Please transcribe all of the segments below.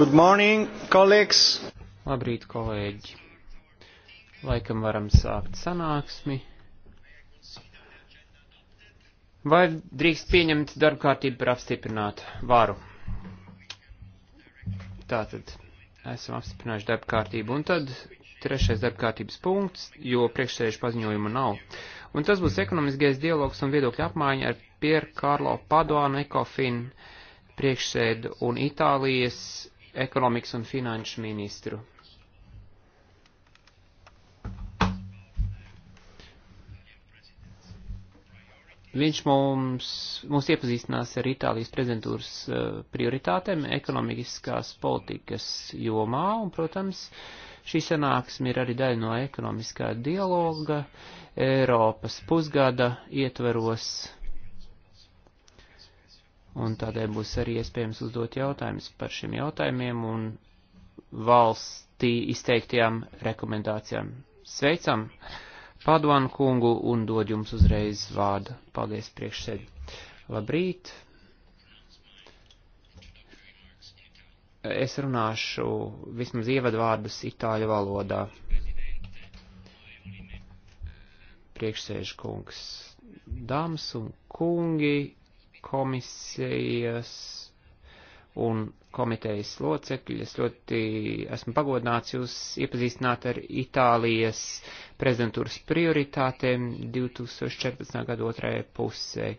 Good morning, colleagues. Labrīt, kolēģi. Laikam varam sākt sanāksmi. Vai drīkst pieņemt darba kārtību par apstiprinātu varu? Tātad esam apstiprinājuši darba kārtību un tad trešais darba kārtības punkts, jo priekšsēžu paziņojumu nav un tas būs ekonomiskais dialogs un viedokļa apmaiņa ar Pieru Kārlo Padoanu, Ekofin priekšsēdu un Itālijas ekonomikas un finanšu ministru. Viņš mums, mums iepazīstinās ar Itālijas prezidentūras eh, prioritātēm ekonomiskās politikas jomā, un, protams, šī sanāksme ir arī daļa no ekonomiskā dialoga Eiropas pusgada ietveros un tādēļ būs arī iespējams uzdot jautājumus par šiem jautājumiem un valstī izteiktajām rekomendācijām. Sveicam Paduanu kungu un dod jums uzreiz vārdu. Paldies priekš sevi. Labrīt! Es runāšu vismaz ievadvārdus itāļu valodā. Priekšsēžu kungs, dāmas un kungi, komisijas un komitejas locekļi. Es ļoti esmu pagodināts jūs iepazīstināt ar Itālijas prezidentūras prioritātēm 2014. gada otrajai pusē.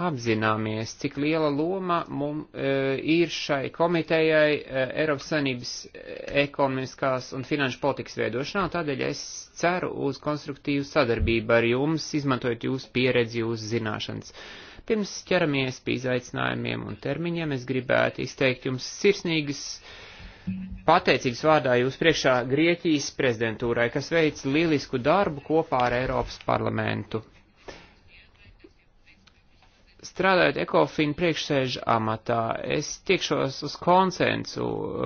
Apzināmies, cik liela loma mum, e, ir šai komitejai e, Eiropas Savienības e, ekonomiskās un finanšu politikas veidošanā, tādēļ es ceru uz konstruktīvu sadarbību ar jums, izmantojot jūsu pieredzi, jūsu zināšanas. E, Pirms ķeramies pie izaicinājumiem un termiņiem, es gribētu izteikt jums sirsnīgas pateicības vārdā jūs priekšā Grieķijas prezidentūrai, kas veic lielisku darbu kopā ar Eiropas parlamentu. Strādājot ekofinu priekšsēžu amatā, es tiekšos uz konsensu uh,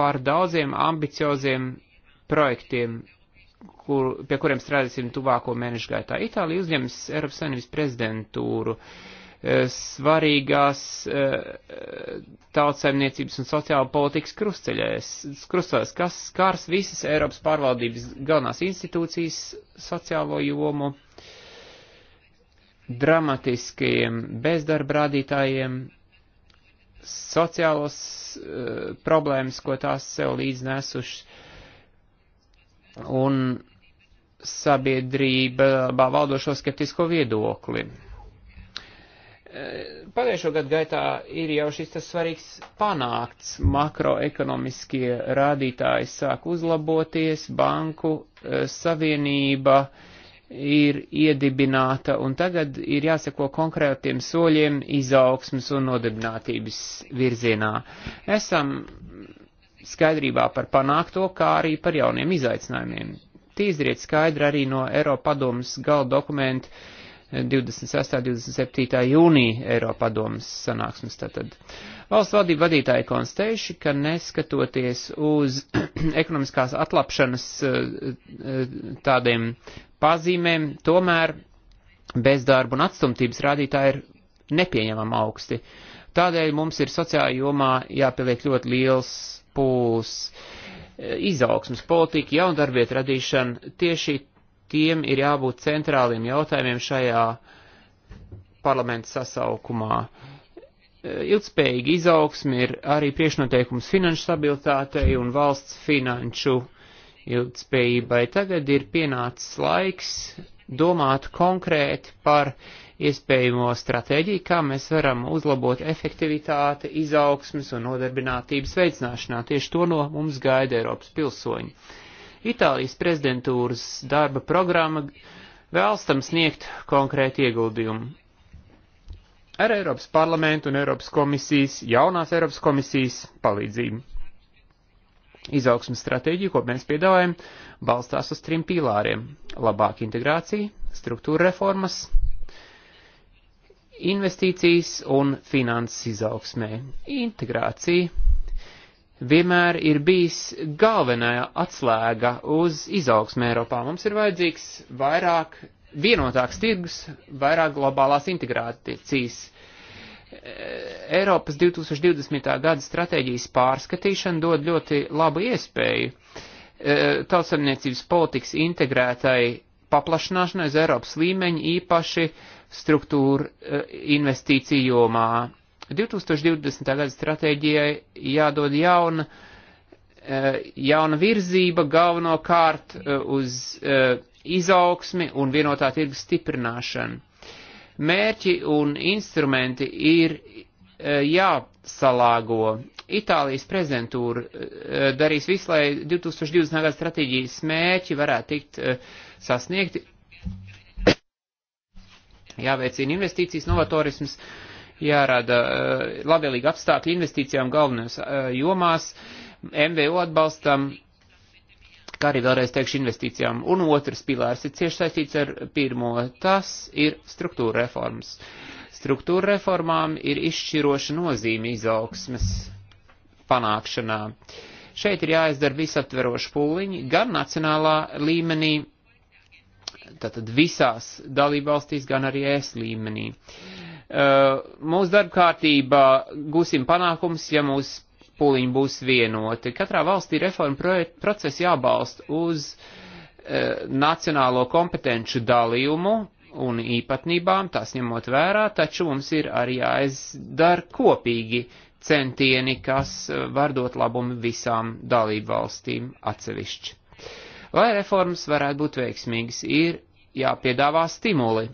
par daudziem ambicioziem projektiem, kur, pie kuriem strādāsim tuvāko mēnešu gaitā. Itālija uzņems Eiropas Savienības prezidentūru. Uh, Eh, svarīgās eh, tautsaimniecības un sociāla politikas krustcelēs, kas skars visas Eiropas pārvaldības galvenās institūcijas sociālo jomu, dramatiskiem bezdarba rādītājiem, sociālos uh, problēmas, ko tās sev līdznesušas, un sabiedrībā valdošo skeptisko viedokli. Eh, pagājušo gadu gaitā ir jau šis tas svarīgs panākts, makroekonomiskie rādītāji sāk uzlaboties, banku eh, savienība ir iedibināta un tagad ir jāseko konkrētiem soļiem izaugsmas un nodibinātības virzienā. Esam skaidrībā par panākto, kā arī par jauniem izaicinājumiem. Tīzriet skaidri arī no Eiropadomas galda dokumentu 26. un 27. jūnija Eiropadomas sanāksmes tātad. Valsts valdība vadītāji konstatējuši, ka neskatoties uz ekonomiskās atlapšanas eh, eh, tādiem pazīmēm, tomēr bezdarba un atstumtības rādītāji ir nepieņemam augsti. Tādēļ mums ir sociālajā jomā jāpieliek ļoti liels pūs eh, izaugsmas politika, jaundarbietu radīšana tieši tiem ir jābūt centrāliem jautājumiem šajā parlamenta sasaukumā. E, ilgspējīga izaugsme ir arī priekšnoteikums finanšu stabilitātei un valsts finanšu ilgspējībai. Tagad ir pienācis laiks domāt konkrēti par iespējamo stratēģiju, kā mēs varam uzlabot efektivitāti, izaugsmes un nodarbinātības veicināšanā. Tieši to no mums gaida Eiropas pilsoņi. Itālijas prezidentūras darba programma vēlas tam sniegt konkrētu ieguldījumu. Ar Eiropas parlamentu un Eiropas komisijas, jaunās Eiropas komisijas palīdzību. Izaugsmas stratēģija, ko mēs piedāvājam, balstās uz trim pīlāriem - labāka integrācija, struktūra reformas, investīcijas un finanses izaugsmē. Integrācija vienmēr ir bijis galvenā atslēga uz izaugsmē Eiropā. Mums ir vajadzīgs vairāk vienotāks tirgus, vairāk globālās integrācijas. E, Eiropas 2020. gada stratēģijas pārskatīšana dod ļoti labu iespēju e, tautsamniecības politikas integrētai paplašanāšanai uz Eiropas līmeņu īpaši struktūra e, investīciju jomā 2020. gada stratēģijai jādod jauna, e, jauna virzība galvenokārt e, uz e, izaugsmi un vienotā tirgus stiprināšanu. Mērķi un instrumenti ir jāsalāgo. Itālijas prezidentūra darīs visu, lai 2020. gada stratēģijas mērķi varētu tikt sasniegti. Jāveicina investīcijas, novatorisms, uh, jārada eh, labvēlīgi apstākļi investīcijām galvenajās eh, jomās, MVO atbalstam, kā arī vēlreiz teikšu investīcijām. Un otrs pilārs ir cieši saistīts ar pirmo, tas ir struktūra reformas. Struktūra reformām ir izšķiroša nozīme izaugsmes panākšanā. Šeit ir jāizdara visaptveroši pūliņi gan nacionālā līmenī, tātad visās dalībvalstīs, gan arī ēs līmenī. Uh, Eh, mūsu darba kārtībā gūsim panākums, ja mūsu pūliņi būs vienoti. Katrā valstī reforma procesi jābalst uz eh, nacionālo kompetenču dalījumu un īpatnībām, tās ņemot vērā, taču mums ir arī jāizdara kopīgi centieni, kas eh, var dot labumu visām dalību valstīm atsevišķi. Lai reformas varētu būt veiksmīgas, ir jāpiedāvā stimuli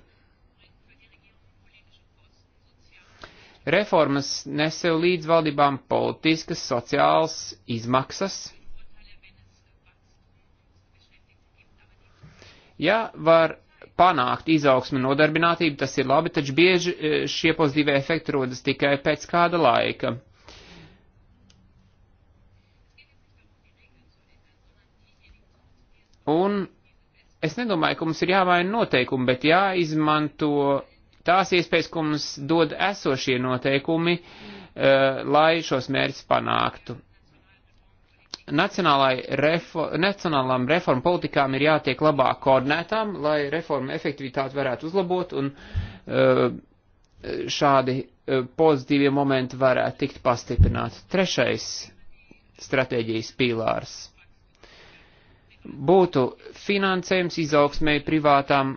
Reformas nesev līdz valdībām politiskas, sociāls izmaksas. Ja var panākt izaugsmu nodarbinātību, tas ir labi, taču bieži e, šie pozitīvie efekti rodas tikai pēc kāda laika. Un es nedomāju, ka mums ir jāvaina noteikumi, bet jāizmanto tās iespējas, ko mums dod esošie noteikumi, eh, lai šos mērķus panāktu. Refo nacionālām reformu politikām ir jātiek labāk koordinētām, lai reformu efektivitāti varētu uzlabot un eh, šādi eh, pozitīvie momenti varētu tikt pastiprināti. Trešais stratēģijas pīlārs būtu finansējums izaugsmēji privātām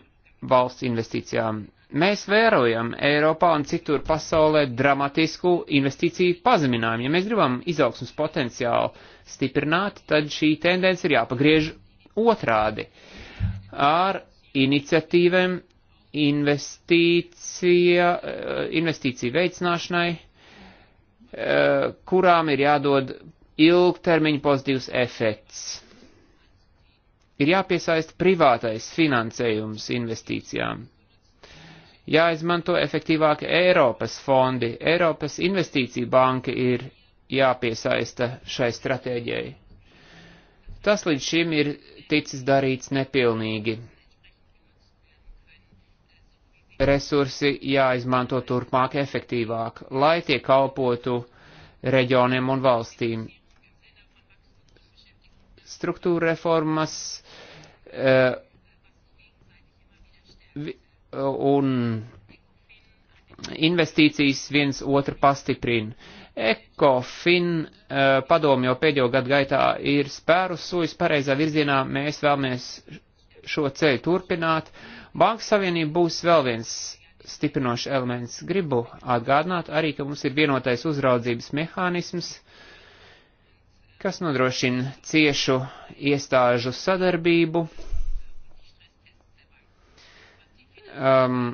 valsts investīcijām. Mēs vērojam Eiropā un citur pasaulē dramatisku investīciju pazeminājumu. Ja mēs gribam izaugsmus potenciālu stiprināt, tad šī tendence ir jāpagriež otrādi. Ar iniciatīviem investīcija, eh, investīciju veicināšanai, eh, kurām ir jādod ilgtermiņa pozitīvs efekts. Ir jāpiesaista privātais finansējums investīcijām jāizmanto efektīvāk Eiropas fondi. Eiropas investīcija banka ir jāpiesaista šai stratēģijai. Tas līdz šim ir ticis darīts nepilnīgi. Resursi jāizmanto turpmāk efektīvāk, lai tie kalpotu reģioniem un valstīm. Struktūra reformas uh, vi, un investīcijas viens otru pastiprina. Ekofin eh, padomu jau pēdējo gadu gaitā ir spērus sojas pareizā virzienā, mēs vēlamies šo ceļu turpināt. Bankas savienība būs vēl viens stiprinošs elements. Gribu atgādināt arī, ka mums ir vienotais uzraudzības mehānisms, kas nodrošina ciešu iestāžu sadarbību um,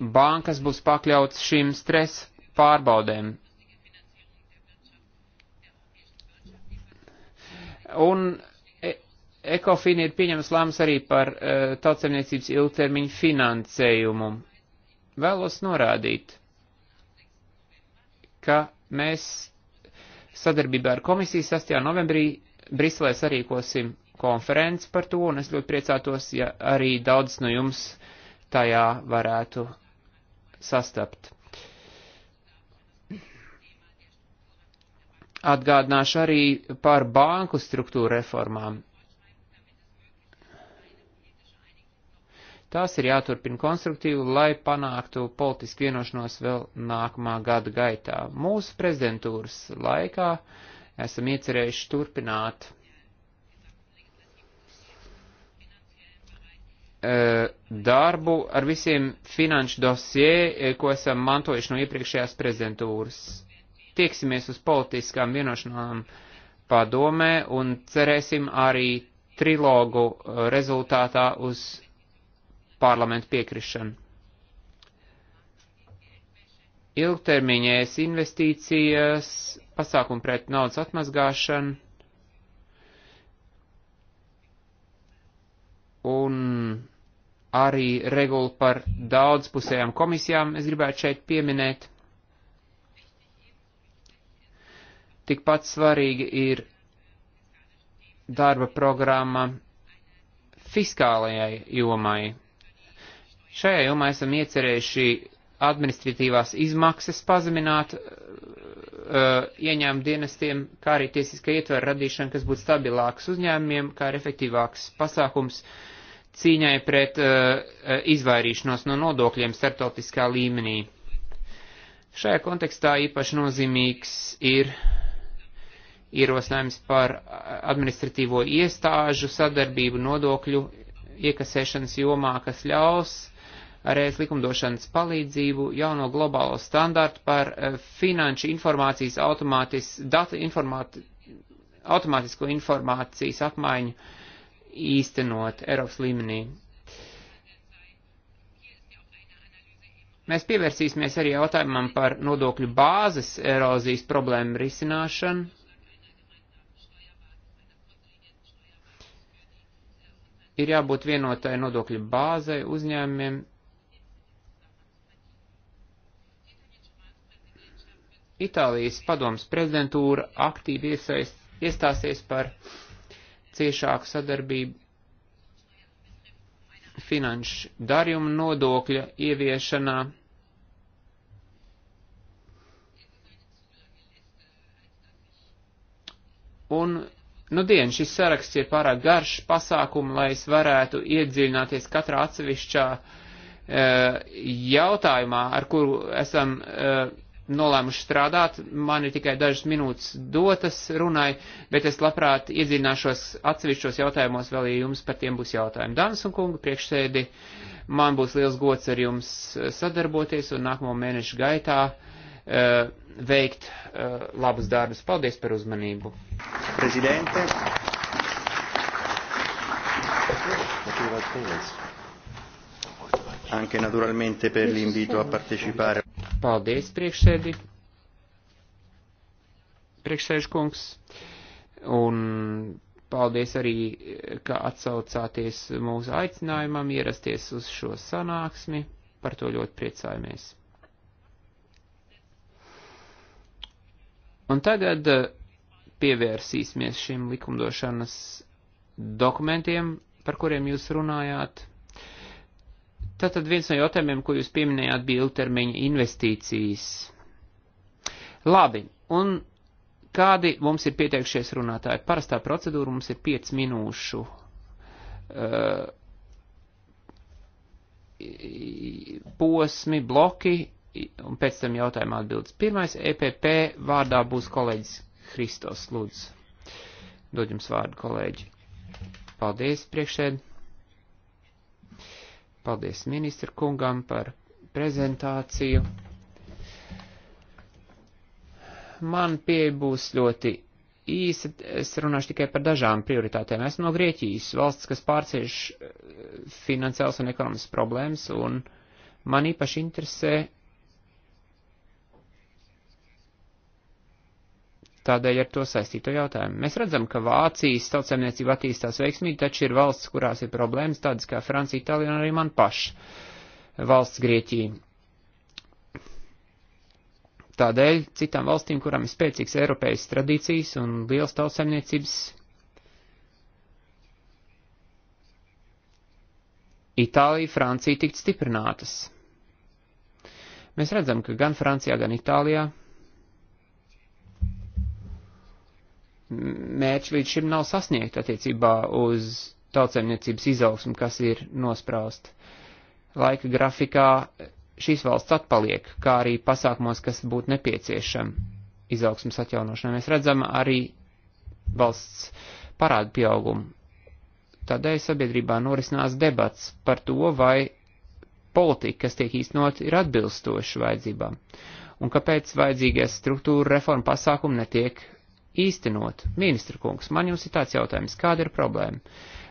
bankas būs pakļauts šīm stres pārbaudēm. Un e- Ekofin ir pieņems lēmums arī par uh, e, tautsemniecības ilgtermiņu finansējumu. Vēlos norādīt, ka mēs sadarbībā ar komisiju 6. novembrī Briselē sarīkosim konferenci par to, un es ļoti priecātos, ja arī daudz no jums tajā varētu sastapt. Atgādināšu arī par banku struktūra reformām. Tās ir jāturpina konstruktīvi, lai panāktu politisku vienošanos vēl nākamā gada gaitā. Mūsu prezidentūras laikā esam iecerējuši turpināt E, darbu ar visiem finanšu dosie, e, ko esam mantojuši no iepriekšējās prezidentūras. Tieksimies uz politiskām vienošanām padomē un cerēsim arī trilogu e, rezultātā uz parlamentu piekrišanu. Ilgtermiņēs investīcijas, pasākumu pret naudas atmazgāšanu un arī regulu par daudzpusējām komisijām es gribētu šeit pieminēt. Tikpat svarīgi ir darba programma fiskālajai jomai. Šajā jomā esam iecerējuši administratīvās izmaksas pazemināt uh, ieņēmumu dienestiem, kā arī tiesiskā ietvera radīšana, kas būtu stabilāks uzņēmumiem, kā arī efektīvāks pasākums uh, cīņai pret uh, uh, izvairīšanos no nodokļiem starptautiskā līmenī. Šajā kontekstā īpaši nozīmīgs ir ierosinājums par uh, administratīvo iestāžu sadarbību nodokļu iekasēšanas jomā, kas ļaus ar ES likumdošanas palīdzību jauno globālo standartu par uh, finanšu informācijas automātis, data informāti, automātisko informācijas apmaiņu uh, īstenot Eiropas līmenī. Mēs pievērsīsimies arī jautājumam par nodokļu bāzes erozijas problēmu risināšanu. Ir jābūt vienotai nodokļu bāzai uzņēmumiem. Itālijas padomas prezidentūra aktīvi iesaist, iestāsies par uh, ciešāka sadarbība, finanšu darījuma nodokļa ieviešanā. Un, nu dien, šis saraksts ir pārāk garš pasākumu, lai es varētu iedziļināties katrā atsevišķā e, jautājumā, ar kuru esam e, nolēmuši strādāt. Man ir tikai dažas minūtes dotas runai, bet es labprāt iedzināšos atsevišķos jautājumos, vēl ja jums par tiem būs jautājumi. Dāmas un kungi, priekšsēdi, man būs liels gods ar jums eh, sadarboties un nākamo mēnešu gaitā uh, veikt uh, labus darbus. Paldies par uzmanību. Prezidente. Anche naturalmente per l'invito a partecipare. Paldies, priekšsēdi. Priekšsēžkungs. Un paldies arī, ka atsaucāties mūsu aicinājumam ierasties uz šo sanāksmi. Par to ļoti priecājamies. Un tagad eh, pievērsīsimies šiem likumdošanas dokumentiem, par kuriem jūs runājāt. Tātad viens no jautājumiem, ko jūs pieminējāt, bija ilgtermiņa investīcijas. Labi, un kādi mums ir pieteikšies runātāji? Parastā procedūra mums ir 5 minūšu. Uh, posmi, bloki, un pēc tam jautājuma atbildes. Pirmais EPP vārdā būs kolēģis Kristos Lūdzu. Dod jums vārdu, kolēģi. Paldies, priekšēd. Paldies ministra kungam par prezentāciju. Man pieeja būs ļoti īsa, es runāšu tikai par dažām prioritātēm. Esmu no Grieķijas, valsts, kas pārcieš eh, finansiāls un ekonomisks problēmas, un man īpaši interesē tādēļ ar to saistīto jautājumu. Mēs redzam, ka Vācijas tautsēmniecība attīstās veiksmīgi, taču ir valsts, kurās ir problēmas, tādas kā Francija, Itālija un arī man paša valsts Grieķija. Tādēļ citām valstīm, kurām ir spēcīgs Eiropējas tradīcijas un liels tautsēmniecības, Itālija, Francija tikt stiprinātas. Mēs redzam, ka gan Francijā, gan Itālijā mērķi līdz šim nav sasniegt attiecībā uz tautsēmniecības izaugsmu, kas ir nospraust. Laika grafikā šīs valsts atpaliek, kā arī pasākumos, kas būtu nepieciešami izaugsmas atjaunošanai. Mēs redzam arī valsts parādu pieaugumu. Tādēļ sabiedrībā norisinās debats par to, vai politika, kas tiek īstenot, ir atbilstoša vajadzībām, un kāpēc vajadzīgais struktūra reforma pasākumi netiek īstenot. Ministra kungs, man jums ir tāds jautājums, kāda ir problēma?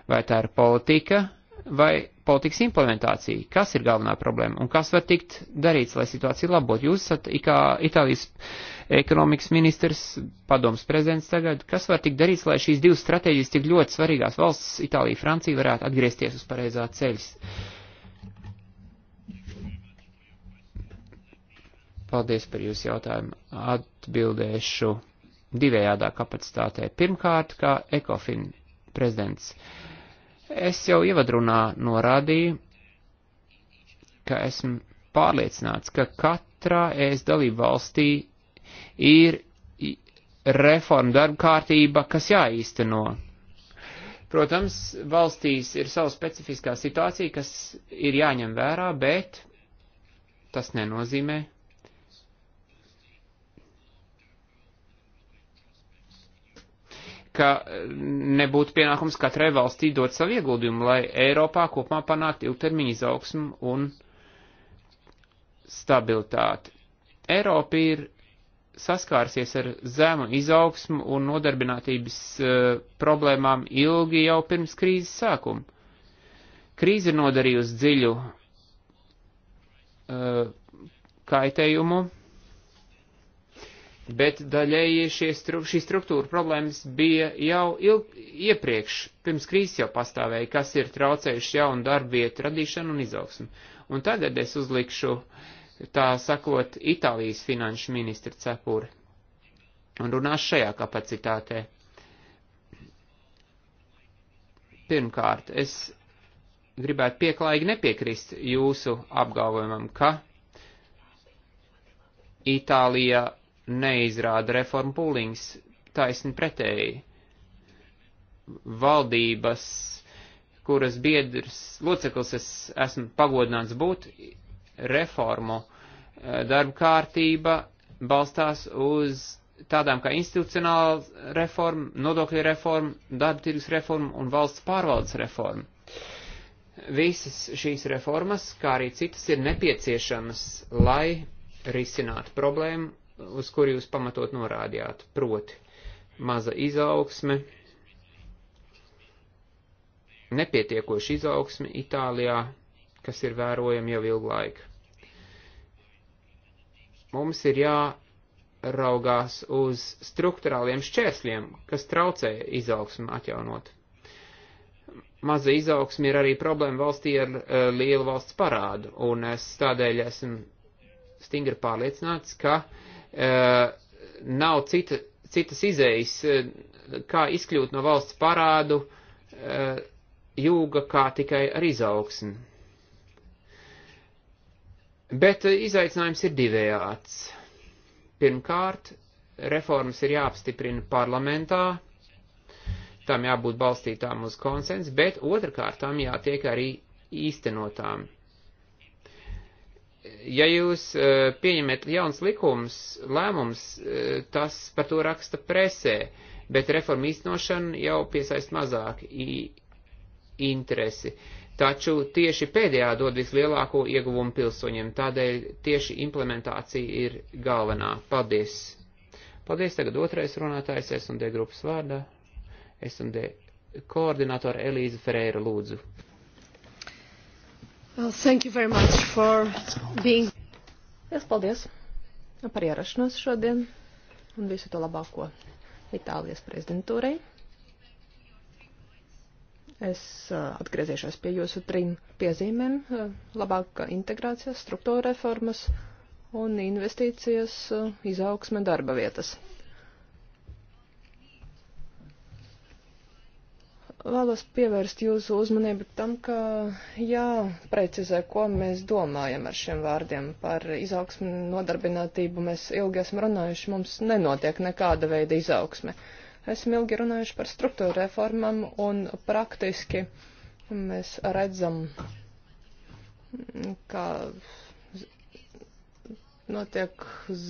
Vai tā ir politika vai politikas implementācija? Kas ir galvenā problēma un kas var tikt darīts, lai situāciju labot? Jūs esat Itālijas ekonomikas ministrs, padoms prezidents tagad. Kas var tikt darīts, lai šīs divas stratēģijas tik ļoti svarīgās valsts, Itālija, Francija, varētu atgriezties uz pareizā ceļas? Paldies par jūsu jautājumu. Atbildēšu divējādā kapacitātē. Pirmkārt, kā ECOFIN prezidents. Es jau ievadrunā norādīju, ka esmu pārliecināts, ka katrā ES dalību valstī ir reforma darba kārtība, kas jāīsteno. Protams, valstīs ir sava specifiskā situācija, kas ir jāņem vērā, bet tas nenozīmē, ka nebūtu pienākums katrai valstī dot savu ieguldījumu, lai Eiropā kopumā panāktu ilgtermiņa izaugsmu un stabilitāti. Eiropa ir saskārsies ar zemu izaugsmu un nodarbinātības uh, problēmām ilgi jau pirms krīzes sākuma. Krīze ir nodarījusi dziļu uh, kaitējumu bet daļēji stru, šī struktūra problēmas bija jau ilg, iepriekš, pirms krīzes jau pastāvēja, kas ir traucējuši jaunu darbu vietu radīšanu un izaugsmu. Un tagad es uzlikšu, tā sakot, Itālijas finanšu ministra cepuri un runāšu šajā kapacitātē. Pirmkārt, es gribētu pieklājīgi nepiekrist jūsu apgalvojumam, ka Itālijā neizrāda reformu pūliņus, taisni pretēji. Valdības, kuras biedrs loceklis es esmu pagodināts būt, reformu eh, darba kārtība balstās uz tādām kā institucionāla reforma, nodokļu reforma, darba tirgus reforma un valsts pārvaldes reforma. Visas šīs reformas, kā arī citas, ir nepieciešamas, lai risinātu problēmu uz kuri jūs pamatot norādījāt, proti maza izaugsme, nepietiekoša izaugsme Itālijā, kas ir vērojama jau ilgu laiku. Mums ir jāraugās uz struktūrāliem šķērsliem, kas traucē izaugsmu atjaunot. Maza izaugsme ir arī problēma valstī ar uh, lielu valsts parādu, un es tādēļ esmu stingri pārliecināts, ka uh, Eh, nav cita, citas izējas, eh, kā izkļūt no valsts parādu eh, jūga, kā tikai ar izaugsmu. Bet izaicinājums ir divējāds. Pirmkārt, reformas ir jāapstiprina parlamentā, tam jābūt balstītām uz konsensu, bet otrkārt tam jātiek arī īstenotām ja jūs e, pieņemat jauns likums, lēmums, e, tas par to raksta presē, bet reformu īstenošana jau piesaist mazāk interesi. Taču tieši pēdējā dod vislielāko ieguvumu pilsoņiem, tādēļ tieši implementācija ir galvenā. Paldies! Paldies tagad otrais runātājs S&D grupas vārdā. S&D koordinātora Elīza Ferēra lūdzu. Well, thank you very much for being. Es paldies par ierašanos šodien un visu to labāko Itālijas prezidentūrai. Es uh, atgriezīšos pie jūsu trim piezīmēm uh, - labāka integrācija, struktūra reformas un investīcijas, uh, izaugsme darba vietas. Vēlos pievērst jūsu uzmanību tam, ka jāprecizē, ko mēs domājam ar šiem vārdiem. Par izaugsmu nodarbinātību mēs ilgi esam runājuši, mums nenotiek nekāda veida izaugsme. Esam ilgi runājuši par struktūra reformām un praktiski mēs redzam, ka notiek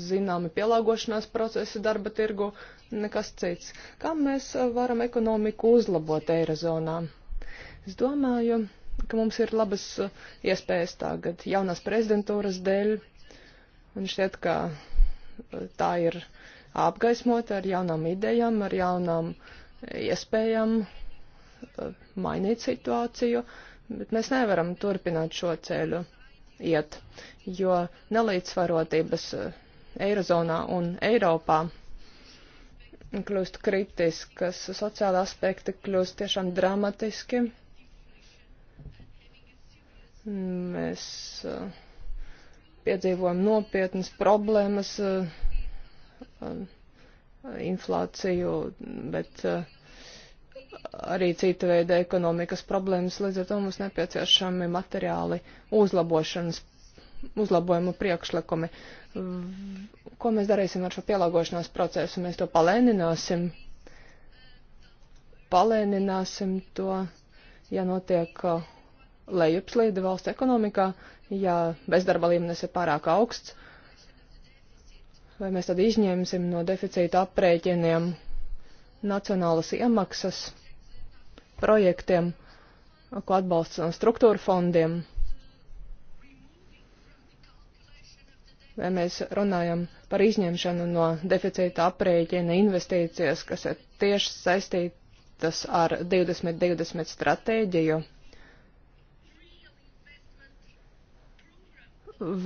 zināmi pielāgošanās procesi darba tirgu, uh, nekas cits. Kā mēs eh, varam ekonomiku uzlabot Eirozonā? Es domāju, ka mums ir labas eh, iespējas tagad jaunās prezidentūras dēļ, un šķiet, ka eh, tā ir apgaismota ar jaunām idejām, ar jaunām iespējām mainīt situāciju, bet mēs nevaram turpināt šo ceļu iet, jo nelīdzsvarotības Eirozonā un Eiropā kļūst kritiskas, sociāla aspekti kļūst tiešām dramatiski. Mēs uh, piedzīvojam nopietnas problēmas, uh, um, inflāciju, bet uh, arī cita veida ekonomikas problēmas, līdz ar to mums nepieciešami materiāli uzlabošanas uzlabojumu priekšlikumi. Ko mēs darīsim ar šo pielāgošanās procesu? Mēs to palēnināsim, palēnināsim to, ja notiek uh, lejupslīde valsts ekonomikā, ja bezdarba līmenis ir pārāk augsts. Vai mēs tad izņemsim no deficīta aprēķiniem nacionālas iemaksas projektiem, ko atbalsts no struktūra fondiem? mēs runājam par izņemšanu no deficīta aprēķina investīcijas, kas ir tieši saistītas ar 2020 stratēģiju.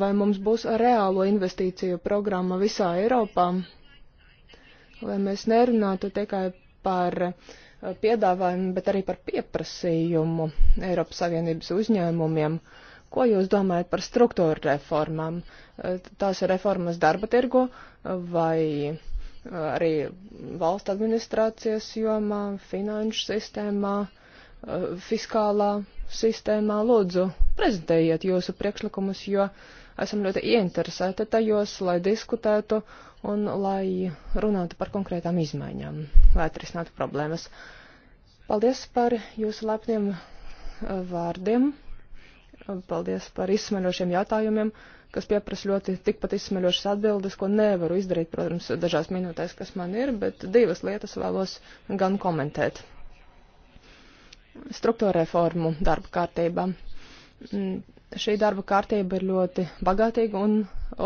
Vai mums būs reālo investīciju programma visā Eiropā, lai mēs nerunātu tikai par uh, piedāvājumu, bet arī par pieprasījumu Eiropas Savienības uzņēmumiem? Uh, Ko jūs domājat par struktūra reformām? Eh, tās ir reformas darba tirgo vai eh, arī valsts administrācijas jomā, finanšu sistēmā, eh, fiskālā sistēmā? Lūdzu, prezentējiet jūsu priekšlikumus, jo esam ļoti ieinteresēti tajos, lai diskutētu un lai runātu par konkrētām izmaiņām, lai atrisinātu problēmas. Paldies par jūsu lepniem vārdiem. Paldies par izsmeļošiem jautājumiem, kas pieprasa ļoti tikpat izsmeļošas atbildes, ko nevaru izdarīt, protams, dažās minūtēs, kas man ir, bet divas lietas vēlos gan komentēt. Struktūra reformu darba kārtībā. Mm, šī darba kārtība ir ļoti bagātīga un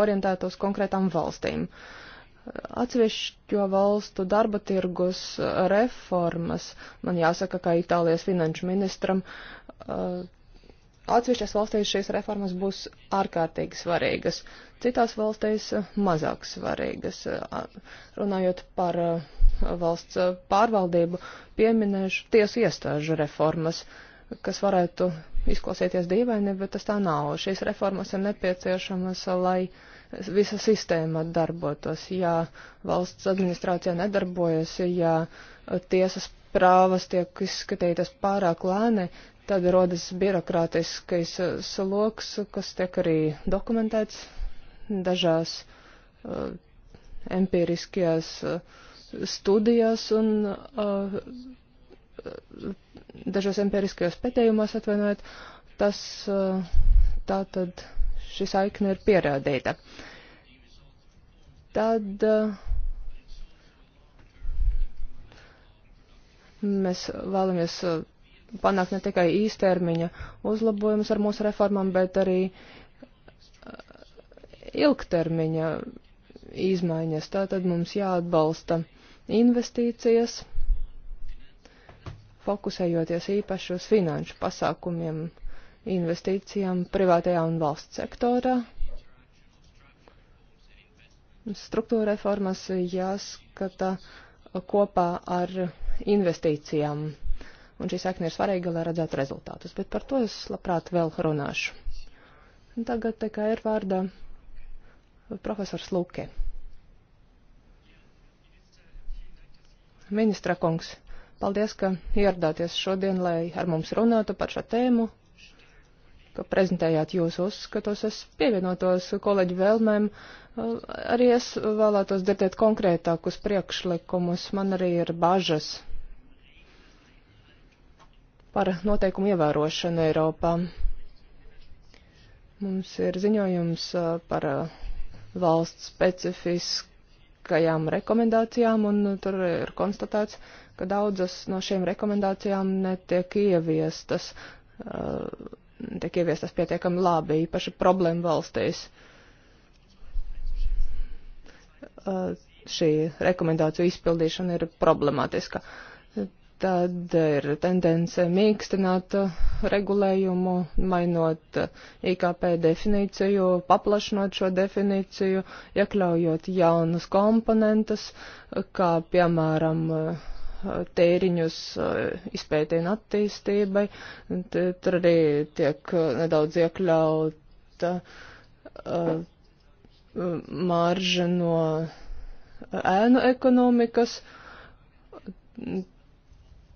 orientēta uz konkrētām valstīm. Atsevišķo valstu darba tirgus reformas, man jāsaka, kā Itālijas finanšu ministram, uh, Atsevišķās valstīs šīs reformas būs ārkārtīgi svarīgas, citās valstīs eh, mazāk svarīgas. Eh, runājot par eh, valsts pārvaldību, pieminēšu tiesu iestāžu reformas, kas varētu izklausīties dīvaini, bet tas tā nav. Šīs reformas ir nepieciešamas, lai visa sistēma darbotos. Ja valsts administrācijā nedarbojas, ja tiesas prāvas tiek izskatītas pārāk lēni, Tad rodas birokrātiskais uh, sloks, kas tiek arī dokumentēts dažās uh, empiriskajās uh, studijās un uh, dažos empiriskajos pētījumos atvainojiet, tas uh, tā tad šī saikne ir pierādīta. Tad uh, mēs vēlamies panākt ne tikai īstermiņa uzlabojumus ar mūsu reformām, bet arī eh, ilgtermiņa izmaiņas. Tātad mums jāatbalsta investīcijas, fokusējoties īpaši uz finanšu pasākumiem, investīcijām privātajā un valsts sektorā. Struktūra reformas jāskata kopā ar investīcijām un šī sakne ir svarīga, lai redzētu rezultātus, bet par to es labprāt vēl runāšu. Tagad te kā ir vārdā profesors Lūke. Ministra kungs, paldies, ka ieradāties šodien, lai ar mums runātu par šo tēmu, ka prezentējāt jūsu uzskatus. Es pievienotos kolēģi vēlmēm. Arī es vēlētos dzirdēt konkrētākus priekšlikumus. Man arī ir bažas par noteikumu ievērošanu Eiropā. Mums ir ziņojums uh, par uh, valsts specifiskajām rekomendācijām, un uh, tur ir konstatēts, ka daudzas no šīm rekomendācijām netiek ieviestas, tiek ieviestas pietiekami labi, īpaši problēma valstīs šī rekomendāciju izpildīšana ir problemātiska. Tad ir tendence mīkstināt uh, regulējumu, mainot uh, IKP definīciju, paplašinot šo definīciju, iekļaujot jaunus komponentus, uh, kā piemēram tēriņus izpētē un attīstībai. Tur arī tiek nedaudz iekļauta marža no ēnu ekonomikas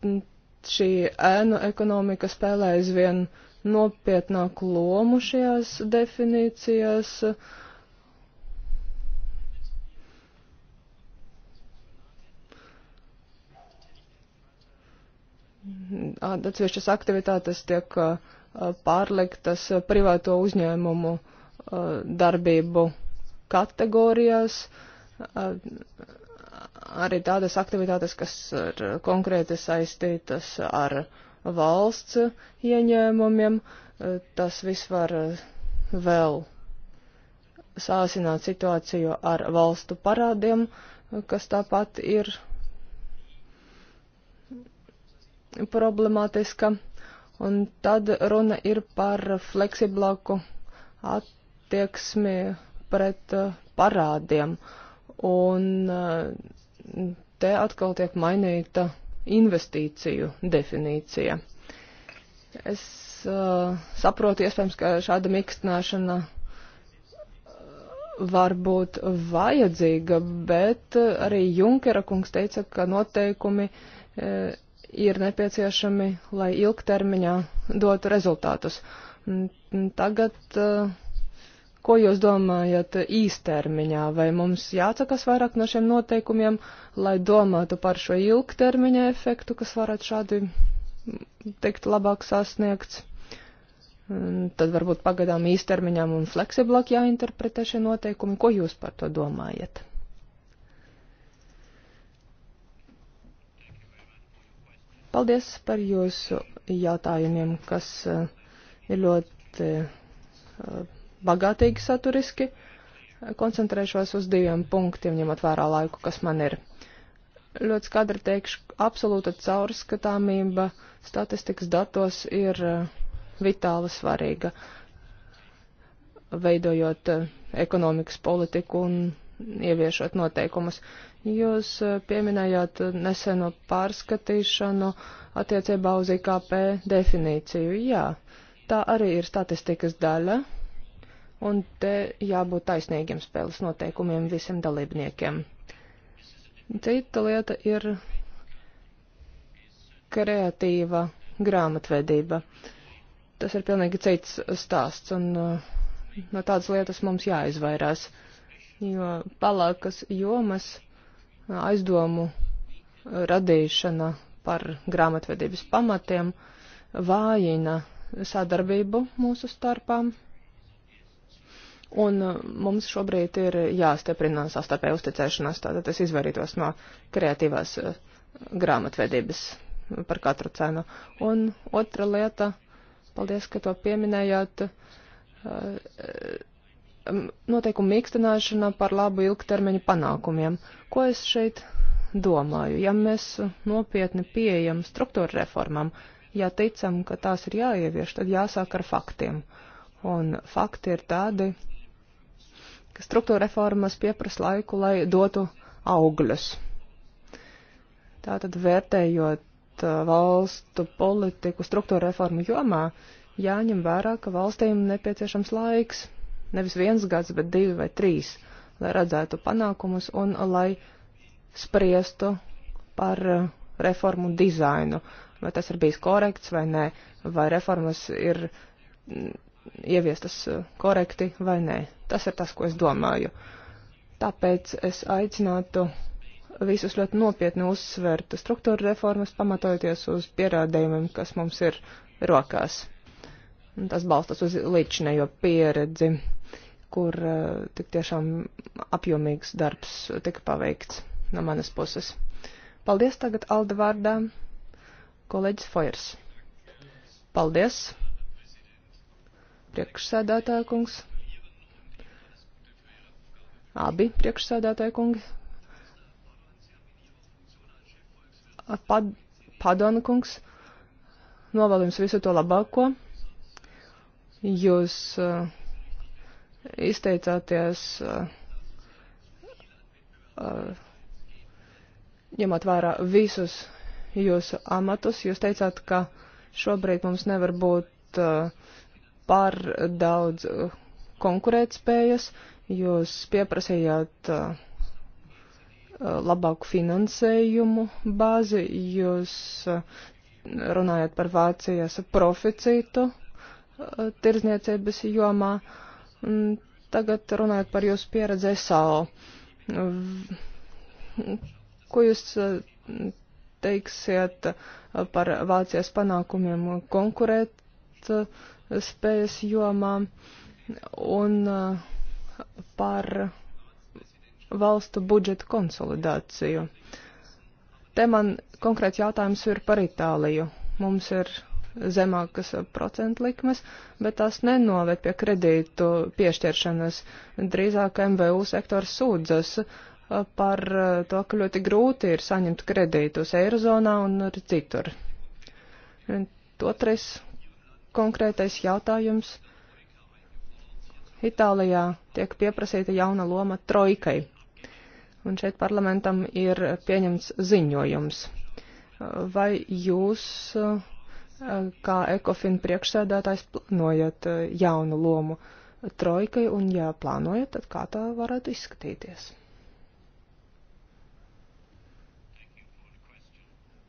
šī ēnu ekonomika spēlē aizvien nopietnāku lomu šajās definīcijās. Atsevišķas aktivitātes tiek pārliktas privāto uzņēmumu darbību kategorijās arī tādas aktivitātes, kas ir konkrēti saistītas ar valsts ieņēmumiem. Tas viss var vēl sāsināt situāciju ar valstu parādiem, kas tāpat ir problemātiska. Un tad runa ir par fleksiblāku attieksmi pret uh, parādiem. Un uh, te atkal tiek mainīta investīciju definīcija. Es uh, saprotu, iespējams, ka šāda mikstināšana uh, var būt vajadzīga, bet uh, arī Junkera kungs teica, ka noteikumi uh, ir nepieciešami, lai ilgtermiņā dotu rezultātus. Tagad uh, Ko jūs domājat īstermiņā? Vai mums jāatsakās vairāk no šiem noteikumiem, lai domātu par šo ilgtermiņa efektu, kas varētu šādi, teikt, labāk sasniegts? Tad varbūt pagaidām īstermiņām un fleksiblāk jāinterpretē šie noteikumi. Ko jūs par to domājat? Paldies par jūsu jautājumiem, kas eh, ir ļoti eh, bagātīgi saturiski. Koncentrēšos uz diviem punktiem, ņemot vērā laiku, kas man ir. Ļoti skaidri teikšu, absolūta caurskatāmība statistikas datos ir eh, vitāli svarīga, veidojot eh, ekonomikas politiku un ieviešot noteikumus. Jūs eh, pieminējāt neseno pārskatīšanu attiecībā uz IKP definīciju. Jā, tā arī ir statistikas daļa, un te jābūt taisnīgiem spēles noteikumiem visiem dalībniekiem. Cita lieta ir kreatīva grāmatvedība. Tas ir pilnīgi cits stāsts, un uh, no tādas lietas mums jāizvairās, jo palākas jomas uh, aizdomu radīšana par grāmatvedības pamatiem vājina sadarbību mūsu starpām Un uh, mums šobrīd ir jāstiprina sastarpēja uzticēšanās, tātad es izvairītos no kreatīvās uh, grāmatvedības par katru cenu. Un otra lieta, paldies, ka to pieminējāt, uh, um, noteikumu mīkstināšana par labu ilgtermiņu panākumiem. Ko es šeit domāju? Ja mēs nopietni pieejam struktūra reformām, ja ticam, ka tās ir jāievieš, tad jāsāk ar faktiem. Un fakti ir tādi, ka struktūra reformas pieprasa laiku, lai dotu augļus. Tātad vērtējot uh, valstu politiku struktūra reformu jomā, jāņem vērā, ka valstīm nepieciešams laiks, nevis viens gads, bet divi vai trīs, lai redzētu panākumus un lai spriestu par uh, reformu dizainu, vai tas ir bijis korekts vai nē, vai reformas ir mm, ieviestas eh, korekti vai nē. Tas ir tas, ko es domāju. Tāpēc es aicinātu visus ļoti nopietni uzsvērt struktūra reformas, pamatojoties uz pierādījumiem, kas mums ir rokās. Un tas balstās uz līdzinējo pieredzi, kur uh, tik tiešām apjomīgs darbs tika paveikts no manas puses. Paldies tagad Alda vārdā, kolēģis Fojers. Paldies! priekšsēdētāja kungs, abi priekšsēdētāja kungi, pad, padona kungs, novēlu jums visu to labāko. Jūs uh, izteicāties, uh, uh, ņemot vērā visus jūsu amatus, jūs teicāt, ka šobrīd mums nevar būt uh, par daudz uh, konkurētspējas, jūs pieprasījāt uh, uh, labāku finansējumu bāzi, jūs runājat par Vācijas proficītu tirzniecības jomā. Tagad runājot par jūsu pieredzi SAO. Ko jūs teiksiet par Vācijas panākumiem konkurēt spējas jomā un uh, par valstu budžeta konsolidāciju. Te man konkrēts jautājums ir par Itāliju. Mums ir zemākas uh, procentu likmes, bet tās nenoved pie kredītu piešķiršanas. Drīzāk MVU sektors sūdzas uh, par to, ka ļoti grūti ir saņemt kredītus Eirozonā un arī citur. Otrais konkrētais jautājums. Itālijā tiek pieprasīta jauna loma trojkai, un šeit parlamentam ir pieņemts ziņojums. Vai jūs, kā ekofin priekšsēdētājs, plānojat jaunu lomu trojkai, un ja plānojat, tad kā tā varētu izskatīties?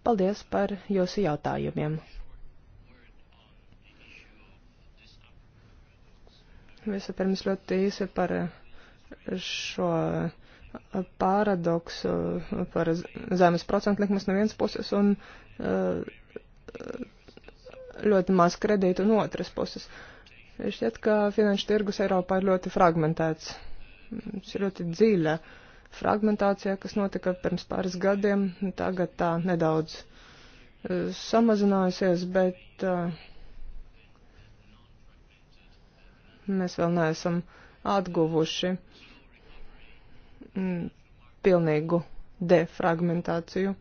Paldies par jūsu jautājumiem. Vispirms ļoti īsi par šo paradoksu par zemes procentu likmes no vienas puses un eh, ļoti maz kredītu no otras puses. Šķiet, ka finanšu tirgus Eiropā ir ļoti fragmentēts. Tas ir ļoti dziļa fragmentācija, kas notika pirms pāris gadiem. Tagad tā nedaudz eh, samazinājusies, bet uh, mēs vēl neesam atguvuši mm, pilnīgu defragmentāciju.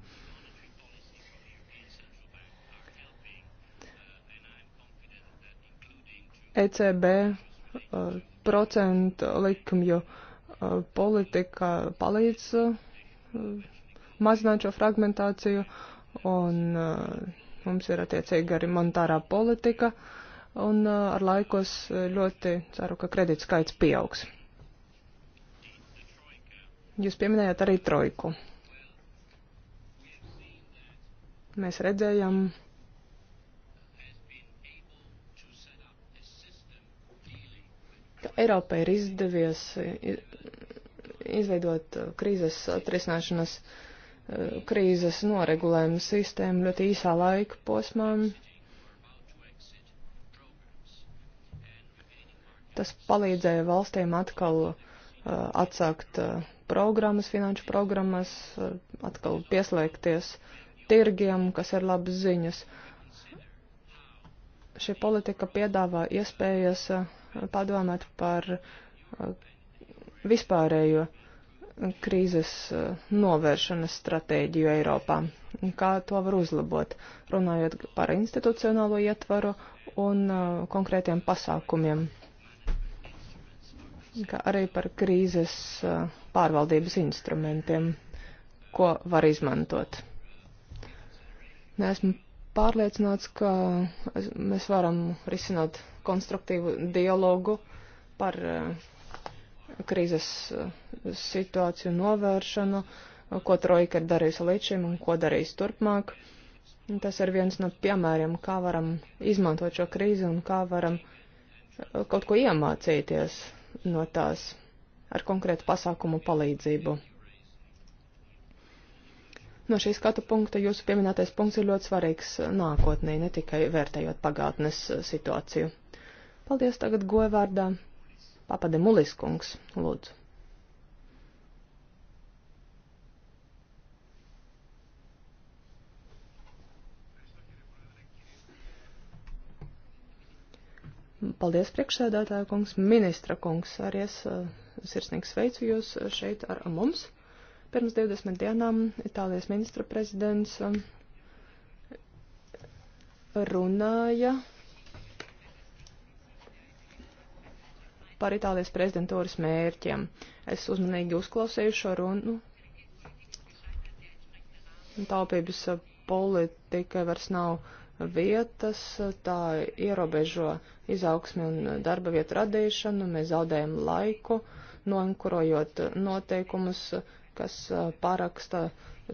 ECB uh, procentu likumju uh, politika palīdz uh, mazināt šo fragmentāciju, un mums ir attiecīgi arī monetārā politika. Uh, un uh, ar laikos uh, ļoti ceru, ka kredīts skaits pieaugs. Jūs pieminējāt arī trojku. Mēs redzējām, ka Eiropai ir izdevies izveidot uh, krīzes atrisināšanas, krīzes noregulējuma sistēmu ļoti īsā laika posmā. Tas palīdzēja valstīm atkal uh, atsākt uh, programmas, finanšu programmas, uh, atkal pieslēgties tirgiem, kas ir labas ziņas. Šī politika piedāvā iespējas uh, padomāt par uh, vispārējo krīzes uh, novēršanas stratēģiju Eiropā, kā to var uzlabot, runājot par institucionālo ietvaru un uh, konkrētiem pasākumiem kā arī par krīzes pārvaldības instrumentiem, ko var izmantot. Esmu pārliecināts, ka mēs varam risināt konstruktīvu dialogu par krīzes situāciju novēršanu, ko Trojka ir darījusi līdz šim un ko darīs turpmāk. Tas ir viens no piemēriem, kā varam izmantot šo krīzi un kā varam kaut ko iemācīties no tās ar konkrētu pasākumu palīdzību. No šī skatu punkta jūsu pieminētais punkts ir ļoti svarīgs nākotnē, ne tikai vērtējot pagātnes situāciju. Paldies tagad goja vārdā. Papade Muliskungs, lūdzu. Paldies, priekšsēdētāja kungs, ministra kungs. Arī es eh, sirsnīgi sveicu jūs šeit ar mums. Pirms 20 dienām Itālijas ministra prezidents eh, runāja par Itālijas prezidentūras mērķiem. Es uzmanīgi uzklausīju šo runu. Taupības eh, politika vairs nav vietas, tā ierobežo izaugsmi un darba vietu radīšanu, mēs zaudējam laiku, noenkurojot noteikumus, kas paraksta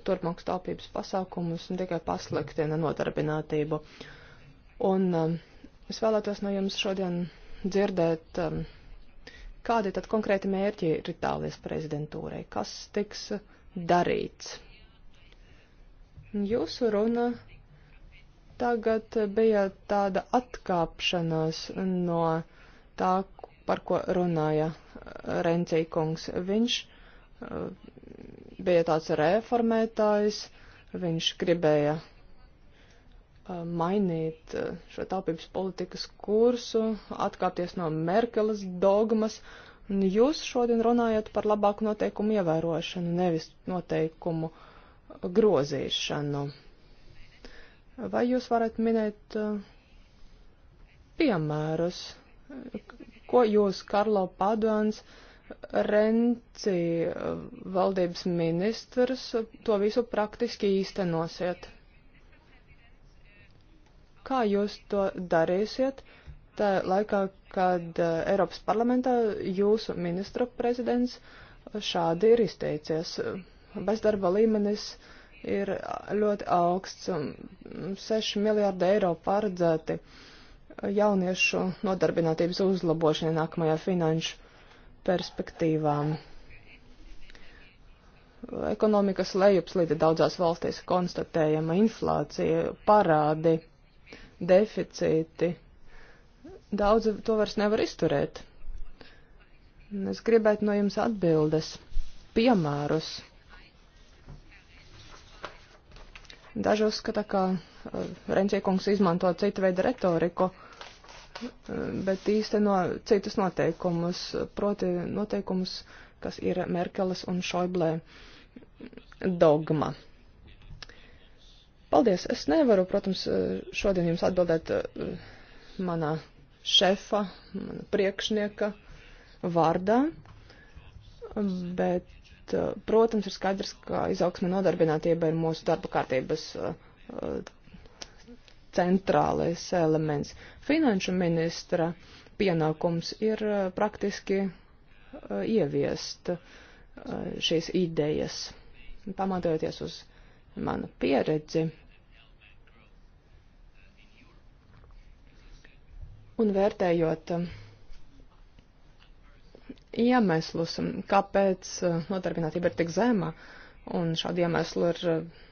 turpmākas taupības pasākumus un tikai pasliktina nodarbinātību. Un es vēlētos no jums šodien dzirdēt, kādi tad konkrēti mērķi ir Itālijas prezidentūrai, kas tiks darīts. Jūsu runa Tagad bija tāda atkāpšanās no tā, par ko runāja eh, Rencīkungs. Viņš eh, bija tāds reformētājs, viņš gribēja eh, mainīt šo taupības politikas kursu, atkāpties no Merkeles dogmas. Jūs šodien runājat par labāku noteikumu ievērošanu, nevis noteikumu grozīšanu. Vai jūs varat minēt uh, piemērus, ko jūs, Karlo Paduans, Renci uh, valdības ministrs, to visu praktiski īstenosiet? Kā jūs to darīsiet? Tā laikā, kad uh, Eiropas parlamentā jūsu ministra prezidents šādi ir izteicies. Bezdarba līmenis uh, ir ļoti augsts. 6 miljārdi eiro paredzēti jauniešu nodarbinātības uzlabošanai nākamajā finanšu perspektīvā. Ekonomikas lejupslīde daudzās valstīs konstatējama inflācija, parādi, deficīti. Daudzi to vairs nevar izturēt. Es gribētu no jums atbildes, piemērus Daži uzskata, ka uh, eh, Renčiekungs izmanto citu veidu retoriku, uh, bet īsteno citus noteikumus, proti noteikumus, kas ir Merkeles un Šoiblē dogma. Paldies! Es nevaru, protams, eh, šodien jums atbildēt manā šefa, priekšnieka vārdā, bet Eh, protams, ir skaidrs, ka izaugsme nodarbinātība ir mūsu darba kārtības eh, centrālais elements. Finanšu ministra pienākums ir eh, praktiski ieviest šīs idejas, pamatojoties uz manu pieredzi. Un vērtējot uh, iemeslus, kāpēc eh, nodarbinātība ir tik zema, un šādi iemesli ir eh,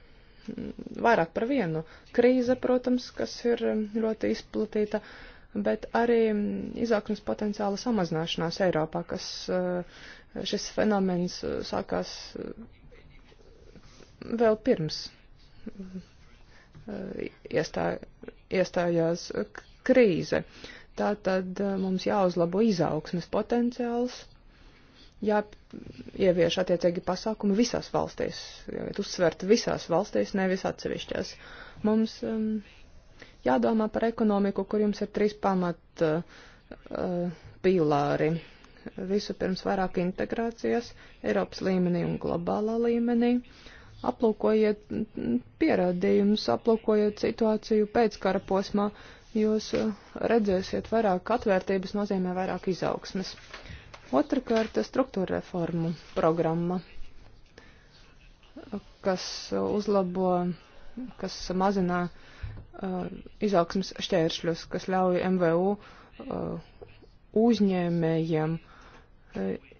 vairāk par vienu. Krīze, protams, kas ir eh, ļoti izplatīta, bet arī mm, izaugsmas potenciāla samazināšanās Eiropā, kas šis fenomens sākās vēl pirms iestā, iestājās krīze. Tātad mums jāuzlabo izaugsmes potenciāls jāievieš attiecīgi pasākumi visās valstīs, jāiet uzsvert visās valstīs, nevis atsevišķās. Mums um, jādomā par ekonomiku, kur jums ir trīs pamat uh, uh pīlāri. Visu pirms vairāk integrācijas Eiropas līmenī un globālā līmenī. Aplūkojiet mm, pierādījumus, aplūkojiet situāciju pēckara posmā, jūs uh, redzēsiet vairāk atvērtības nozīmē vairāk izaugsmes. Uh, Otrakārt, struktūra reformu programma, kas uzlabo, kas mazinā uh, izaugsmas šķēršļus, kas ļauj MVU uh, uzņēmējiem uh,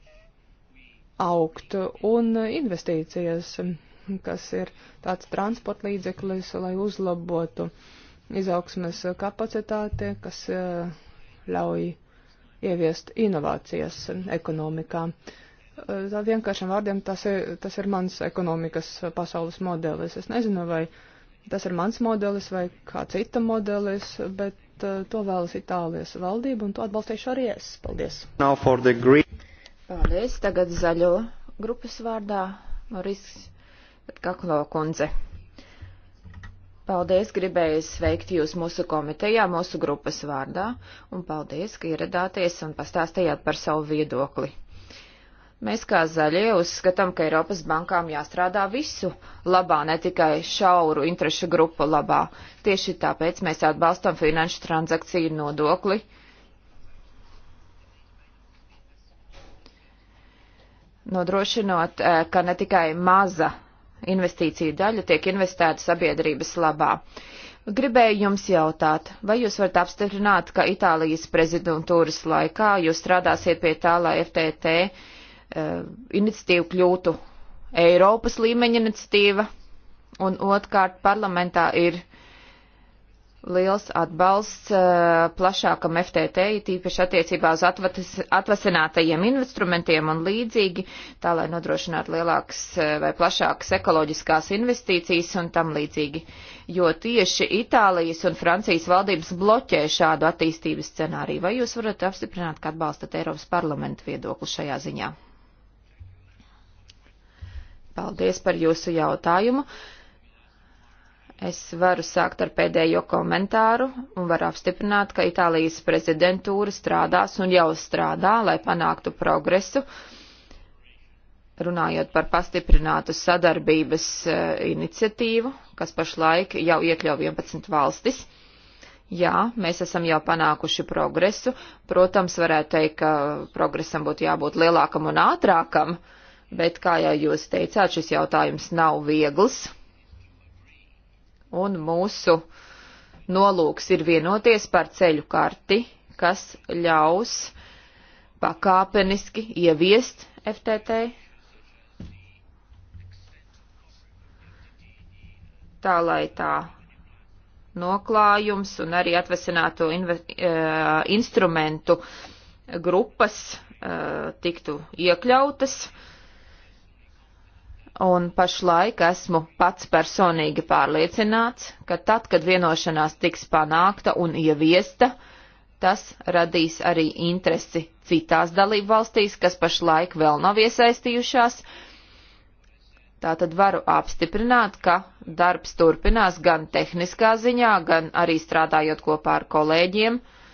augt un investīcijas, kas ir tāds transporta līdzeklis, lai uzlabotu izaugsmes kapacitāti, kas uh, ļauj ieviest inovācijas ekonomikā. Tā vienkāršiem vārdiem tas ir, tas ir mans ekonomikas pasaules modelis. Es nezinu, vai tas ir mans modelis vai kā cita modelis, bet uh, to vēlas Itālijas valdība un to atbalstīšu arī es. Paldies. Paldies. Tagad zaļo grupas vārdā Moris Kaklo kundze. Paldies, gribēju sveikt jūs mūsu komitejā, mūsu grupas vārdā, un paldies, ka ieradāties un pastāstījāt par savu viedokli. Mēs kā zaļie uzskatām, ka Eiropas bankām jāstrādā visu labā, ne tikai šauru interešu grupu labā. Tieši tāpēc mēs atbalstam finanšu transakciju nodokli. Nodrošinot, eh, ka ne tikai maza investīciju daļa tiek investēta sabiedrības labā. Gribēju jums jautāt, vai jūs varat apstiprināt, ka Itālijas prezidentūras laikā jūs strādāsiet pie tā, lai FTT uh, eh, iniciatīva kļūtu Eiropas līmeņa iniciatīva, un otrkārt parlamentā ir uh, liels atbalsts eh, plašākam FTT, tīpaši attiecībā uz atvasinātajiem instrumentiem un līdzīgi, tā lai nodrošinātu lielākas eh, vai plašākas ekoloģiskās investīcijas un tam līdzīgi, jo tieši Itālijas un Francijas valdības bloķē šādu attīstības scenāriju. Vai jūs varat apstiprināt, ka atbalstat Eiropas parlamentu viedokli šajā ziņā? Paldies par jūsu jautājumu. Uh, Es varu sākt ar pēdējo komentāru un varu apstiprināt, ka Itālijas prezidentūra strādās un jau strādā, lai panāktu progresu, runājot par pastiprinātu sadarbības eh, iniciatīvu, kas pašlaik jau iekļauj 11 valstis. Jā, mēs esam jau panākuši progresu. Protams, varētu teikt, ka progresam būtu jābūt lielākam un ātrākam, bet, kā jau jūs teicāt, šis jautājums nav viegls un mūsu nolūks ir vienoties par ceļu karti, kas ļaus pakāpeniski ieviest FTT. Tā lai tā noklājums un arī atvesināto inve, uh, instrumentu grupas uh, tiktu iekļautas. Uh, un pašlaik esmu pats personīgi pārliecināts, ka tad, kad vienošanās tiks panākta un ieviesta, tas radīs arī interesi citās dalību valstīs, kas pašlaik vēl nav iesaistījušās. Tātad varu apstiprināt, ka darbs turpinās gan tehniskā ziņā, gan arī strādājot kopā ar kolēģiem. Uh,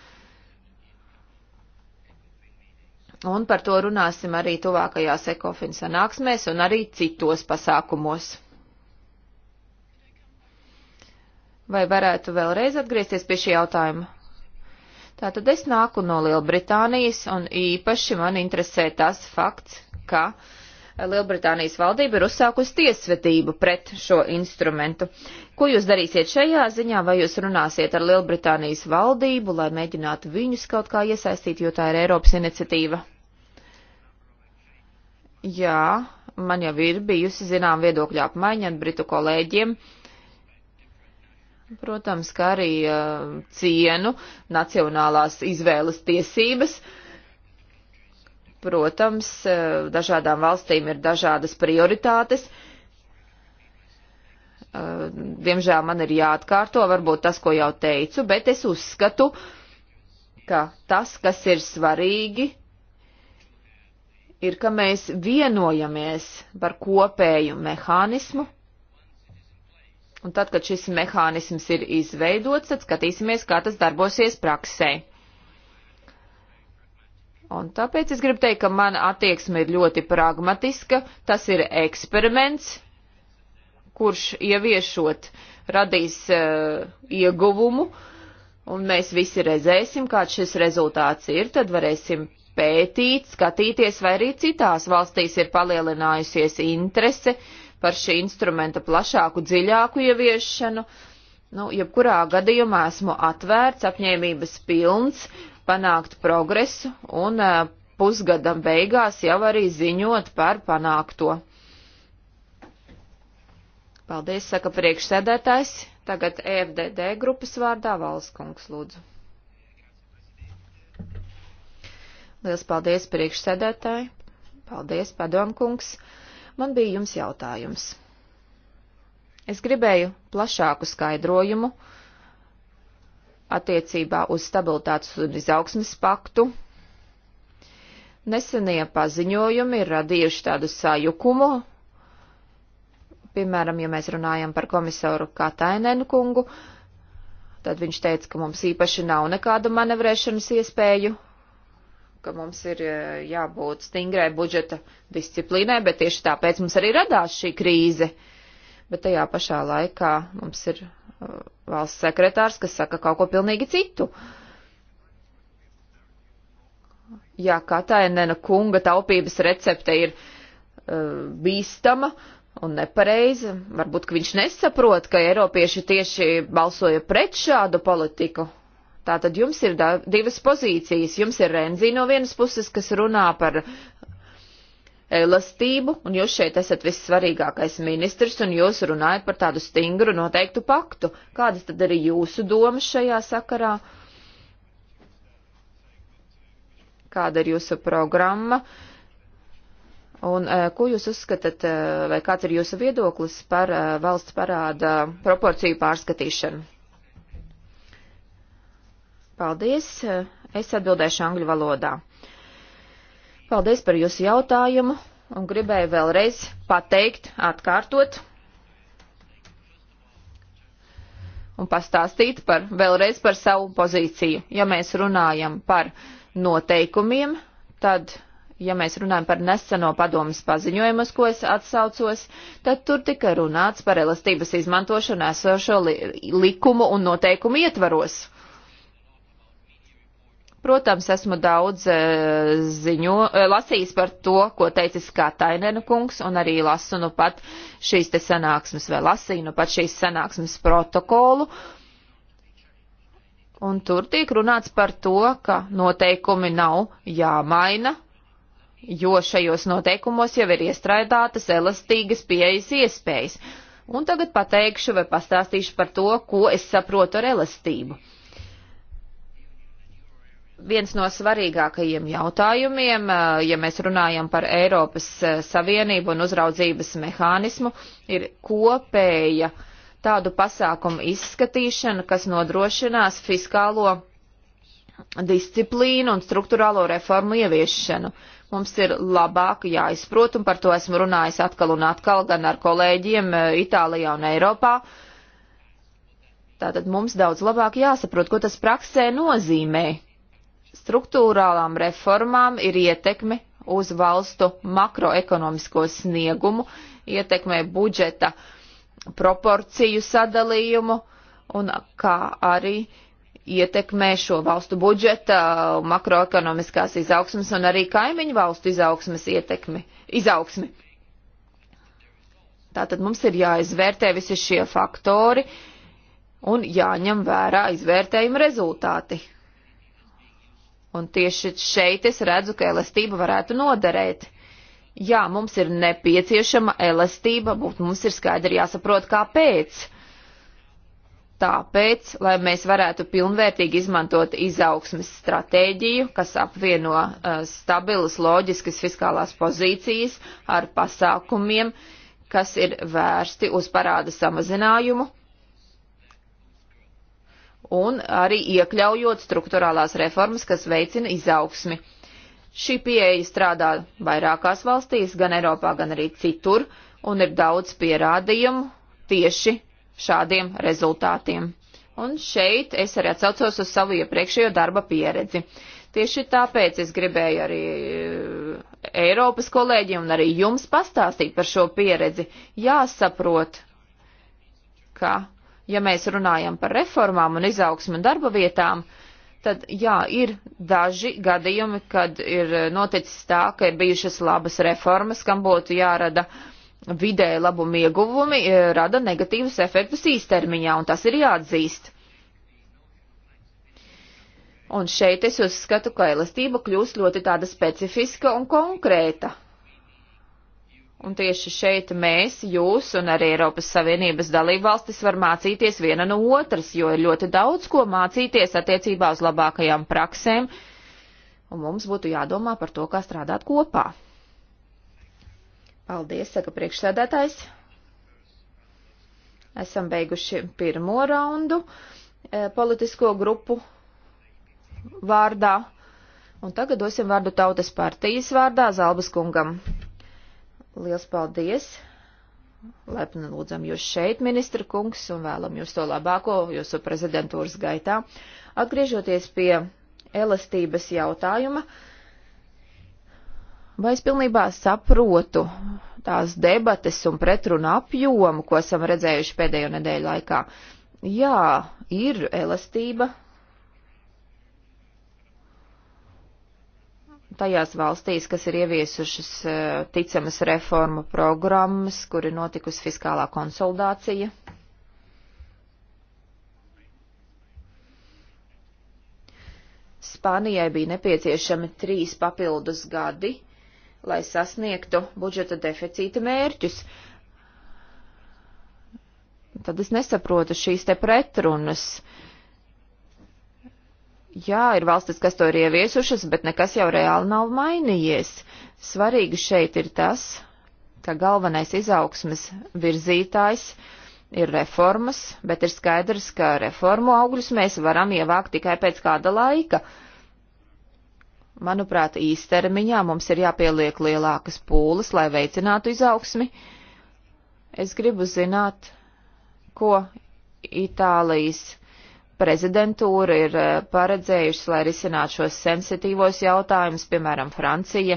un par to runāsim arī tuvākajās ekofin sanāksmēs un arī citos pasākumos. Vai varētu vēlreiz atgriezties pie šī jautājuma? Tātad es nāku no Lielbritānijas, un īpaši man interesē tas fakts, ka Lielbritānijas valdība ir uzsākusi tiesvedību pret šo instrumentu. Ko jūs darīsiet šajā ziņā, vai jūs runāsiet ar Lielbritānijas valdību, lai mēģinātu viņus kaut kā iesaistīt, jo tā ir Eiropas iniciatīva? Jā, man jau ir bijusi zinām viedokļa apmaiņa ar britu kolēģiem. Protams, kā arī uh, cienu nacionālās izvēles tiesības. Protams, uh, dažādām valstīm ir dažādas prioritātes. Uh, diemžēl man ir jāatkārto varbūt tas, ko jau teicu, bet es uzskatu, ka tas, kas ir svarīgi, ir, ka mēs vienojamies par kopēju mehānismu, un tad, kad šis mehānisms ir izveidots, tad skatīsimies, kā tas darbosies praksē. Un tāpēc es gribu teikt, ka mana attieksme ir ļoti pragmatiska, tas ir eksperiments, kurš ieviešot radīs uh, ieguvumu, un mēs visi redzēsim, kāds šis rezultāts ir, tad varēsim pētīt, skatīties, vai arī citās valstīs ir palielinājusies interese par šī instrumenta plašāku, dziļāku ieviešanu. Nu, jebkurā gadījumā esmu atvērts, apņēmības pilns, panākt progresu un eh, pusgadam beigās jau arī ziņot par panākto. Paldies, saka priekšsēdētājs. Tagad EFDD grupas vārdā Valskungs lūdzu. Liels paldies priekšsēdētāji. Paldies, padomkungs. Man bija jums jautājums. Es gribēju plašāku skaidrojumu attiecībā uz stabilitātes un izaugsmes paktu. Nesenie paziņojumi ir radījuši tādu sajukumu, piemēram, ja mēs runājam par komisāru Katainenu kungu, tad viņš teica, ka mums īpaši nav nekādu manevrēšanas iespēju ka mums ir e, jābūt stingrai budžeta disciplīnai, bet tieši tāpēc mums arī radās šī krīze. Bet tajā pašā laikā mums ir e, valsts sekretārs, kas saka kaut ko pilnīgi citu. Ja Katainena kunga taupības recepte ir uh, bīstama, un nepareizi. Varbūt, ka viņš nesaprot, ka Eiropieši tieši balsoja pret šādu politiku. Tātad jums ir divas pozīcijas. Jums ir Renzi no vienas puses, kas runā par elastību, un jūs šeit esat vissvarīgākais ministrs, un jūs runājat par tādu stingru noteiktu paktu. Kādas tad ir jūsu domas šajā sakarā? Kāda ir jūsu programma? Un e, ko jūs uzskatāt, e, vai kāds ir jūsu viedoklis par e, valsts parāda proporciju pārskatīšanu? Paldies. Es atbildēšu angļu valodā. Paldies par jūsu jautājumu un gribēju vēlreiz pateikt, atkārtot un pastāstīt par, vēlreiz par savu pozīciju. Ja mēs runājam par noteikumiem, tad, ja mēs runājam par neseno padomas paziņojumus, ko es atsaucos, tad tur tika runāts par elastības izmantošanu esošo li likumu un noteikumu ietvaros. Protams, esmu daudz eh, ziņo, eh, lasījis par to, ko teica Skatainena kungs, un arī lasu nu pat šīs te sanāksmes, vai lasīju nu pat šīs sanāksmes protokolu. Un tur tiek runāts par to, ka noteikumi nav jāmaina, jo šajos noteikumos jau ir iestrādātas elastīgas pieejas iespējas. Un tagad pateikšu vai pastāstīšu par to, ko es saprotu ar elastību viens no svarīgākajiem jautājumiem, ja mēs runājam par Eiropas Savienību un uzraudzības mehānismu, ir kopēja tādu pasākumu izskatīšana, kas nodrošinās fiskālo disciplīnu un struktūrālo reformu ieviešanu. Mums ir labāk jāizprot, un par to esmu runājis atkal un atkal gan ar kolēģiem Itālijā un Eiropā, Tātad mums daudz labāk jāsaprot, ko tas praksē nozīmē struktūrālām reformām ir ietekme uz valstu makroekonomisko sniegumu, ietekmē budžeta proporciju sadalījumu un kā arī ietekmē šo valstu budžeta, makroekonomiskās izaugsmas un arī kaimiņu valstu izaugsmas ietekmi, izaugsmi. Tātad mums ir jāizvērtē visi šie faktori un jāņem vērā izvērtējuma rezultāti. Un tieši šeit es redzu, ka elastība varētu noderēt. Jā, mums ir nepieciešama elastība, bet mums ir skaidri jāsaprot, kāpēc. Tāpēc, lai mēs varētu pilnvērtīgi izmantot izaugsmes stratēģiju, kas apvieno uh, stabilas loģiskas fiskālās pozīcijas ar pasākumiem, kas ir vērsti uz parāda samazinājumu un arī iekļaujot struktūrālās reformas, kas veicina izaugsmi. Šī pieeja strādā vairākās valstīs, gan Eiropā, gan arī citur, un ir daudz pierādījumu tieši šādiem rezultātiem. Un šeit es arī atsaucos uz savu iepriekšējo darba pieredzi. Tieši tāpēc es gribēju arī e, Eiropas kolēģiem un arī jums pastāstīt par šo pieredzi. Jāsaprot, ka ja mēs runājam par reformām un izaugsmu un darba vietām, tad jā, ir daži gadījumi, kad ir noticis tā, ka ir bijušas labas reformas, kam būtu jārada vidēji labumi ieguvumi, e, rada negatīvus efektus īstermiņā, un tas ir jāatzīst. Un šeit es uzskatu, ka elastība kļūst ļoti tāda specifiska un konkrēta. Un tieši šeit mēs, jūs un arī Eiropas Savienības dalībvalstis var mācīties viena no otras, jo ir ļoti daudz ko mācīties attiecībā uz labākajām praksēm, un mums būtu jādomā par to, kā strādāt kopā. Paldies, saka priekšsēdētājs. Esam beiguši pirmo raundu e, politisko grupu vārdā, un tagad dosim vārdu Tautas partijas vārdā Zalbas kungam. Liels paldies! Lepni lūdzam jūs šeit, ministra kungs, un vēlam jūs to labāko jūsu prezidentūras gaitā. Atgriežoties pie elastības jautājuma, vai es pilnībā saprotu tās debates un pretrunu apjomu, ko esam redzējuši pēdējo nedēļu laikā? Jā, ir elastība, tajās valstīs, kas ir ieviesušas e, ticamas reformu programmas, kur ir notikusi fiskālā konsolidācija. Spānijai bija nepieciešami trīs papildus gadi, lai sasniegtu budžeta deficīta mērķus. Tad es nesaprotu šīs te pretrunas. Uh, Jā, ir valstis, kas to ir ieviesušas, bet nekas jau reāli nav mainījies. Svarīgi šeit ir tas, ka galvenais izaugsmes virzītājs ir reformas, bet ir skaidrs, ka reformu augļus mēs varam ievākt tikai pēc kāda laika. Manuprāt, īstermiņā mums ir jāpieliek lielākas pūles, lai veicinātu izaugsmi. Es gribu zināt, ko Itālijas prezidentūra ir eh, paredzējušas, lai risinātu šos sensitīvos jautājumus, piemēram, Francija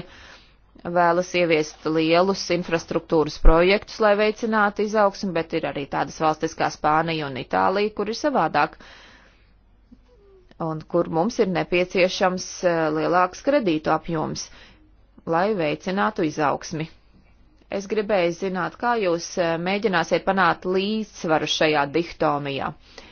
vēlas ieviest lielus infrastruktūras projektus, lai veicinātu izaugsmu, bet ir arī tādas valstis kā Spānija un Itālija, kur ir savādāk un kur mums ir nepieciešams eh, lielāks kredītu apjoms, lai veicinātu izaugsmi. Es gribēju zināt, kā jūs eh, mēģināsiet panākt līdzsvaru šajā dihtomijā. Uh,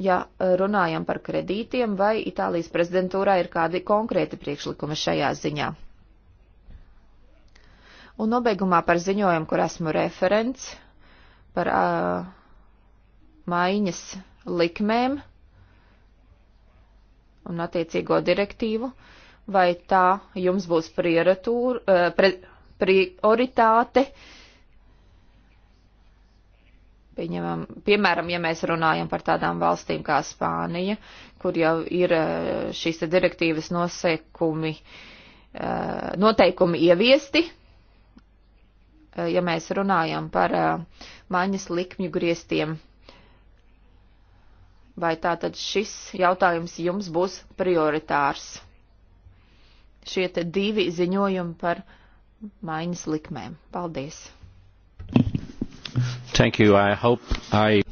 ja e, runājam par kredītiem, vai Itālijas prezidentūrā ir kādi konkrēti priekšlikumi šajā ziņā. Un nobeigumā par ziņojumu, kur esmu referents, par uh, maiņas likmēm un attiecīgo direktīvu, vai tā jums būs prioritāte, uh, pre, prioritāte uh, Pieņemam, piemēram, ja mēs runājam par tādām valstīm kā Spānija, kur jau ir e, šīs direktīvas nosekumi, e, noteikumi ieviesti, e, ja mēs runājam par maņas likmju griestiem, vai tātad šis jautājums jums būs prioritārs? Šie divi ziņojumi par maiņas likmēm. Paldies! Thank you. I hope I...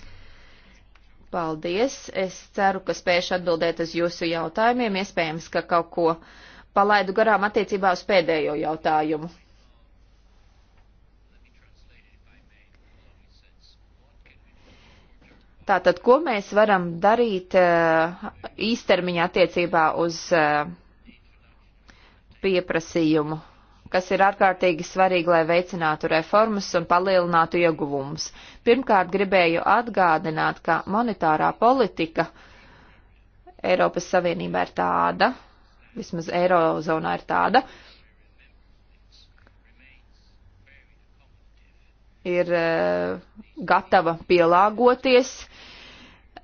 Paldies. Es ceru, ka spēšu atbildēt uz jūsu jautājumiem. Iespējams, ka kaut ko palaidu garām attiecībā uz pēdējo jautājumu. Tātad, ko mēs varam darīt uh, īstermiņā attiecībā uz uh, pieprasījumu? kas ir ārkārtīgi svarīgi, lai veicinātu reformas un palielinātu ieguvumus. Pirmkārt, gribēju atgādināt, ka monetārā politika Eiropas Savienībā ir tāda, vismaz Eirozonā ir tāda, ir e, gatava pielāgoties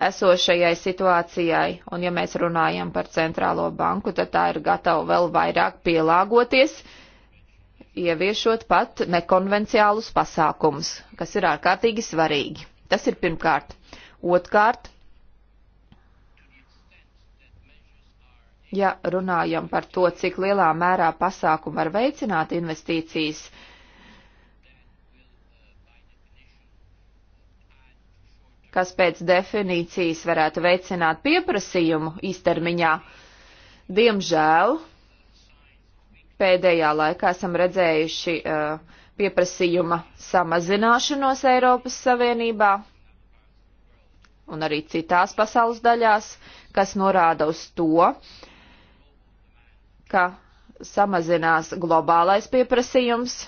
esošajai situācijai, un ja mēs runājam par centrālo banku, tad tā ir gatava vēl vairāk pielāgoties. Uh, ieviešot pat nekonvenciālus pasākumus, kas ir ārkārtīgi svarīgi. Tas ir pirmkārt. Otkārt, ja runājam par to, cik lielā mērā pasākumi var veicināt investīcijas, kas pēc definīcijas varētu veicināt pieprasījumu īstermiņā, diemžēl Pēdējā laikā esam redzējuši uh, pieprasījuma samazināšanos Eiropas Savienībā un arī citās pasaules daļās, kas norāda uz to, ka samazinās globālais pieprasījums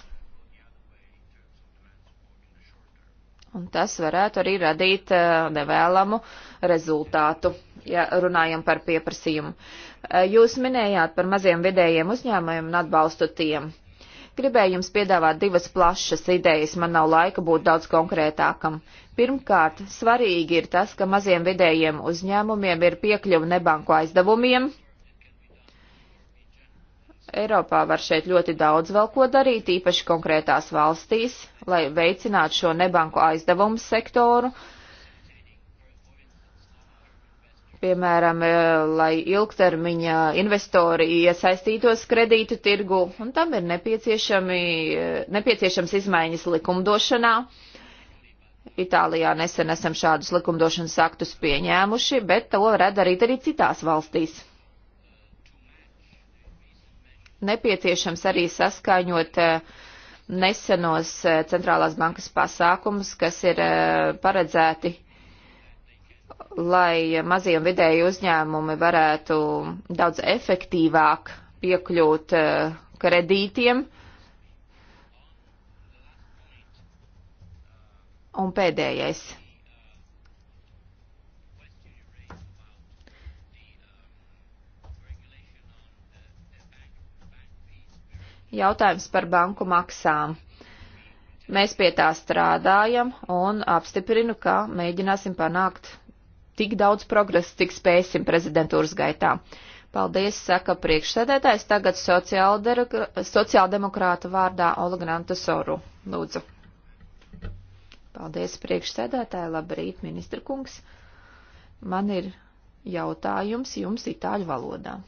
un tas varētu arī radīt eh, nevēlamu rezultātu, ja runājam par pieprasījumu. Eh, jūs minējāt par maziem vidējiem uzņēmumiem un atbalstu tiem. Gribēju jums piedāvāt divas plašas idejas, man nav laika būt daudz konkrētākam. Pirmkārt, svarīgi ir tas, ka maziem vidējiem uzņēmumiem ir piekļuva nebanku aizdevumiem. Eiropā var šeit ļoti daudz vēl ko darīt, īpaši konkrētās valstīs, lai veicinātu šo nebanku aizdevumu sektoru, piemēram, e, lai ilgtermiņa investori iesaistītos kredītu tirgu, un tam ir e, nepieciešams izmaiņas likumdošanā. Itālijā nesen esam šādus likumdošanas aktus pieņēmuši, bet to var darīt arī citās valstīs. Nepieciešams arī saskaņot uh, nesenos e, centrālās bankas pasākumus, kas ir e, paredzēti, lai mazie un vidēji uzņēmumi varētu daudz efektīvāk piekļūt e, kredītiem. Un pēdējais. jautājums par banku maksām. Mēs pie tā strādājam un apstiprinu, ka mēģināsim panākt tik daudz progresa, cik spēsim prezidentūras gaitā. Paldies, saka priekšsēdētājs, tagad sociāldemokrāta vārdā Olgananta Soru. Lūdzu. Paldies, priekšsēdētāji, labrīt, ministra kungs. Man ir jautājums jums itāļu valodā.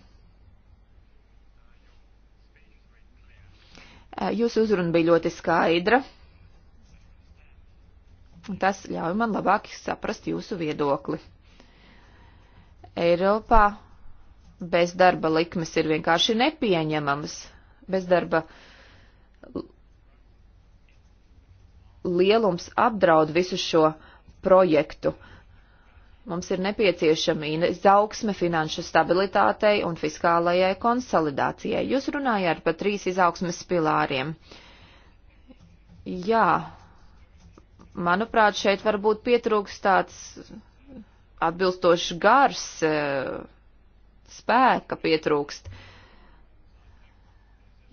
Eh, jūsu uzruna bija ļoti skaidra. Tas ļauj man labāk saprast jūsu viedokli. Eiropā bezdarba likmes ir vienkārši nepieņemamas. Bezdarba lielums apdraud visu šo projektu. Uh, Mums ir nepieciešama izaugsme finanšu stabilitātei un fiskālajai konsolidācijai. Jūs runājāt par trīs izaugsmes pilāriem. Jā, manuprāt, šeit varbūt pietrūks tāds atbilstošs gars, e, spēka pietrūkst.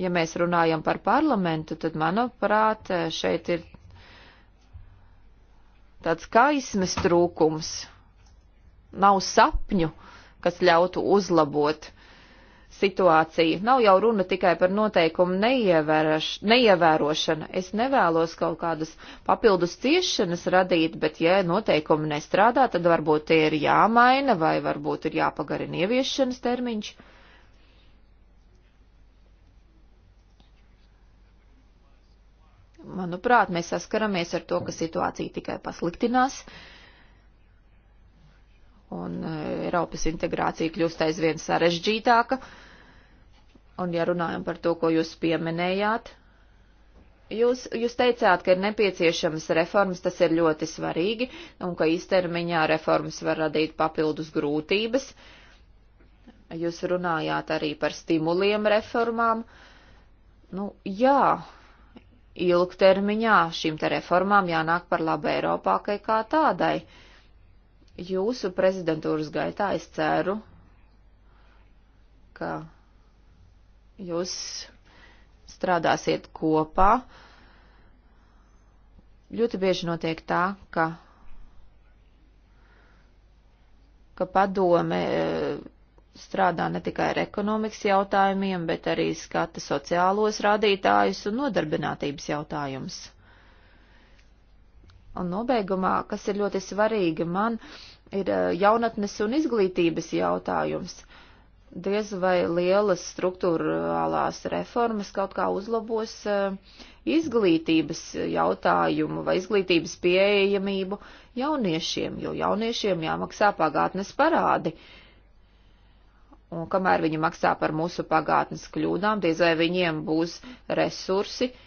Ja mēs runājam par parlamentu, tad, manuprāt, e, šeit ir tāds kaismes trūkums nav sapņu, kas ļautu uzlabot situāciju. Nav jau runa tikai par noteikumu neievērošanu. Es nevēlos kaut kādas papildus ciešanas radīt, bet ja noteikumi nestrādā, tad varbūt tie ir jāmaina vai varbūt ir jāpagarina ieviešanas termiņš. Manuprāt, mēs saskaramies ar to, ka situācija tikai pasliktinās. Uh, un e, Eiropas integrācija kļūst aizvien sarežģītāka. Un ja runājam par to, ko jūs pieminējāt, jūs, jūs teicāt, ka ir nepieciešamas reformas, tas ir ļoti svarīgi, un ka īstermiņā reformas var radīt papildus grūtības. Jūs runājāt arī par stimuliem reformām. Nu, jā, ilgtermiņā šīm te reformām jānāk par labu Eiropākai kā tādai. Uh, Jūsu prezidentūras gaitā es ceru, ka jūs strādāsiet kopā. Ļoti bieži notiek tā, ka, ka padome eh, strādā ne tikai ar ekonomikas jautājumiem, bet arī skata sociālos rādītājus un nodarbinātības jautājumus. Un nobeigumā, kas ir ļoti svarīgi, man ir eh, jaunatnes un izglītības jautājums. Diez vai lielas struktūrālās reformas kaut kā uzlabos eh, izglītības jautājumu vai izglītības pieejamību jauniešiem, jo jauniešiem jāmaksā pagātnes parādi. Un kamēr viņi maksā par mūsu pagātnes kļūdām, diez vai viņiem būs resursi uh,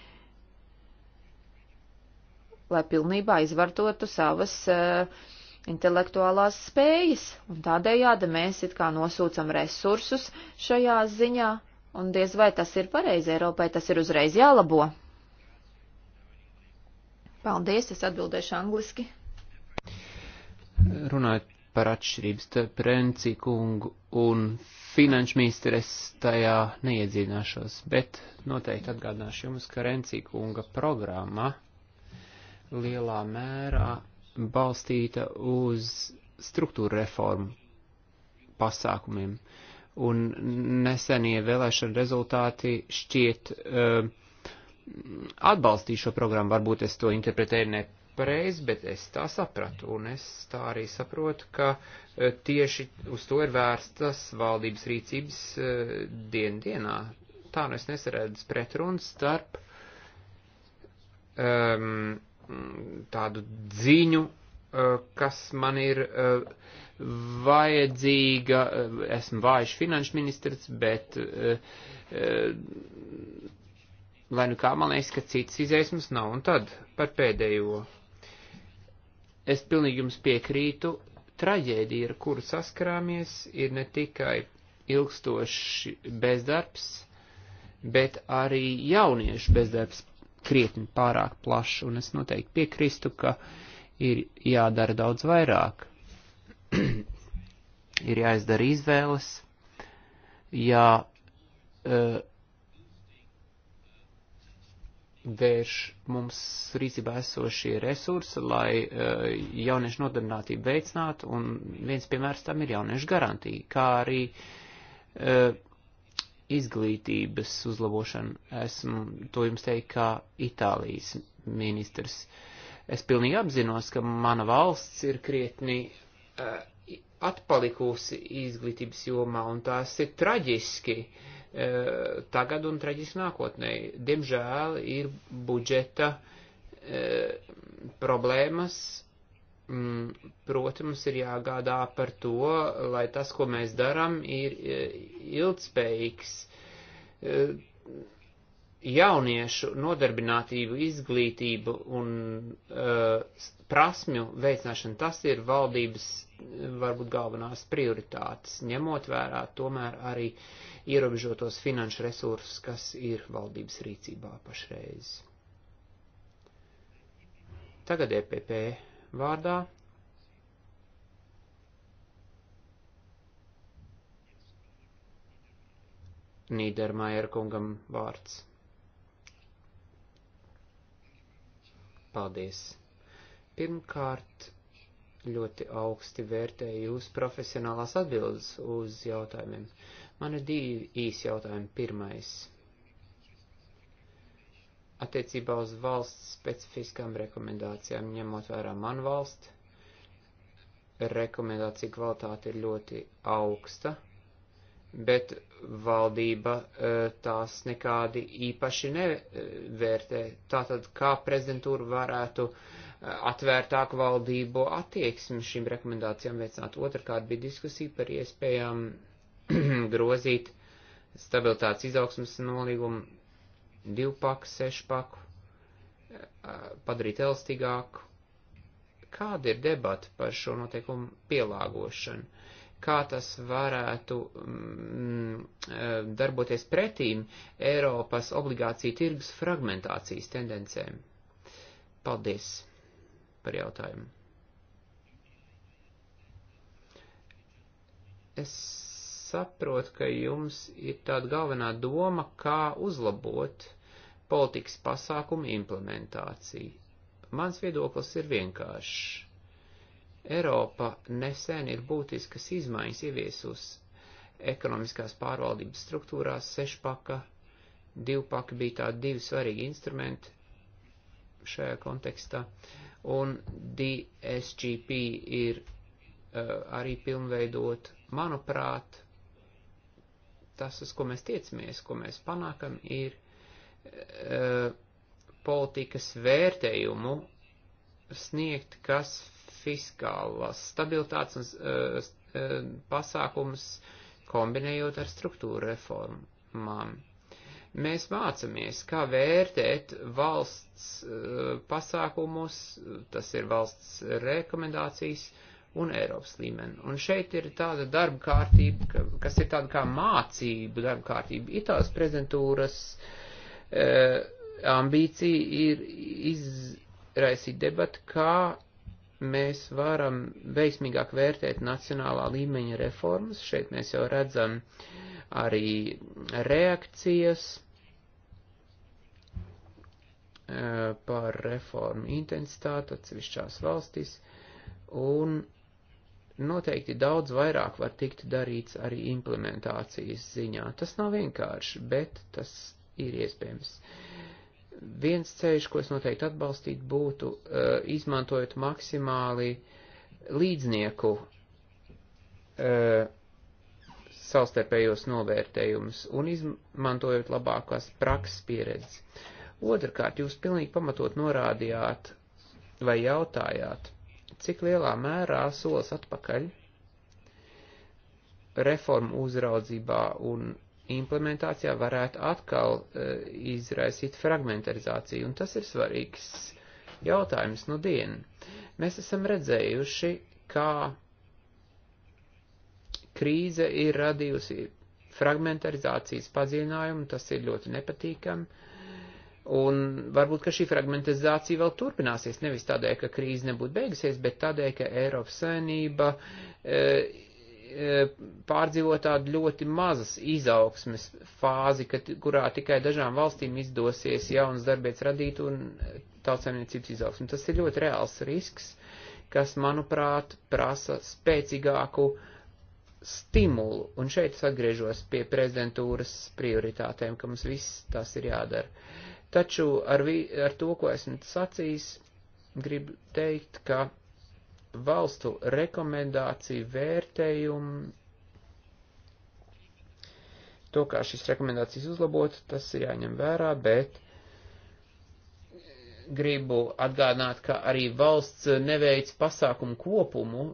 lai pilnībā izvartotu savas uh, intelektuālās spējas, un tādējādi mēs it kā nosūcam resursus šajā ziņā, un diez vai tas ir pareizi Eiropai, tas ir uzreiz jālabo. Paldies, es atbildēšu angliski. Runājot par atšķirības starp Renci kungu un finanšu ministres tajā neiedziļināšos, bet noteikti atgādināšu jums, ka Renci kunga programma lielā mērā balstīta uz struktūra reformu pasākumiem. Un nesenie vēlēšana rezultāti šķiet uh, atbalstīja šo programmu. Varbūt es to interpretēju nepareizi, bet es tā sapratu. Un es tā arī saprotu, ka uh, tieši uz to ir vērstas valdības rīcības uh, eh, dien dienā. Tā nu es nesaredzu pretruns starp um, Mm, tādu ziņu, eh, kas man ir eh, vajadzīga. Eh, esmu vājš finanšu ministrs, bet lai nu kā man liekas, ka cits izēsmas nav. Un tad par pēdējo. Es pilnīgi jums piekrītu. Traģēdija, ar kuru saskarāmies, ir ne tikai ilgstoši bezdarbs, bet arī jauniešu bezdarbs krietni pārāk plašs, un es noteikti piekrīstu, ka ir jādara daudz vairāk. ir jāizdara izvēles, jā, uh, vērš mums rīcībā esošie resursi, lai uh, jauniešu nodarbinātību veicinātu, un viens piemērs tam ir jauniešu garantija, kā arī uh, izglītības uzlabošanu. Esmu to jums teikt kā Itālijas ministrs. Es pilnīgi apzinos, ka mana valsts ir krietni uh, atpalikusi izglītības jomā, un tās ir traģiski uh, tagad un traģiski nākotnē. Diemžēl ir budžeta uh, problēmas, Mm, proti mums ir jāgādā par to, lai tas, ko mēs daram, ir e, ilgspējīgs. E, jauniešu nodarbinātību, izglītību un uh, prasmju veicināšana, tas ir valdības varbūt galvenās prioritātes, ņemot vērā tomēr arī ierobežotos finanšu resursus, kas ir valdības rīcībā pašreiz. Tagad EPP vārdā. Nīdermājer kungam vārds. Paldies. Pirmkārt, ļoti augsti vērtēju jūsu profesionālās atbildes uz jautājumiem. Man ir divi īsi jautājumi. Pirmais attiecībā uz valsts specifiskām rekomendācijām, ņemot vērā manu valsti, rekomendācija kvalitāte ir ļoti augsta, bet valdība e, tās nekādi īpaši nevērtē. Tātad, kā prezidentūra varētu e, atvērtāku valdību attieksmi šīm rekomendācijām veicināt? Otrakārt bija diskusija par iespējām grozīt stabilitātes izaugsmas nolīgumu divpaku, sešpaku, padarīt elastīgāku. Kāda ir debata par šo noteikumu pielāgošanu? Kā tas varētu mm, darboties pretīm Eiropas obligāciju tirgus fragmentācijas tendencēm? Paldies par jautājumu. Es saprotu, ka jums ir tāda galvenā doma, kā uzlabot politikas pasākumu implementāciju. Mans viedoklis ir vienkāršs. Eiropa nesen ir būtiskas izmaiņas ieviesus ekonomiskās pārvaldības struktūrās sešpaka, divpaka bija tādi divi svarīgi instrumenti šajā kontekstā, un DSGP ir uh, arī pilnveidot, manuprāt, tas, uz ko mēs tiecamies, ko mēs panākam, ir e, politikas vērtējumu sniegt, kas fiskālās stabilitātes un e, e, pasākums kombinējot ar struktūra reformām. Mēs mācāmies, kā vērtēt valsts e, pasākumus, tas ir valsts rekomendācijas, e, un Eiropas līmeni. Un šeit ir tāda darba kārtība, kas ir tāda kā mācību darba kārtība. Itālijas prezentūras e, ambīcija ir izraisīt debatu, kā mēs varam veiksmīgāk vērtēt nacionālā līmeņa reformas. Šeit mēs jau redzam arī reakcijas e, par reformu intensitāti atsevišķās valstīs. Un noteikti daudz vairāk var tikt darīts arī implementācijas ziņā. Tas nav vienkārši, bet tas ir iespējams. Viens ceļš, ko es noteikti atbalstītu, būtu uh, izmantojot maksimāli līdznieku uh, savstarpējos novērtējumus un izmantojot labākās prakses pieredzi. Otrakārt, jūs pilnīgi pamatot norādījāt vai jautājāt, cik lielā mērā solis atpakaļ reformu uzraudzībā un implementācijā varētu atkal uh, izraisīt fragmentarizāciju, un tas ir svarīgs jautājums nu no dien. Mēs esam redzējuši, kā krīze ir radījusi fragmentarizācijas padziļinājumu, tas ir ļoti nepatīkami, Un varbūt, ka šī fragmentizācija vēl turpināsies, nevis tādēļ, ka krīze nebūtu beigusies, bet tādēļ, ka Eiropas saimnība e, e, pārdzīvo tādu ļoti mazas izaugsmes fāzi, kad, kurā tikai dažām valstīm izdosies jaunas darbietas radīt un tautsēmniecības izaugsmi. Tas ir ļoti reāls risks, kas, manuprāt, prasa spēcīgāku stimulu. Un šeit es atgriežos pie prezidentūras prioritātēm, ka mums viss tas ir jādara. Uh, Taču ar, vi, ar to, ko esmu sacījis, gribu teikt, ka valstu rekomendāciju vērtējumu, to, kā šīs rekomendācijas uzlabot, tas ir jāņem vērā, bet gribu atgādināt, ka arī valsts neveic pasākumu kopumu,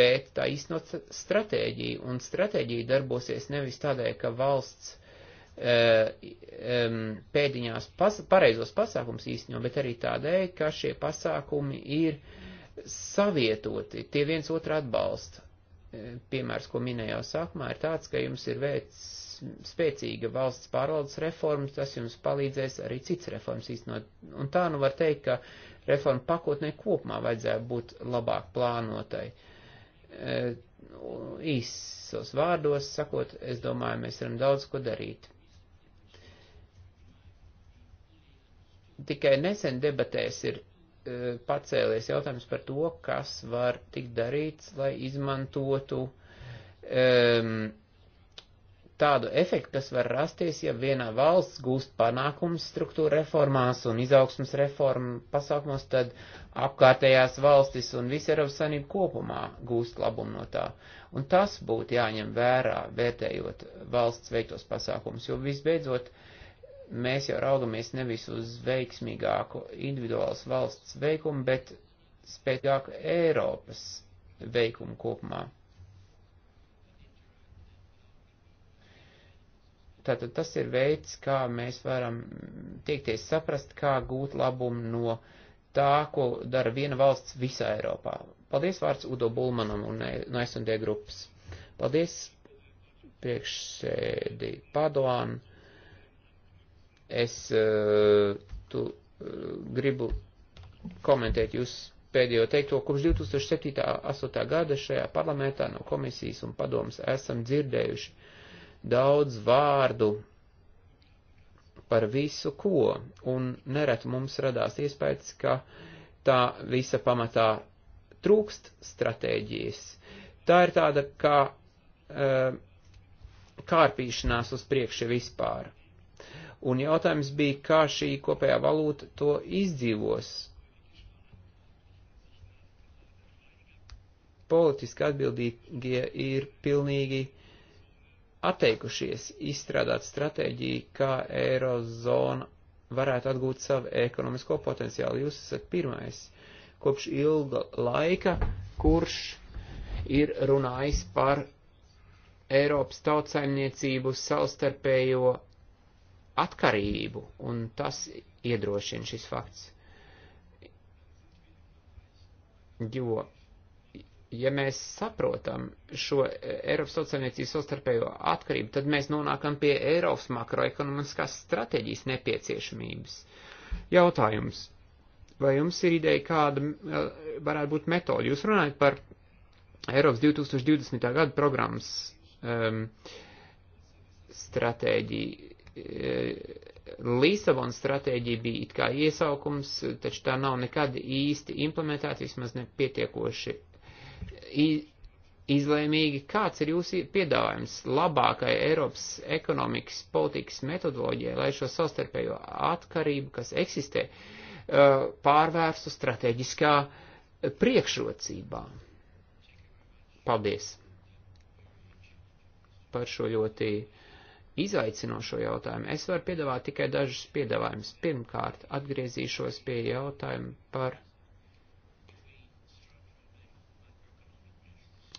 bet tā īstenot stratēģiju, un stratēģija darbosies nevis tādēļ, ka valsts Eh, pēdiņās pas, pareizos pasākums īstenot, bet arī tādēļ, ka šie pasākumi ir savietoti, tie viens otru atbalsta. Eh, piemērs, ko minēju sākumā, ir tāds, ka jums ir veids spēcīga valsts pārvaldes reforma, tas jums palīdzēs arī cits reformas īstenot. Un tā nu var teikt, ka reforma pakotnē kopumā vajadzētu būt labāk plānotai. Eh, īsos vārdos sakot, es domāju, mēs varam daudz ko darīt Tikai nesen debatēs ir e, pacēlies jautājums par to, kas var tikt darīts, lai izmantotu um, tādu efektu, kas var rasties, ja vienā valsts gūst panākums struktūra reformās un izaugsmas reformu pasākumos, tad apkārtējās valstis un visa Eiropas Sanība kopumā gūst labumu no tā. Un tas būtu jāņem vērā, vērtējot valsts veiktos pasākumus, jo visbeidzot, uh, mēs jau raugamies nevis uz veiksmīgāku individuālas valsts veikumu, bet spēcīgāku Eiropas veikumu kopumā. Tātad tas ir veids, kā mēs varam tiekties saprast, kā gūt labumu no tā, ko dara viena valsts visā Eiropā. Paldies vārds Udo Bulmanam un no SND grupas. Paldies priekšsēdī Padoānu Es eh, tu, eh, gribu komentēt jūs pēdējo teikto, kopš 2007.8. gada šajā parlamentā no komisijas un padomas esam dzirdējuši daudz vārdu par visu ko, un neret mums radās iespējas, ka tā visa pamatā trūkst stratēģijas. Tā ir tāda kā e, eh, kāpīšanās uz priekšu vispār. Un jautājums bija, kā šī kopējā valūta to izdzīvos. Politiski atbildīgie ir pilnīgi atteikušies izstrādāt stratēģiju, kā Eirozona varētu atgūt savu ekonomisko potenciālu. Jūs esat pirmais kopš ilga laika, kurš ir runājis par Eiropas tautsaimniecību savstarpējo atkarību, un tas iedrošina šis fakts. Jo, ja mēs saprotam šo Eiropas tautsēmniecības savstarpējo atkarību, tad mēs nonākam pie Eiropas makroekonomiskās stratēģijas nepieciešamības. Jautājums. Vai jums ir ideja, kāda eh, varētu būt metode? Jūs runājat par Eiropas 2020. gada programmas um, stratēģiju E, Līsabonas stratēģija bija it kā iesaukums, taču tā nav nekad īsti implementēta, vismaz nepietiekoši izlēmīgi. Kāds ir jūsu piedāvājums labākai Eiropas ekonomikas politikas metodoloģijai, lai šo savstarpējo atkarību, kas eksistē, e, pārvērstu strateģiskā priekšrocībā? Paldies par šo ļoti uh, izaicinošo jautājumu, es varu piedāvāt tikai dažus piedāvājumus. Pirmkārt, atgriezīšos pie jautājuma par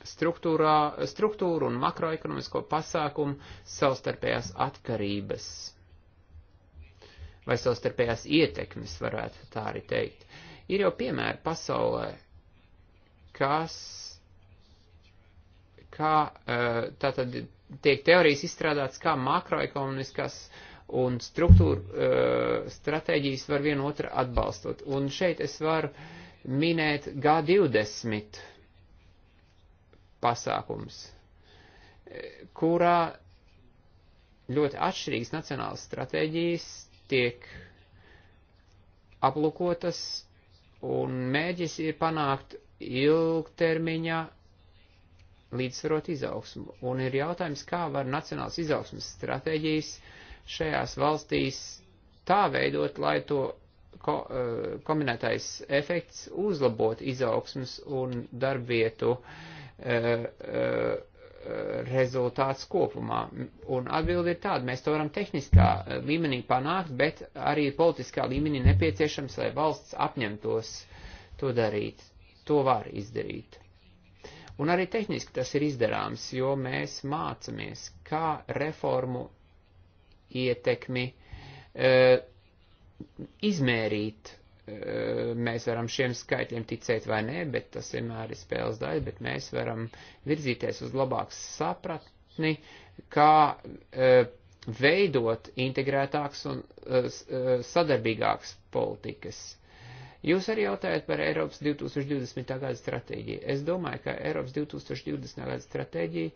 struktūru un makroekonomisko pasākumu savstarpējās atkarības vai savstarpējās ietekmes, varētu tā arī teikt. Ir jau piemēri pasaulē, kas kā e, tātad tiek teorijas izstrādāts, kā makroekonomiskās un struktūra e, stratēģijas var vienu otru atbalstot. Un šeit es varu minēt G20 pasākums, e, kurā ļoti atšķirīgas nacionālas stratēģijas tiek aplūkotas un mēģis ir panākt ilgtermiņa līdzsvarot izaugsmu. Un ir jautājums, kā var nacionāls izaugsmas stratēģijas šajās valstīs tā veidot, lai to ko, e, kombinētais efekts uzlabot izaugsmas un darbvietu e, e, rezultāts kopumā. Un atbildi ir tāda, mēs to varam tehniskā līmenī panākt, bet arī politiskā līmenī nepieciešams, lai valsts apņemtos to darīt. To var izdarīt. Un arī tehniski tas ir izdarāms, jo mēs mācamies, kā reformu ietekmi e, izmērīt. E, mēs varam šiem skaitļiem ticēt vai nē, bet tas vienmēr ir spēles daļa, bet mēs varam virzīties uz labāks sapratni, kā e, veidot integrētāks un e, e sadarbīgāks politikas. Jūs arī jautājat par Eiropas 2020. gada stratēģiju. Es domāju, ka Eiropas 2020. gada stratēģija,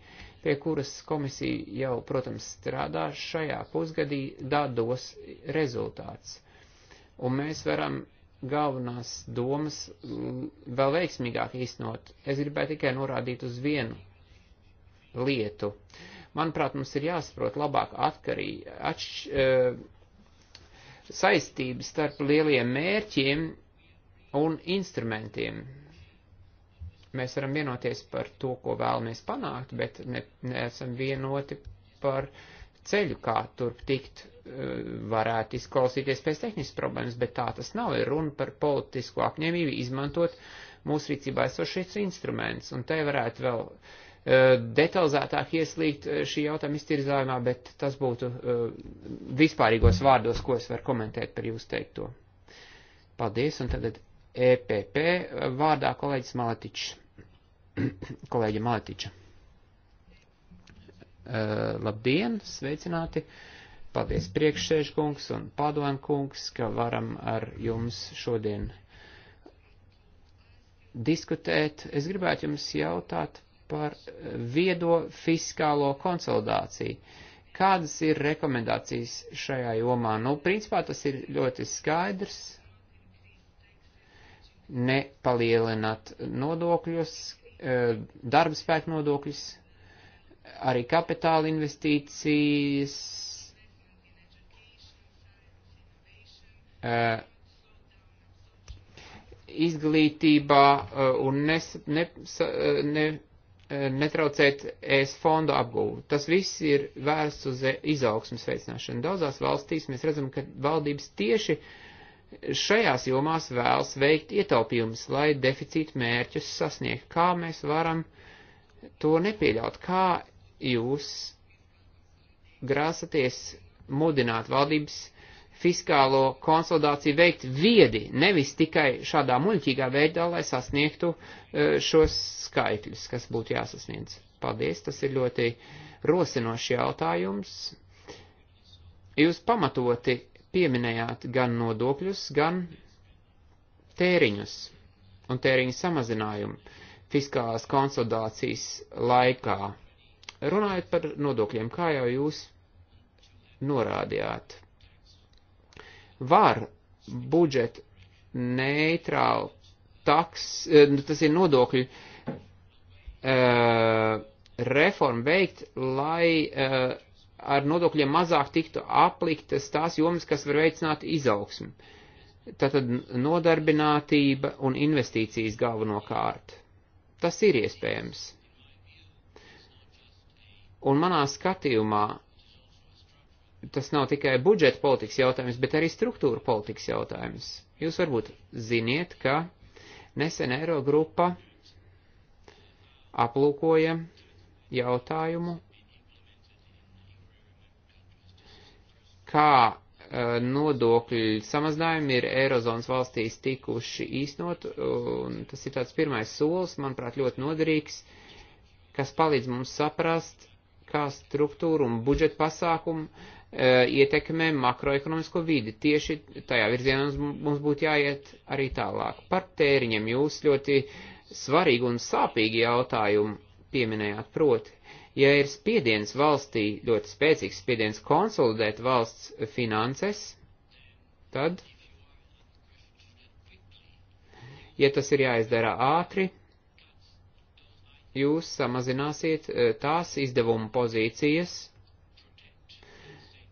pie kuras komisija jau, protams, strādā šajā pusgadī, dados rezultāts. Un mēs varam galvenās domas vēl veiksmīgāk īstenot. Es gribēju tikai norādīt uz vienu lietu. Manuprāt, mums ir jāsaprot labāk atkarīgi. Atš, uh, eh, saistības starp lieliem mērķiem un instrumentiem. Mēs varam vienoties par to, ko vēlamies panākt, bet ne, neesam vienoti par ceļu, kā turp tikt eh, varētu izklausīties pēc tehniskas problēmas, bet tā tas nav. Ir runa par politisko apņēmību izmantot mūsu rīcībā esošais instruments, un te varētu vēl uh, detalizētāk ieslīgt eh, šī jautājuma iztirzājumā, bet tas būtu uh, vispārīgos vārdos, ko es varu komentēt par jūsu teikto. Paldies, un tagad EPP vārdā kolēģis Maletičs. Kolēģi Maletiča. Uh, labdien, sveicināti! Paldies priekšsēžkungs un padomkungs, ka varam ar jums šodien diskutēt. Es gribētu jums jautāt par viedo fiskālo konsolidāciju. Kādas ir rekomendācijas šajā jomā? Nu, principā tas ir ļoti skaidrs nepalielināt nodokļus, e, darba spēku nodokļus, arī kapitāla investīcijas, e, izglītībā e, un nes, ne, ne, netraucēt ES fondu apgūvu. Tas viss ir vērsts uz izaugsmas veicināšanu. Daudzās valstīs mēs redzam, ka valdības tieši uh, šajās jomās vēlas veikt ietaupījumus, lai deficīta mērķus sasniegt. Kā mēs varam to nepieļaut? Kā jūs grāsaties mudināt valdības fiskālo konsolidāciju veikt viedi, nevis tikai šādā muļķīgā veidā, lai sasniegtu e, šos skaitļus, kas būtu jāsasniedz? Paldies, tas ir ļoti rosinošs jautājums. Jūs pamatoti pieminējāt gan nodokļus, gan tēriņus un tēriņu samazinājumu fiskālās konsolidācijas laikā. Runājot par nodokļiem, kā jau jūs norādījāt, var budžet neitrālu taks, eh, nu, tas ir nodokļu eh, reformu veikt, lai eh, ar nodokļiem mazāk tiktu apliktas tās jomas, kas var veicināt izaugsmi. Tātad nodarbinātība un investīcijas galvenokārt. Tas ir iespējams. Un manā skatījumā tas nav tikai budžeta politikas jautājums, bet arī struktūra politikas jautājums. Jūs varbūt ziniet, ka nesen Eirogrupa aplūkoja jautājumu kā e, nodokļu samazinājumi ir Eirozonas valstīs tikuši īstenot, un tas ir tāds pirmais solis, manuprāt, ļoti noderīgs, kas palīdz mums saprast, kā struktūra un budžeta pasākumu e, ietekmē makroekonomisko vidi. Tieši tajā virzienā mums, mums būtu jāiet arī tālāk. Par tēriņiem jūs ļoti svarīgu un sāpīgu jautājumu pieminējāt proti Ja ir spiediens valstī, ļoti spēcīgs spiediens konsolidēt valsts finanses, tad, ja tas ir jāizdara ātri, jūs samazināsiet e, tās izdevumu pozīcijas,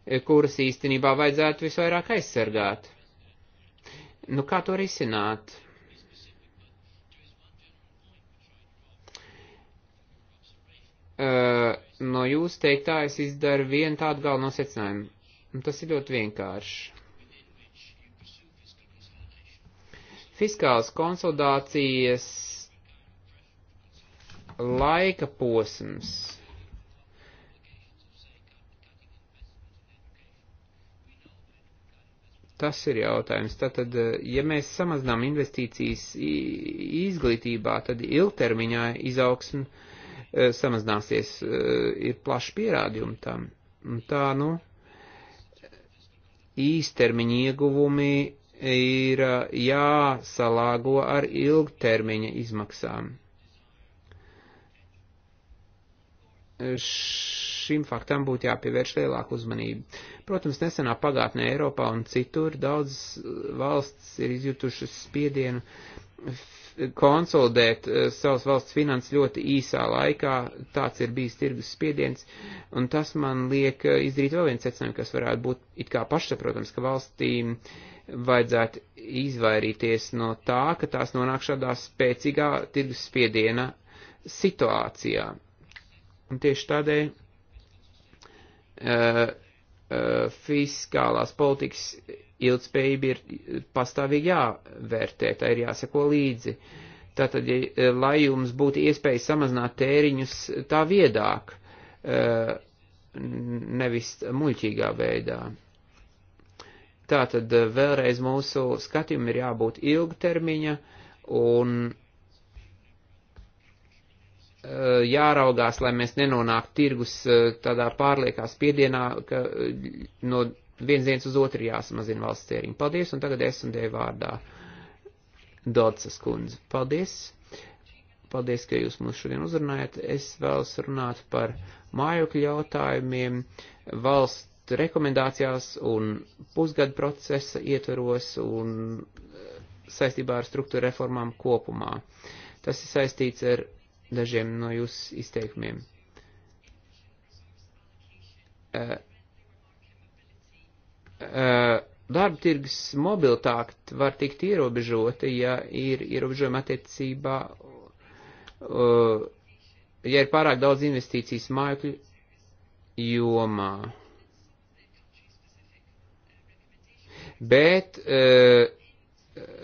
e, kuras īstenībā vajadzētu visvairāk aizsargāt. Nu, kā to risināt? Eh, no jūs teiktā es izdaru vienu tādu galveno secinājumu. Un tas ir ļoti vienkārši. Fiskālas konsolidācijas laika posms. Tas ir jautājums. Tātad, eh, ja mēs samazinām investīcijas izglītībā, tad ilgtermiņā izaugsme E, samazināsies, e, ir plaši pierādījumi tam. Un tā, nu, īstermiņa ieguvumi ir e, jāsalāgo ar ilgtermiņa izmaksām. Šim faktam būtu jāpievērš lielāka uzmanība. Protams, nesenā pagātnē Eiropā un citur daudz valsts ir izjutušas spiedienu konsolidēt eh, savas valsts finanses ļoti īsā laikā, tāds ir bijis tirgus spiediens, un tas man liek eh, izdarīt vēl viens secinājums, kas varētu būt it kā pašsaprotams, ka valstīm vajadzētu izvairīties no tā, ka tās nonāk šādā spēcīgā tirgus spiediena situācijā. Un tieši tādēļ uh, uh, fiskālās politikas ilgspējība ir pastāvīgi jāvērtē, tā ir jāseko līdzi. Tātad, ja, lai jums būtu iespēja samazināt tēriņus tā viedāk, eh, nevis muļķīgā veidā. Tātad eh, vēlreiz mūsu skatījumi ir jābūt ilgtermiņa un eh, jāraugās, lai mēs nenonāktu tirgus tādā pārliekā spiedienā, ka no viens dienas uz otru jāsamazina valsts tēriņi. Paldies, un tagad SMD vārdā Dodsas kundze. Paldies! Paldies, ka jūs mūs šodien uzrunājat. Es vēlos runāt par mājokļu jautājumiem, valsts rekomendācijās un pusgada procesa ietveros un eh, saistībā ar struktūra reformām kopumā. Tas ir saistīts ar dažiem no jūsu izteikumiem. Uh, Eh, darba tirgus mobilitāte var tikt ierobežota, ja ir ierobežojuma attiecībā, eh, ja ir pārāk daudz investīcijas mājokļu jomā. Bet eh,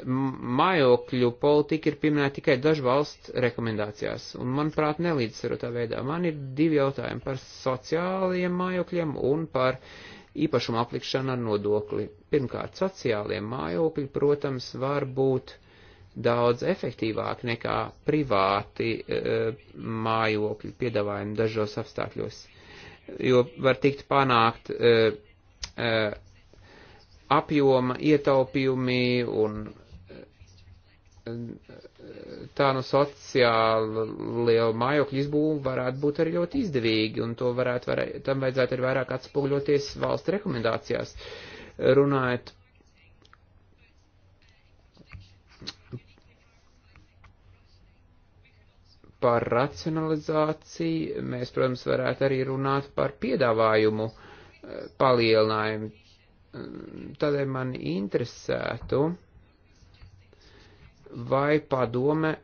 mājokļu politika ir pieminēta tikai dažu valstu rekomendācijās, un, manuprāt, nelīdzsvarotā veidā. Man ir divi jautājumi par sociālajiem mājokļiem un par uh, īpašuma aplikšana ar nodokli. Pirmkārt, sociālie mājokļi, protams, var būt daudz efektīvāk nekā privāti e, mājokļi piedāvājumi dažos apstākļos, jo var tikt panākt e, e, apjoma ietaupījumi un tā nu no sociāli mājokļu izbūve varētu būt arī ļoti izdevīgi, un to varētu, varē, tam vajadzētu arī vairāk atspūļoties valsts rekomendācijās. Runājot par racionalizāciju, mēs, protams, varētu arī runāt par piedāvājumu eh, palielinājumu. Tādēļ man interesētu, vai padome,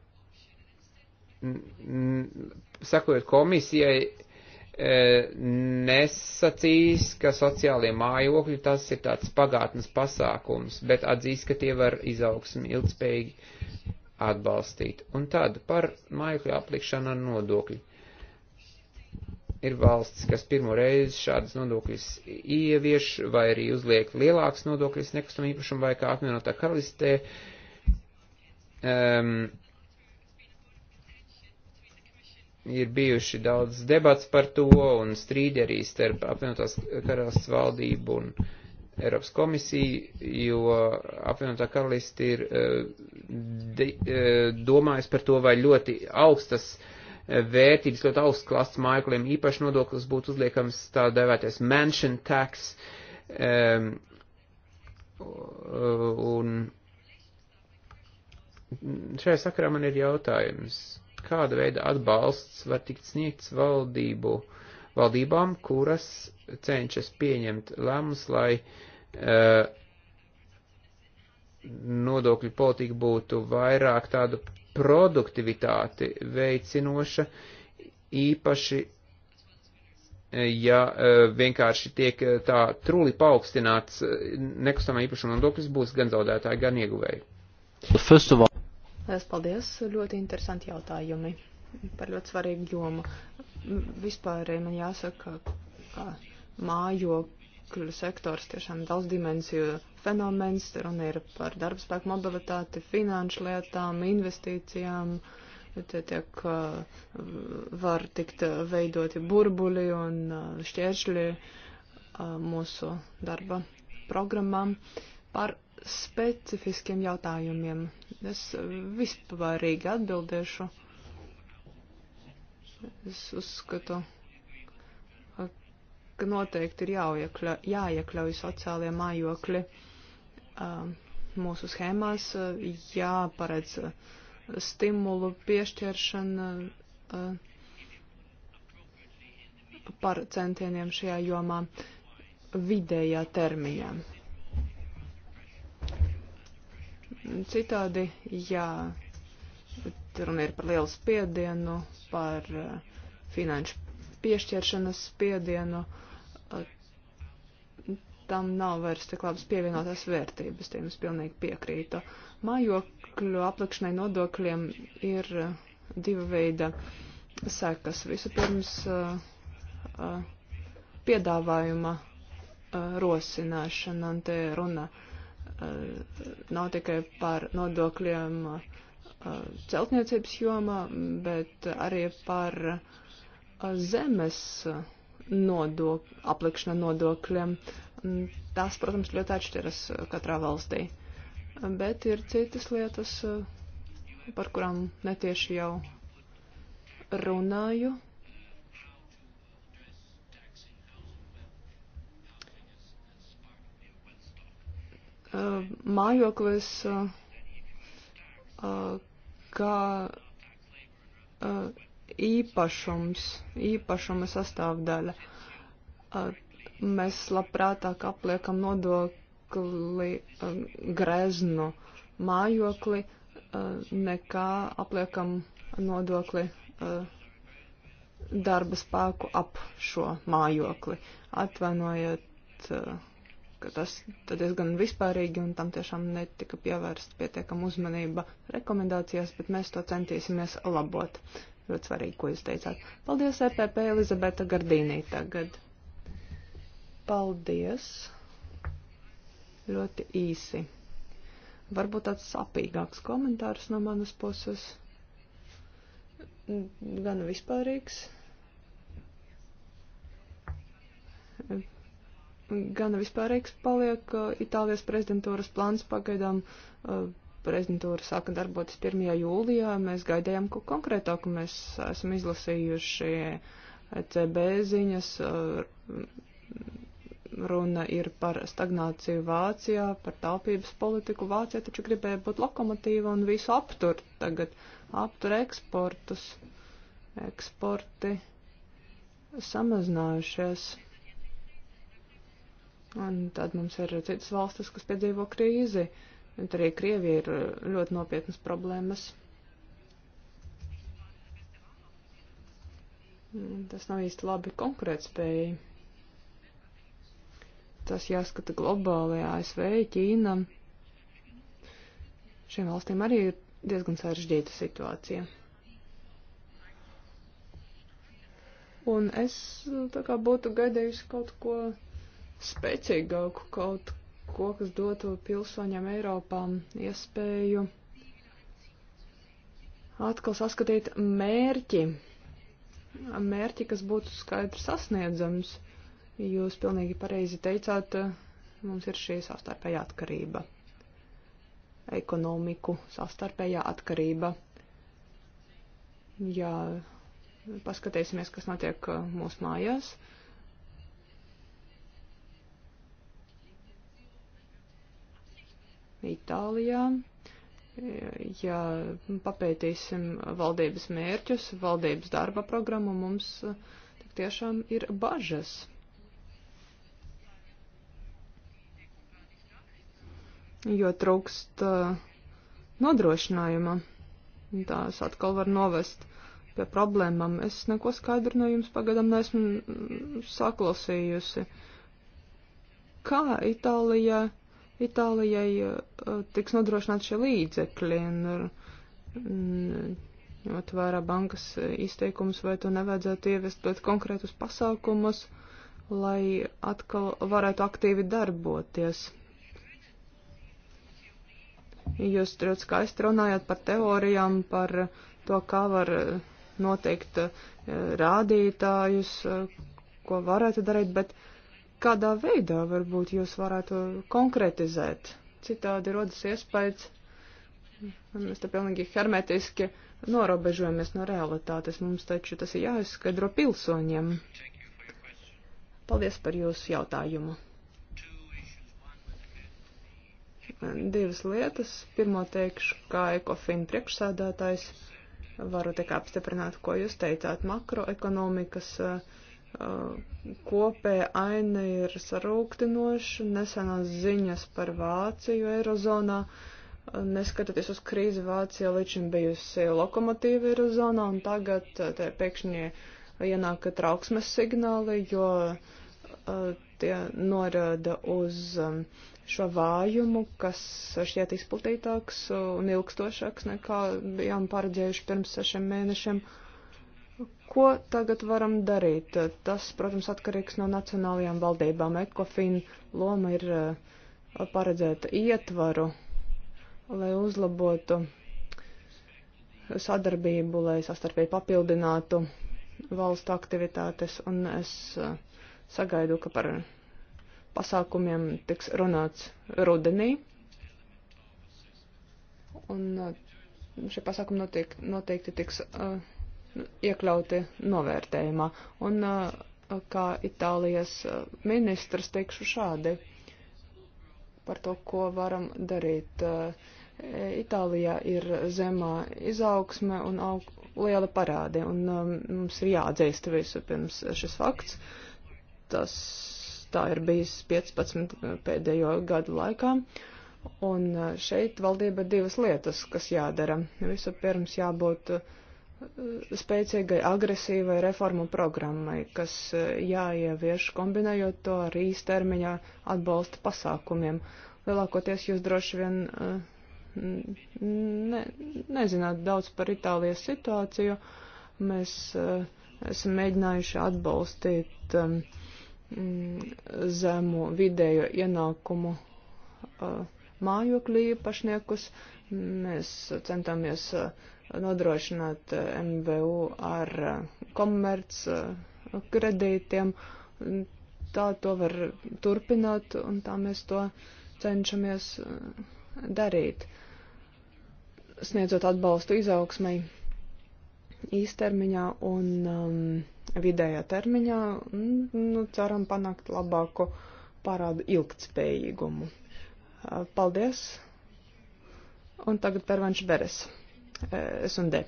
sakojot komisijai, e, nesacīs, ka sociālie mājokļi tas ir tāds pagātnes pasākums, bet atzīs, ka tie var izaugsmi ilgspējīgi atbalstīt. Un tad par mājokļu aplikšanu ar nodokļu. Ir valsts, kas pirmo reizi šādas nodokļas ievieš vai arī uzliek lielākas nodokļas nekustamīpašam vai kā apvienotā karalistē. Uh, Um, ir bijuši daudz debats par to un strīdi arī starp apvienotās karalists valdību un Eiropas komisiju, jo apvienotā karalisti ir eh, de, eh, domājis par to, vai ļoti augstas eh, vērtības, ļoti augsts klases mājokliem īpaši nodoklis būtu uzliekams tā devētais mansion tax. Um, un Šajā sakarā man ir jautājums, kāda veida atbalsts var tikt sniegts valdību, valdībām, kuras cenšas pieņemt lēmumus, lai uh, nodokļu politika būtu vairāk tādu produktivitāti veicinoša, īpaši, eh, ja eh, vienkārši tiek tā trūli paaugstināts nekustamā īpašuma nodoklis, būs gan zaudētāji, gan ieguvēji. Lielas paldies, ļoti interesanti jautājumi par ļoti svarīgu jomu. Vispār eh, man jāsaka, ka mājokļu sektors tiešām daudz dimensiju fenomens, runa ir par darbspēku mobilitāti, finanšu lietām, investīcijām, te tiek, eh, var tikt eh, veidoti burbuļi un šķēršļi mūsu darba programmām. Par specifiskiem jautājumiem. Es vispārīgi atbildēšu. Es uzskatu, ka noteikti ir jāiekļa, jāiekļauj sociālie mājokļi mūsu schēmās, jāparedz stimulu piešķiršana par centieniem šajā jomā vidējā termiņā. Citādi, jā, runa ir par lielu spiedienu, par eh, finanšu piešķiršanas spiedienu, eh, tam nav vairs tik labas pievienotās vērtības, tiem es pilnīgi piekrītu. Mājokļu aplikšanai nodokļiem ir eh, diva veida sekas. Vispirms piedāvājuma rosināšana, un te runa Uh, nav tikai par nodokļiem uh, celtniecības jomā, bet arī par uh, zemes nodok, aplikšana nodokļiem. Tas, protams, ļoti atšķiras katrā valstī. Bet ir citas lietas, par kurām netieši jau runāju. Uh, mājoklis, uh, uh, kā īpašums, īpašuma sastāvdaļa. Mēs labprātāk apliekam nodokli um, greznu mājokli, nekā apliekam nodokli darba spēku ap šo mājokli. Atvainojiet uh, ka tas diezgan vispārīgi un tam tiešām netika pievērsta pietiekama uzmanība rekomendācijās, bet mēs to centīsimies labot. Ļoti svarīgi, ko jūs teicāt. Paldies, EPP Elizabeta Gardīnī tagad. Paldies. Ļoti īsi. Varbūt tāds sapīgāks komentārs no manas puses. Gan vispārīgs gan vispārīgs paliek Itālijas prezidentūras plāns pagaidām. Prezidentūra sāka darboties 1. jūlijā. Mēs gaidījām, ko konkrētāku mēs esam izlasījuši ECB ziņas. Runa ir par stagnāciju Vācijā, par taupības politiku. Vācija taču gribēja būt lokomotīva un visu aptur tagad. Aptur eksportus. Eksporti samazinājušies. Un tad mums ir citas valstis, kas piedzīvo krīzi. Un arī Krievija ir ļoti nopietnas problēmas. Tas nav īsti labi konkurētspējai. Tas jāskata globāli ASV, Ķīna. Šiem valstīm arī ir diezgan sarežģīta situācija. Un es tā kā būtu gaidījusi kaut ko spēcīgāku kaut ko, kas dotu pilsoņiem Eiropā iespēju atkal saskatīt mērķi, mērķi, kas būtu skaidri sasniedzams. Jūs pilnīgi pareizi teicāt, mums ir šī sastarpējā atkarība, ekonomiku sastarpējā atkarība. Jā, paskatīsimies, kas notiek mūsu mājās. Uh, Itālijā. Ja papētīsim valdības mērķus, valdības darba programmu, mums eh, tiešām ir bažas. Jo trūkst eh, nodrošinājuma. Tās atkal var novest pie problēmām. Es neko skaidru no jums pagadam neesmu mm, saklausījusi. Kā Itālijā Itālijai eh, tiks nodrošināt šie līdzekļi, un ņemot vērā bankas eh, izteikumus, vai to nevajadzētu ievest, bet konkrētus pasākumus, lai atkal varētu aktīvi darboties. Jūs ļoti skaisti runājat par teorijām, par to, kā var eh, noteikt rādītājus, ko varētu darīt, bet uh, Kādā veidā varbūt jūs varētu konkretizēt? Citādi rodas iespējas, mēs te pilnīgi hermetiski norobežojamies no realitātes. Mums taču tas ir jāizskaidro pilsoņiem. Paldies par jūsu jautājumu. Divas lietas. Pirmo teikšu, kā ekofin priekšsādātājs. Varu tikai apstiprināt, ko jūs teicāt makroekonomikas. Uh, kopēja aina ir sarūktinoša, nesenās ziņas par Vāciju Eirozonā. Neskatoties uz krīzi, Vācija līdz šim bijusi lokomotīva Eirozonā, un tagad uh, te pēkšņi ienāk trauksmes signāli, jo uh, tie norāda uz um, šo vājumu, kas šķiet izplatītāks un ilgstošāks nekā bijām paredzējuši pirms sešiem mēnešiem. Uh, Ko tagad varam darīt? Tas, protams, atkarīgs no nacionālajām valdībām. Ekofin loma ir eh, paredzēta ietvaru, lai uzlabotu sadarbību, lai sastarpēji papildinātu valstu aktivitātes, un es eh, sagaidu, ka par pasākumiem tiks runāts rudenī. Un eh, šie pasākumi noteikti, noteikti tiks. Uh, iekļauti novērtējumā. Un uh, kā Itālijas uh, ministrs teikšu šādi par to, ko varam darīt. Uh, Itālijā ir zemā izaugsme un aug, liela parādi, un um, mums ir jāatdzīst visu pirms šis fakts. Tas tā ir bijis 15 pēdējo gadu laikā. Un šeit valdība ir divas lietas, kas jādara. Visu pirms jābūt uh, spēcīgai agresīvai reformu programmai, kas e, jāievieš kombinējot to ar īstermiņā atbalsta pasākumiem. Lielākoties jūs droši vien ne, nezināt daudz par Itālijas situāciju. Mēs e, esam mēģinājuši atbalstīt e, zemu vidējo ienākumu mājokļu īpašniekus. Mēs centāmies uh, nodrošināt eh, MVU ar eh, komerc eh, kredītiem. Tā to var turpināt, un tā mēs to cenšamies darīt, sniedzot atbalstu izaugsmai īstermiņā un um, vidējā termiņā, nu, ceram panākt labāku parādu ilgtspējīgumu. Paldies! Un tagad pervenš beres. S&D.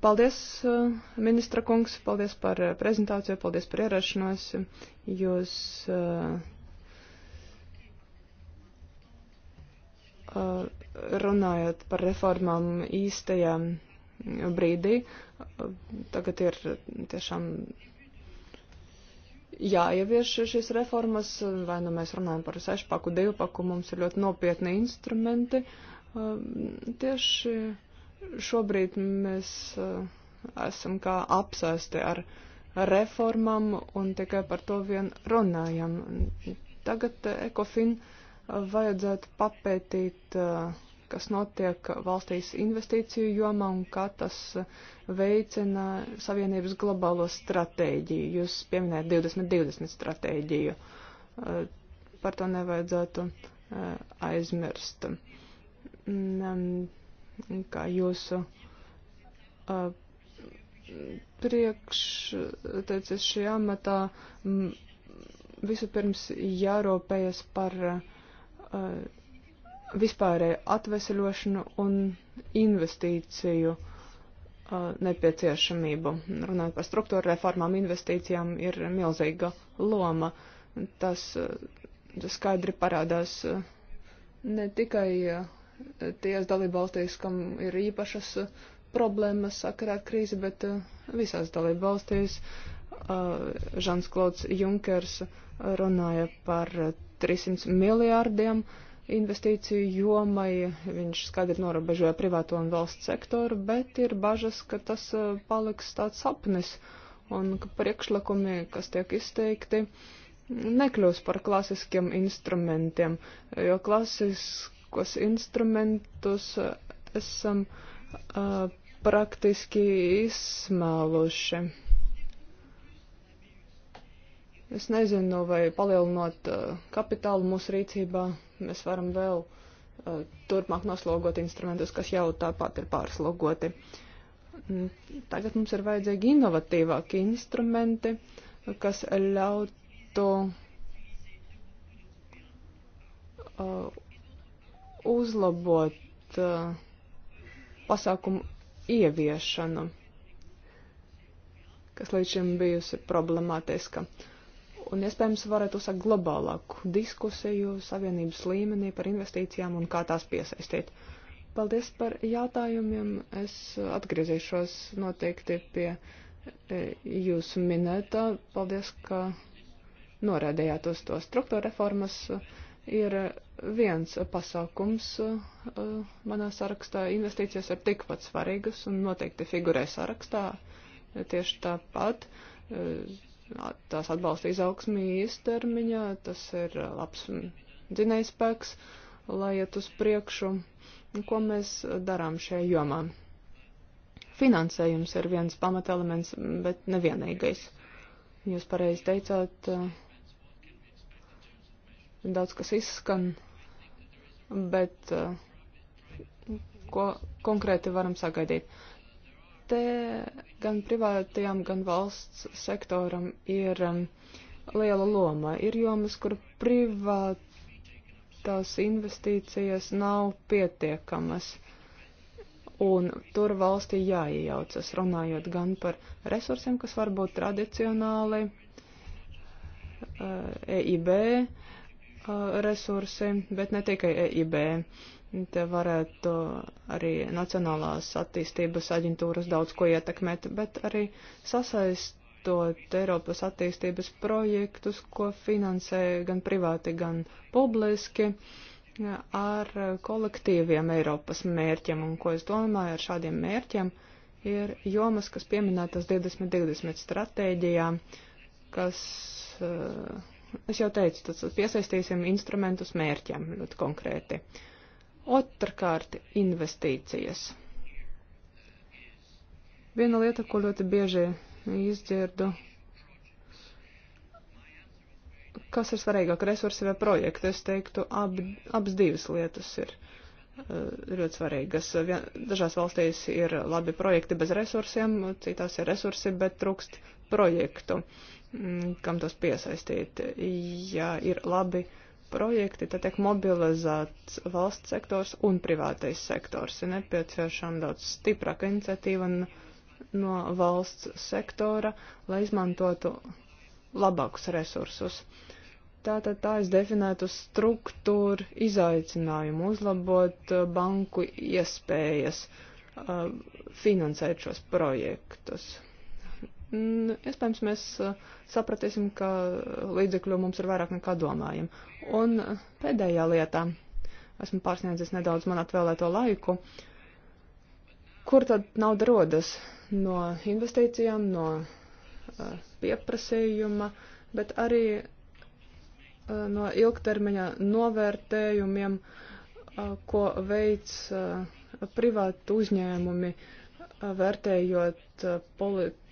Paldies, eh, ministra kungs, paldies par eh, prezentāciju, paldies par ierašanos. Jūs eh, runājot par reformām īstajā brīdī. Tagad ir tiešām jāievieš šīs reformas, vai nu mēs runājam par sešpaku, divpaku, mums ir ļoti nopietni instrumenti. Tieši šobrīd mēs eh, esam kā apsēsti ar reformām un tikai par to vien runājam. Tagad ECOFIN eh, eh, vajadzētu papētīt, kas notiek valstīs investīciju jomā un kā tas veicina Savienības globālo stratēģiju. Jūs pieminējat 2020 stratēģiju. Par to nevajadzētu aizmirst mm, kā jūsu uh, priekšteicis šajā amatā vispirms jārūpējas par uh, vispārēju atveseļošanu un investīciju uh, nepieciešamību. Runājot par struktūra reformām, investīcijām ir milzīga loma. Tas, tas skaidri parādās ne tikai ties dalībvalstīs, kam ir īpašas uh, problēmas sakarā ar krīzi, bet uh, visās dalībvalstīs uh, Žans Klods Junkers runāja par 300 miljārdiem investīciju jomai. Viņš skaidri norobežoja privāto un valsts sektoru, bet ir bažas, ka tas paliks tāds sapnis un ka priekšlikumi, kas tiek izteikti, nekļūs par klasiskiem instrumentiem, jo klasiski kos instrumentus esam uh, praktiski izsmēluši. Es nezinu, vai palielinot uh, kapitālu mūsu rīcībā, mēs varam vēl uh, turpmāk noslogot instrumentus, kas jau tāpat ir pārslogoti. Mm, tagad mums ir vajadzīgi inovatīvāki instrumenti, kas ļautu uh, uzlabot eh, pasākumu ieviešanu, kas līdz šim bijusi problemātiska. Un iespējams varētu uzsākt globālāku diskusiju savienības līmenī par investīcijām un kā tās piesaistīt. Paldies par jautājumiem. Es atgriezīšos noteikti pie eh, jūsu minētā. Paldies, ka norādījāt uz to struktūra reformas. Uh, ir viens pasākums uh, manā sarakstā. Investīcijas ir tikpat svarīgas un noteikti figurē sarakstā tieši tāpat. Uh, tās atbalsta izaugsmī īstermiņā, tas ir labs dzinējspēks, lai iet uz priekšu. Ko mēs darām šajā jomā? Finansējums ir viens pamatelements, bet nevienīgais. Jūs pareizi teicāt, uh, daudz kas izskan, bet eh, ko konkrēti varam sagaidīt? Te gan privātajām, gan valsts sektoram ir eh, liela loma. Ir jomas, kur privātās investīcijas nav pietiekamas un tur valstī jāiejaucas, runājot gan par resursiem, kas var būt tradicionāli EIB eh, e Uh, resursi, bet ne tikai EIB. Te varētu arī Nacionālās attīstības aģentūras daudz ko ietekmēt, bet arī sasaistot Eiropas attīstības projektus, ko finansē gan privāti, gan publiski, ar kolektīviem Eiropas mērķiem. Un ko es domāju ar šādiem mērķiem, ir jomas, kas pieminētas 2020 stratēģijā, kas. Uh, Es jau teicu, tas piesaistīsim instrumentus mērķiem ļoti konkrēti. Otrkārt, investīcijas. Viena lieta, ko ļoti bieži izdzirdu, kas ir svarīgāk, resursi vai projekti, es teiktu, ab, abas divas lietas ir eh, ļoti svarīgas. Dažās valstīs ir labi projekti bez resursiem, citās ir resursi, bet trūkst projektu. Uh, Mm, kam tos piesaistīt. Ja ir labi projekti, tad tiek mobilizēts valsts sektors un privātais sektors. Ir nepieciešama daudz stiprāka iniciatīva no valsts sektora, lai izmantotu labākus resursus. Tātad tā es definētu struktūru izaicinājumu, uzlabot uh, banku iespējas uh, finansēt šos projektus. Iespējams, mēs uh, sapratīsim, ka līdzekļu mums ir vairāk nekā domājam. Un uh, pēdējā lietā, esmu pārsniedzis nedaudz man atvēlēto laiku, kur tad nauda rodas no investīcijām, no uh, pieprasījuma, bet arī no ilgtermiņa novērtējumiem, ko veids privātu uzņēmumi, vērtējot politiku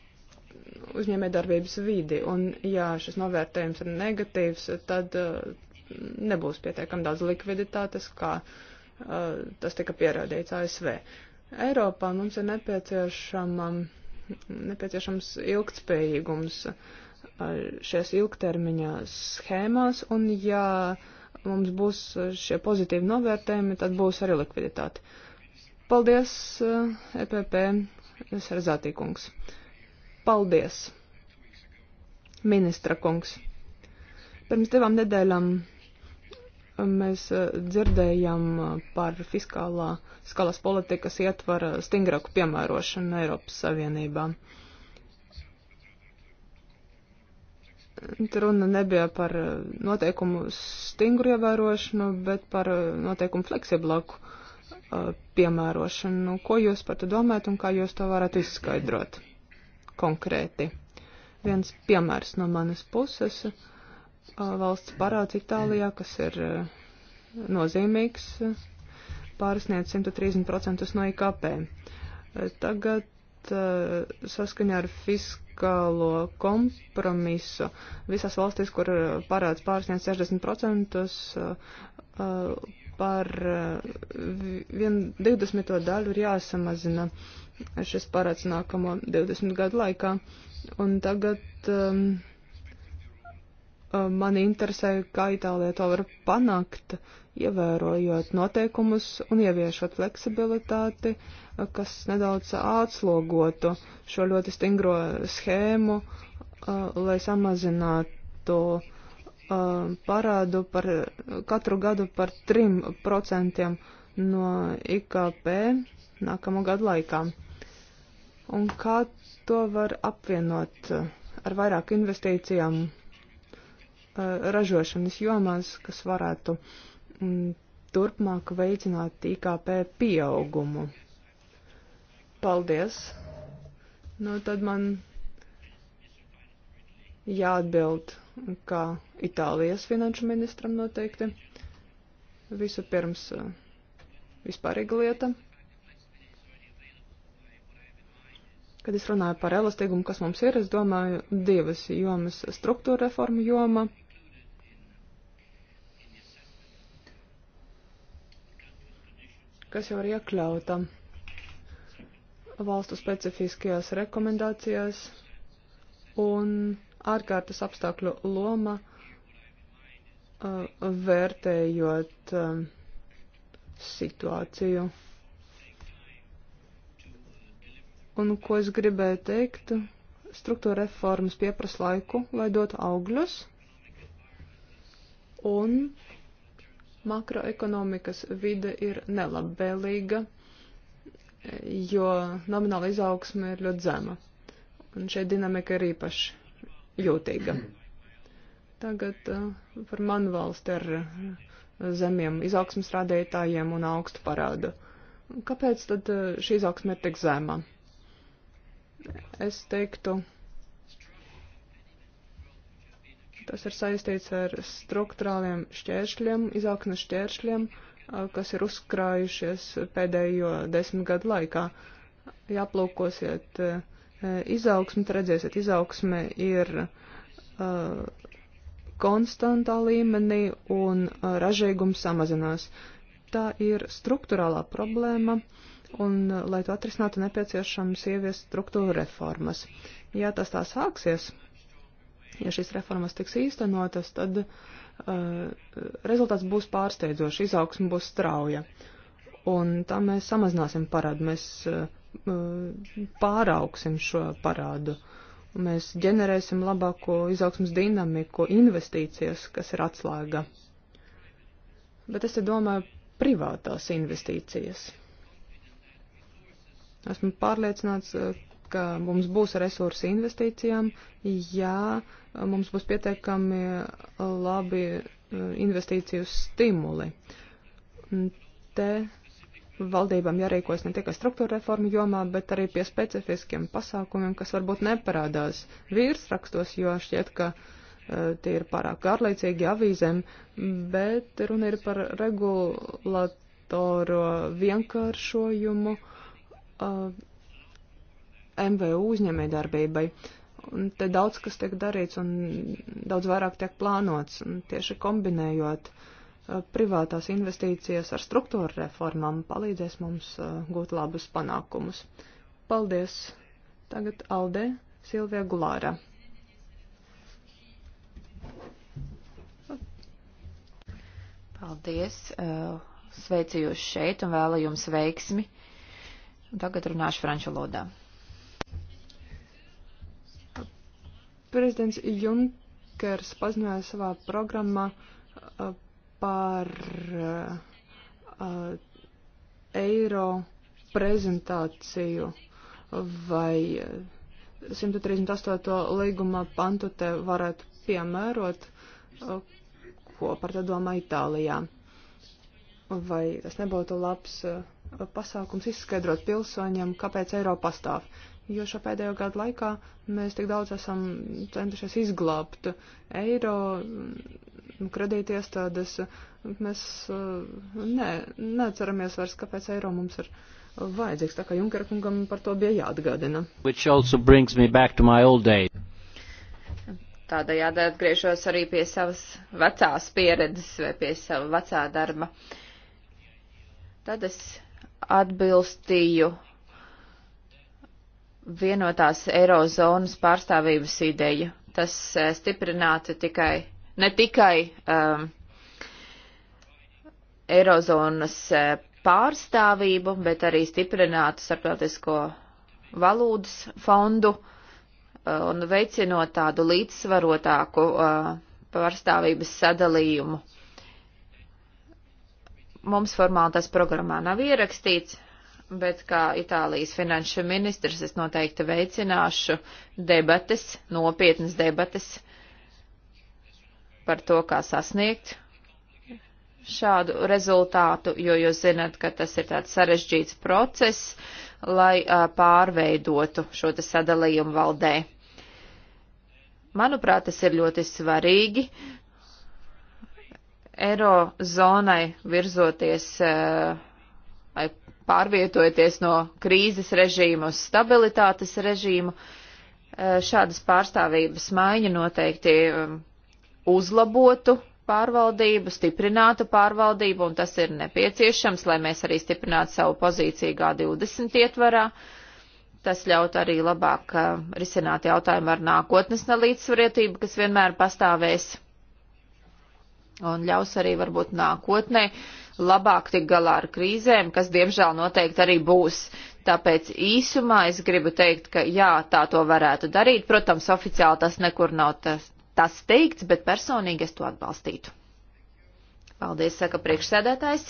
uzņēmē darbības vidi. Un, ja šis novērtējums ir negatīvs, tad eh, nebūs pietiekami daudz likviditātes, kā eh, tas tika pierādīts ASV. Eiropā mums ir nepieciešama, nepieciešams ilgtspējīgums eh, šajās ilgtermiņā schēmās, un ja mums būs šie pozitīvi novērtējumi, tad būs arī likviditāte. Paldies, EPP, e Sarzātīkungs. Es Paldies, ministra kungs. Pirms divām nedēļām um, mēs uh, dzirdējām uh, par fiskālā skalas politikas ietvara stingrāku piemērošanu Eiropas Savienībā. Runa nebija par uh, noteikumu stingru ievērošanu, bet par noteikumu fleksiblāku piemērošanu. Ko jūs par to domājat un kā jūs to varat izskaidrot? konkrēti. Viens piemērs no manas puses - valsts parāds Itālijā, kas ir nozīmīgs, pārsniedz 130% no IKP. Tagad saskaņā ar fiskālo kompromisu visās valstīs, kur parāds pārsniedz 60%, par 20. daļu ir jāsamazina uh, šis parāds nākamo 20 gadu laikā. Un tagad um, um mani interesē, kā Itālija to var panākt, ievērojot noteikumus un ieviešot fleksibilitāti, kas nedaudz atslogotu šo ļoti stingro schēmu, uh, lai samazinātu uh, parādu par katru gadu par 3% no IKP nākamo gadu laikā un kā to var apvienot uh, ar vairāk investīcijām uh, ražošanas jomās, kas varētu mm, turpmāk veicināt IKP pieaugumu. Paldies! Nu, tad man jāatbild, kā Itālijas finanšu ministram noteikti. Visu pirms uh, vispārīga lieta. Kad es runāju par elastīgumu, kas mums ir, es domāju divas jomas - struktūra reforma joma. kas jau ir iekļauta valstu specifiskajās rekomendācijās un ārkārtas apstākļu loma uh, vērtējot uh, situāciju. Un ko es gribēju teikt, struktūra reformas pieprasa laiku, lai dotu augļus. Un makroekonomikas vide ir nelabvēlīga, jo nomināla izaugsme ir ļoti zema. Un šeit dinamika ir īpaši jūtīga. Tagad uh, par manu valsti ar uh, zemiem izaugsmas rādītājiem un augstu parādu. Kāpēc tad uh, šī izaugsme ir tik zema? es teiktu, tas ir saistīts ar struktūrāliem šķēršļiem, izaugsmes šķēršļiem, kas ir uzkrājušies pēdējo desmit gadu laikā. Ja aplūkosiet izaugsmi, tad redzēsiet, izaugsme ir uh, konstantā līmenī un ražīgums samazinās. Tā ir struktūrālā problēma. Uh, un, uh, lai to atrisinātu, nepieciešams ieviest struktūra reformas. Ja tas tā sāksies, ja šīs reformas tiks īstenotas, tad uh, rezultāts būs pārsteidzošs, izaugsme būs strauja. Un tā mēs samazināsim parādu, mēs uh, uh pārauksim šo parādu. Mēs ģenerēsim labāko izaugsmas dinamiku, investīcijas, kas ir atslēga. Bet es te domāju privātās investīcijas Esmu pārliecināts, eh, ka mums būs resursi investīcijām, ja mums būs pietiekami labi eh, investīciju stimuli. Te valdībām jārīkojas ne tikai struktūra reforma jomā, bet arī pie specifiskiem pasākumiem, kas varbūt neparādās vīrsrakstos, jo šķiet, ka uh, tie ir pārāk garlaicīgi avīzēm, bet runa ir par regulatoru vienkāršojumu uh, uh, MVU uzņēmē darbībai. Un te daudz kas tiek darīts un daudz vairāk tiek plānots, un tieši kombinējot uh, privātās investīcijas ar struktūra reformām palīdzēs mums uh, gūt labus panākumus. Paldies! Tagad Alde Silvija Gulāra. Paldies! Uh, sveicu jūs šeit un vēlu jums veiksmi Tagad runāšu franču valodā. Prezidents Junkers paziņoja savā programmā uh, par uh, uh, eiro prezentāciju vai 138. līguma pantu te varētu piemērot, ko par to domā Itālijā. Vai tas nebūtu labs uh, pasākums izskaidrot pilsoņiem, kāpēc Eiropa pastāv. Jo šo pēdējo gadu laikā mēs tik daudz esam centušies izglābt eiro, mm, kredītiestādes. Mēs mm, ne, neatceramies vairs, kāpēc eiro mums ir vajadzīgs. Tā kā Junkera kungam par to bija jāatgādina. Tādējādi atgriežos arī pie savas vecās pieredzes vai pie sava vecā darba. Tad es atbilstīju vienotās eirozonas pārstāvības ideju. Tas eh, stiprinātu tikai, ne tikai um, eirozonas eh, pārstāvību, bet arī stiprinātu starptautisko valūtas fondu eh, un veicinot tādu līdzsvarotāku uh, pārstāvības sadalījumu Mums formāli tas programmā nav ierakstīts, bet kā Itālijas finanšu ministrs es noteikti veicināšu debates, nopietnas debates par to, kā sasniegt šādu rezultātu, jo jūs zināt, ka tas ir tāds sarežģīts process, lai uh, pārveidotu šo te sadalījumu valdē. Manuprāt, tas ir ļoti svarīgi, Eirozonai virzoties eh, vai pārvietojoties no krīzes režīma uz stabilitātes režīmu, eh, šādas pārstāvības maiņa noteikti eh, uzlabotu pārvaldību, stiprinātu pārvaldību, un tas ir nepieciešams, lai mēs arī stiprinātu savu pozīciju G20 ietvarā. Tas ļaut arī labāk risināt jautājumu ar nākotnes nelīdzsvarietību, kas vienmēr pastāvēs un ļaus arī varbūt nākotnē labāk tik galā ar krīzēm, kas diemžēl noteikti arī būs. Tāpēc īsumā es gribu teikt, ka jā, tā to varētu darīt. Protams, oficiāli tas nekur nav tas, tas teikts, bet personīgi es to atbalstītu. Paldies, saka priekšsēdētājs.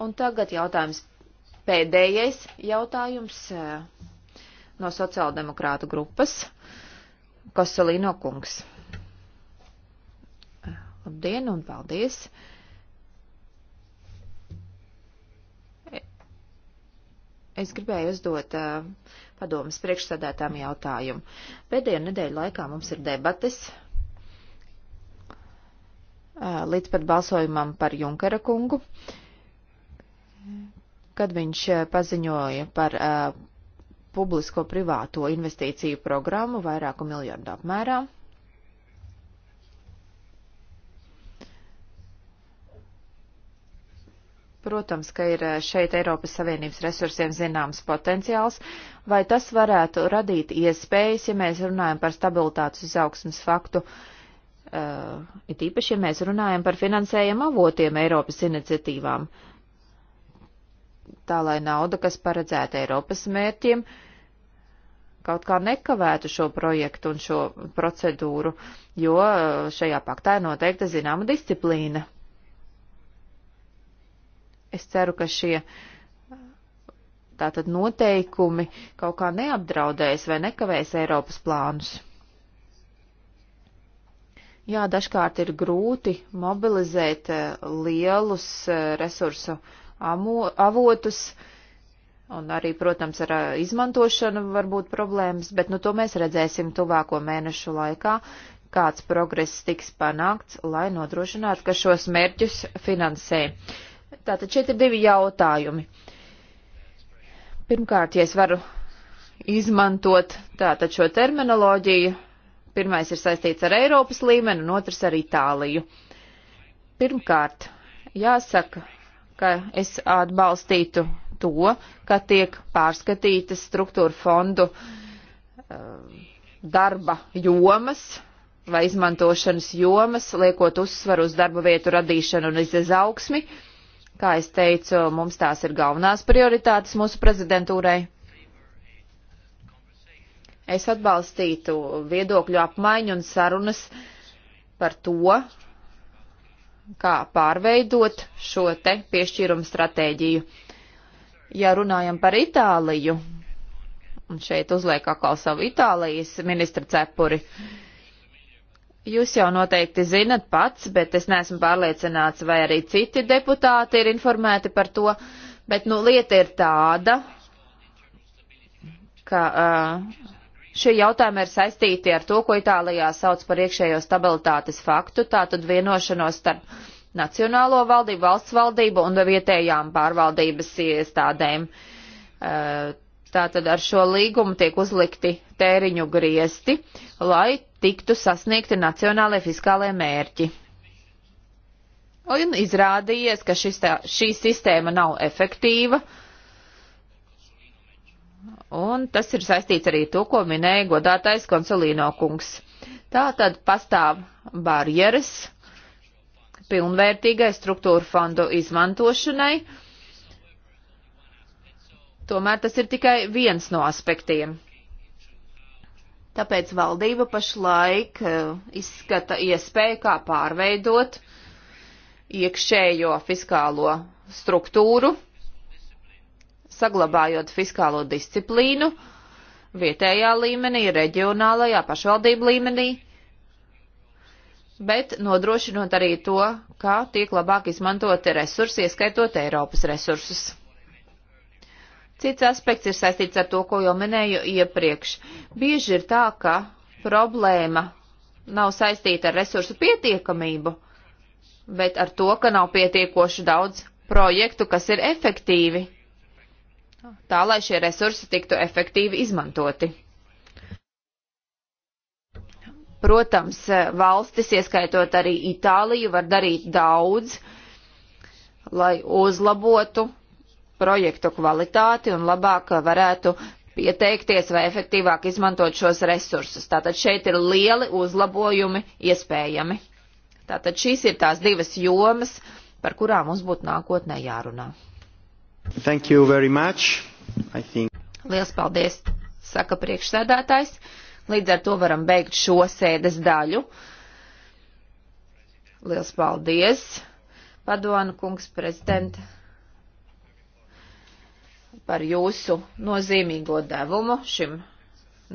Un tagad jautājums pēdējais jautājums eh, no sociāldemokrātu grupas. Kosolino kungs. Labdien un paldies! Es gribēju uzdot uh, padomas priekšsādātām jautājumu. Pēdējo nedēļu laikā mums ir debates uh, līdz pat balsojumam par Junkara kungu, kad viņš uh, paziņoja par uh, publisko privāto investīciju programmu vairāku miljardu apmērā. Protams, ka ir eh, šeit Eiropas Savienības resursiem zināms potenciāls, vai tas varētu radīt iespējas, ja mēs runājam par stabilitātes izaugsmas faktu, uh, it īpaši, ja mēs runājam par finansējumu avotiem Eiropas iniciatīvām, tā lai nauda, kas paredzēta Eiropas mērķiem, kaut kā nekavētu šo projektu un šo procedūru, jo eh, šajā paktā ir noteikta zināma disciplīna. Es ceru, ka šie tātad noteikumi kaut kā neapdraudēs vai nekavēs Eiropas plānus. Jā, dažkārt ir grūti mobilizēt eh, lielus eh, resursu avotus, un arī, protams, ar eh, izmantošanu var būt problēmas, bet nu to mēs redzēsim tuvāko mēnešu laikā, kāds progress tiks panākts, lai nodrošinātu, ka šos mērķus finansē. Uh, Tātad šeit ir divi jautājumi. Pirmkārt, ja es varu izmantot tātad šo terminoloģiju, pirmais ir saistīts ar Eiropas līmeni un otrs ar Itāliju. Pirmkārt, jāsaka, ka es atbalstītu to, ka tiek pārskatītas struktūra fondu um, darba jomas vai izmantošanas jomas, liekot uzsvaru uz darba vietu radīšanu un izaugsmi. Iz Kā es teicu, mums tās ir galvenās prioritātes mūsu prezidentūrai. Es atbalstītu viedokļu apmaiņu un sarunas par to, kā pārveidot šo te piešķīrumu stratēģiju. Ja runājam par Itāliju, un šeit uzliek atkal savu Itālijas ministra cepuri, uh, Jūs jau noteikti zinat pats, bet es neesmu pārliecināts, vai arī citi deputāti ir informēti par to, bet nu lieta ir tāda, ka uh, šie jautājumi ir saistīti ar to, ko Itālijā sauc par iekšējo stabilitātes faktu, tātad vienošanos starp Nacionālo valdību, valsts valdību un vietējām pārvaldības iestādēm. Uh, Tātad ar šo līgumu tiek uzlikti tēriņu griesti, lai tiktu sasniegti nacionālajie fiskālie mērķi. Un izrādījies, ka šis, tā, šī sistēma nav efektīva, un tas ir saistīts arī to, ko minēja godātais konsulīno kungs. Tātad pastāv barjeras pilnvērtīgai struktūra fondu izmantošanai Tomēr tas ir tikai viens no aspektiem. Tāpēc valdība pašlaik eh, izskata iespēju, kā pārveidot iekšējo fiskālo struktūru, saglabājot fiskālo disciplīnu vietējā līmenī, reģionālajā pašvaldību līmenī, bet nodrošinot arī to, kā tiek labāk izmantoti resursi, ieskaitot Eiropas resursus. Cits aspekts ir saistīts ar to, ko jau minēju iepriekš. Bieži ir tā, ka problēma nav saistīta ar resursu pietiekamību, bet ar to, ka nav pietiekoši daudz projektu, kas ir efektīvi, tā lai šie resursi tiktu efektīvi izmantoti. Protams, valstis, ieskaitot arī Itāliju, var darīt daudz, lai uzlabotu projektu kvalitāti un labāk varētu pieteikties vai efektīvāk izmantot šos resursus. Tātad šeit ir lieli uzlabojumi iespējami. Tātad šīs ir tās divas jomas, par kurām mums būtu nākotnē jārunā. Thank you very much. I think... Liels paldies, saka priekšsēdētājs. Līdz ar to varam beigt šo sēdes daļu. Liels paldies, Padoanu kungs prezidenta par jūsu nozīmīgo devumu šim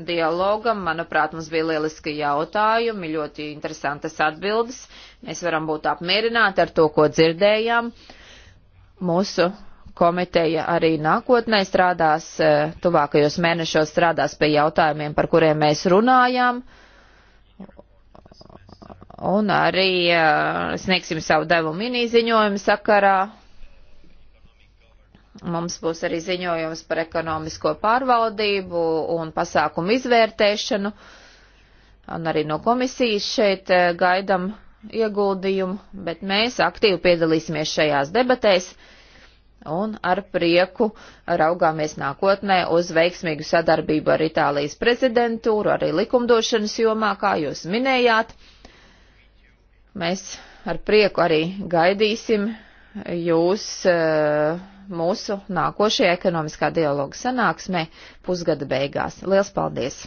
dialogam. Manuprāt, mums bija lieliski jautājumi, ļoti interesantas atbildes. Mēs varam būt apmierināti ar to, ko dzirdējām. Mūsu komiteja arī nākotnē strādās, e, tuvākajos mēnešos strādās pie jautājumiem, par kuriem mēs runājām. Un arī e, sniegsim savu devumu mini ziņojumu sakarā Mums būs arī ziņojums par ekonomisko pārvaldību un pasākumu izvērtēšanu. Un arī no komisijas šeit eh, gaidam ieguldījumu, bet mēs aktīvi piedalīsimies šajās debatēs un ar prieku raugāmies nākotnē uz veiksmīgu sadarbību ar Itālijas prezidentūru, arī likumdošanas jomā, kā jūs minējāt. Mēs ar prieku arī gaidīsim jūs. Uh, mūsu nākošajā ekonomiskā dialoga sanāksmē pusgada beigās. Liels paldies!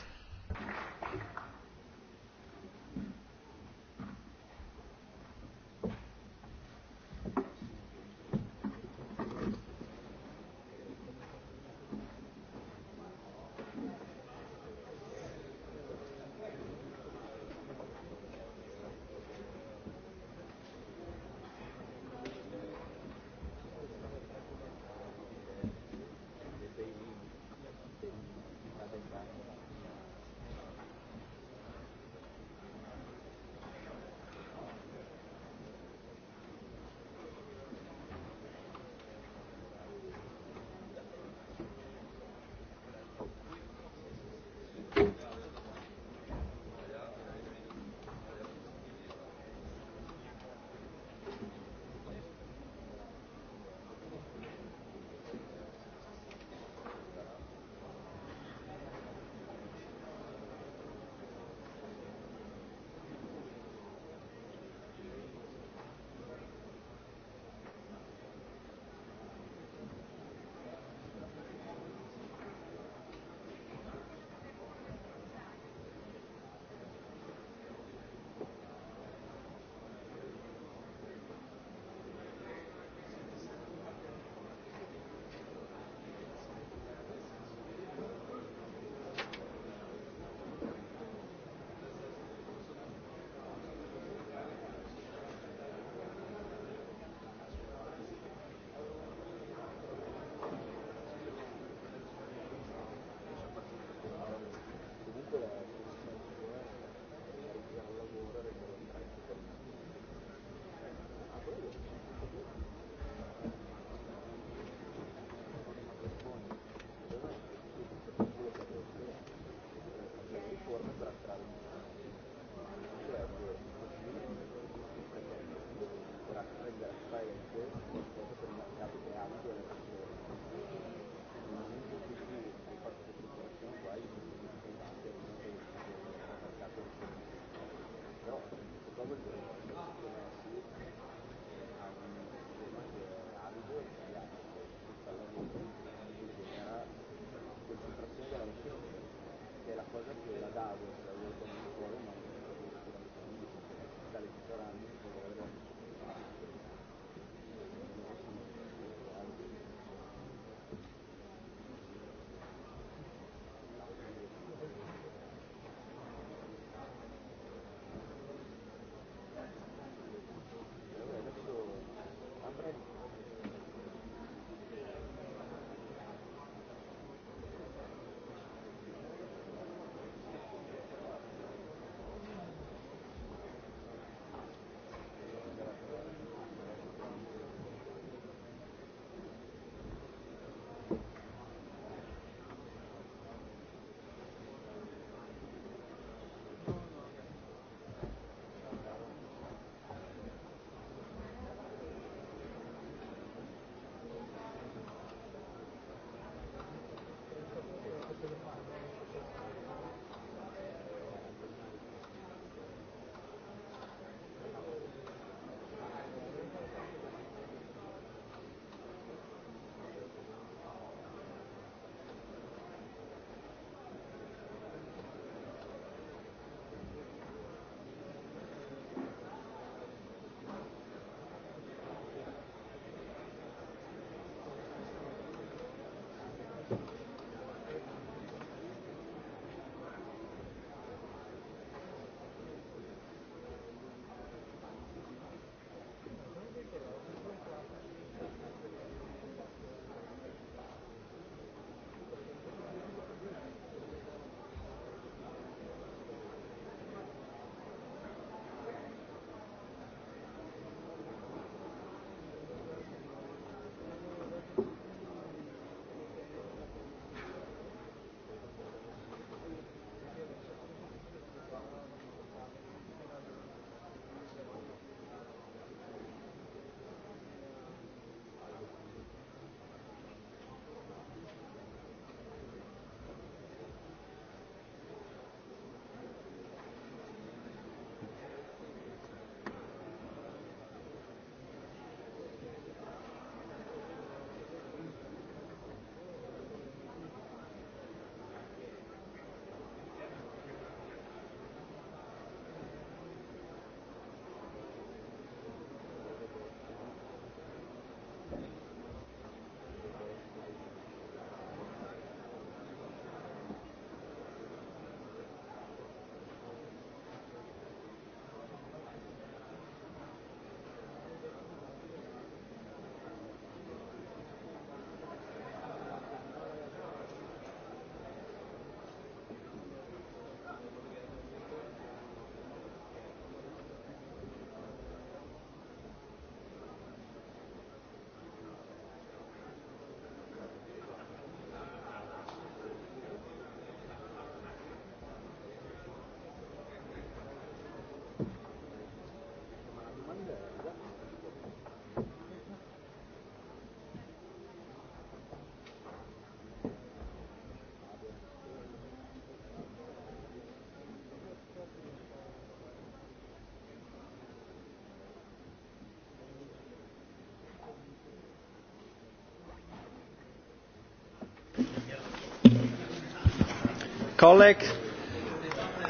Colleague,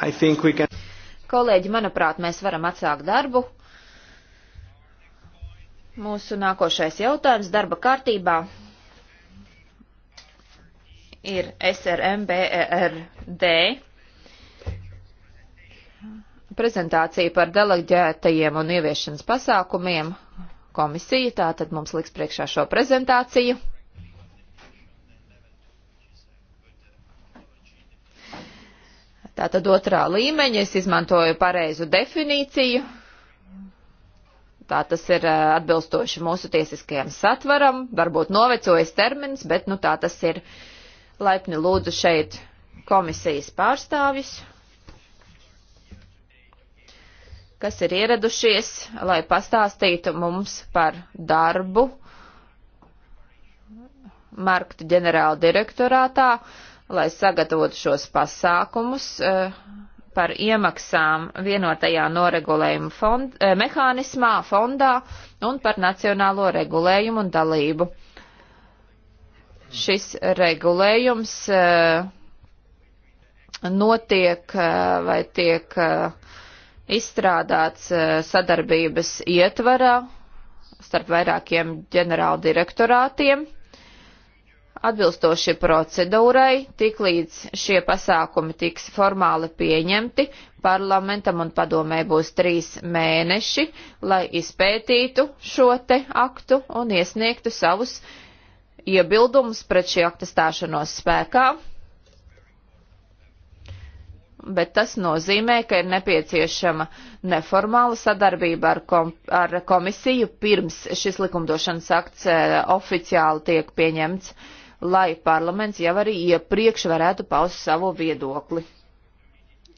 I think we can... Kolēģi, manuprāt, mēs varam atsākt darbu. Mūsu nākošais jautājums darba kārtībā ir SRMBERD prezentācija par deleģētajiem un ieviešanas pasākumiem. Komisija tātad mums liks priekšā šo prezentāciju. Tātad otrā līmeņa es izmantoju pareizu definīciju. Tā tas ir eh, atbilstoši mūsu tiesiskajam satvaram, varbūt novecojas termins, bet nu tā tas ir. Laipni lūdzu šeit komisijas pārstāvis, kas ir ieradušies, lai pastāstītu mums par darbu Markta ģenerāla direktorātā. Uh, lai sagatavotu šos pasākumus eh, par iemaksām vienotajā noregulējuma fond, eh, mehānismā, fondā un par nacionālo regulējumu un dalību. Šis regulējums eh, notiek vai tiek izstrādāts sadarbības ietvarā starp vairākiem ģenerāldirektorātiem. direktorātiem Atbilstoši procedūrai, tiklīdz šie pasākumi tiks formāli pieņemti, parlamentam un padomē būs trīs mēneši, lai izpētītu šo te aktu un iesniegtu savus iebildumus pret šī akta stāšanos spēkā. Bet tas nozīmē, ka ir nepieciešama neformāla sadarbība ar, kom ar komisiju pirms šis likumdošanas akts e, oficiāli tiek pieņemts. Uh, lai parlaments jau arī iepriekš varētu paust savu viedokli.